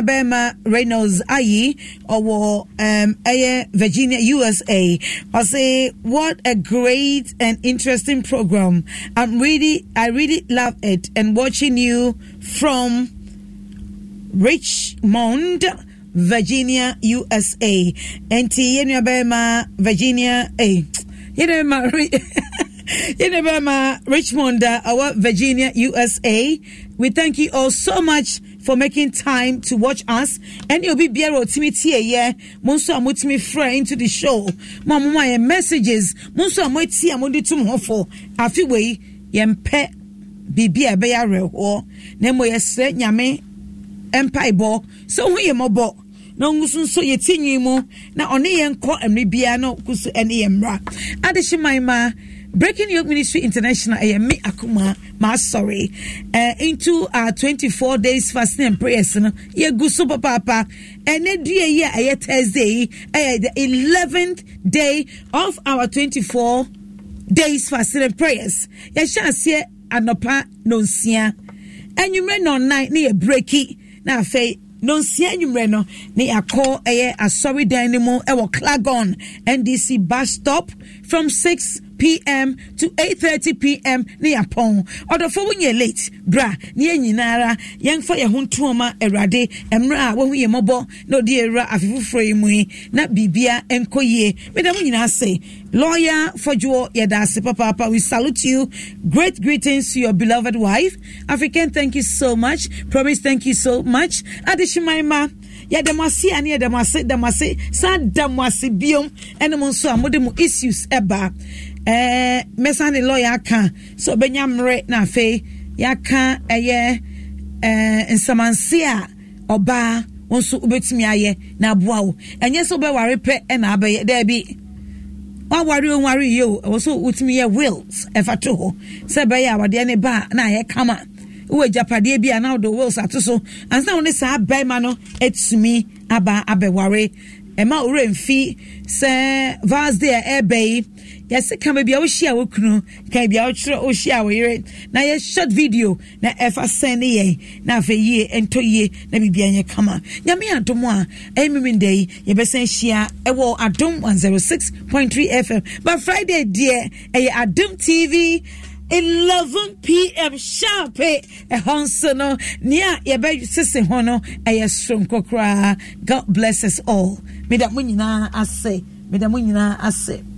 ɛma reynolds ayi ɔwɔ ɛyɛ virginia usa what a great and interesting program i'm really i really love it and watching you from richmond virginia usa ɛnti yɛ nuabɛrima virginia a eh, you know ma you know my richmond uh, our virginia usa we thank you all so much for making time to watch us ɛne obi biara ɔtumi tie yɛ mo nso a motumi frɛ into the show My a mo messages mo nso a moatie a i tom ho fo afe wei yɛmpɛ biribi a ɛbɛyɛ awerɛhoɔ na mmom yɛsrɛ nyame mpaebɔ sɛ wohu yɛ mmɔbɔ na ɔgu so nso mu na ɔne yɛn nkɔ mmere biara na ɔgu ne mra. adehye man ma Breaking Yoke Ministry International, I am me Akuma, my sorry, into our 24 days fasting and prayers. No, yeah, go papa, and then yeah, I Thursday, uh, the 11th day of our 24 days fasting and prayers. Yeah, shall see anopa nonsia, and you may not night near breaky now, faith. nonsia anwummerɛ no ne yɛakɔ ɛyɛ asɔredan no mu ɛwɔ clagon ndc bus stop from 6 p.m. to 8:30 p.m. ne Odo ɔdɔfo wonyɛ late bra ne yɛn nyinara yɛnfa yɛn ho ntoɔma awurade mmerɛ a wɔn ho yɛ mɔbɔ na ɔde awura afi foforɔ yi mu na biribia nkɔ yie meda mo se lawyer fɔjuo yɛda Papa papa. we salute you great greetings to your beloved wife african thank you so much promise thank you so much Adishimaima. yɛda mo ase a ne yɛda saa biom ɛne mo nso a mode issues ɛbaa ɛɛ eh, mmesa ne lɔya aka sɛ ɔbɛnya mmerɛ na afei yɛaka ɛyɛ ɛɛ eh, nsamanse a ɔbaa nso wobɛtumi ayɛ na aboa wo ɛnyɛ sɛ wobɛware pɛ ɛna abɛyɛ daabi waware o ware yie o ɛwɔ so wotumi eh, yɛ wills ɛfa to hɔ sɛ ɛbɛyɛ awadeɛ ne ba na ayɛ kama wowɔ agyapadeɛ bi a na wode wills ato so ansa wo ne saa bɛrima no atumi aba abɛware ɛma owurɛ mfi sɛ vas de a ɛɛbɛ yɛse ka baabi a wohyia wo kunu ka baabi a wokyerɛ wohyia wo yere na yɛ short video na ɛfa sɛn ne yɛn na afei yie ɛntɔ yie na biribia nyɛ kama nyame adom a ɛyɛ mimi da yi yɛbɛsan hyia ɛwɔ adom 106.3 fm but friday deɛ ɛyɛ adom tv 11 p.m. sharp ɛhɔ nso no nea yɛbɛsese ho no ɛyɛ soronko koraa god bless us all meda mo nyinaa ase meda mo nyinaa ase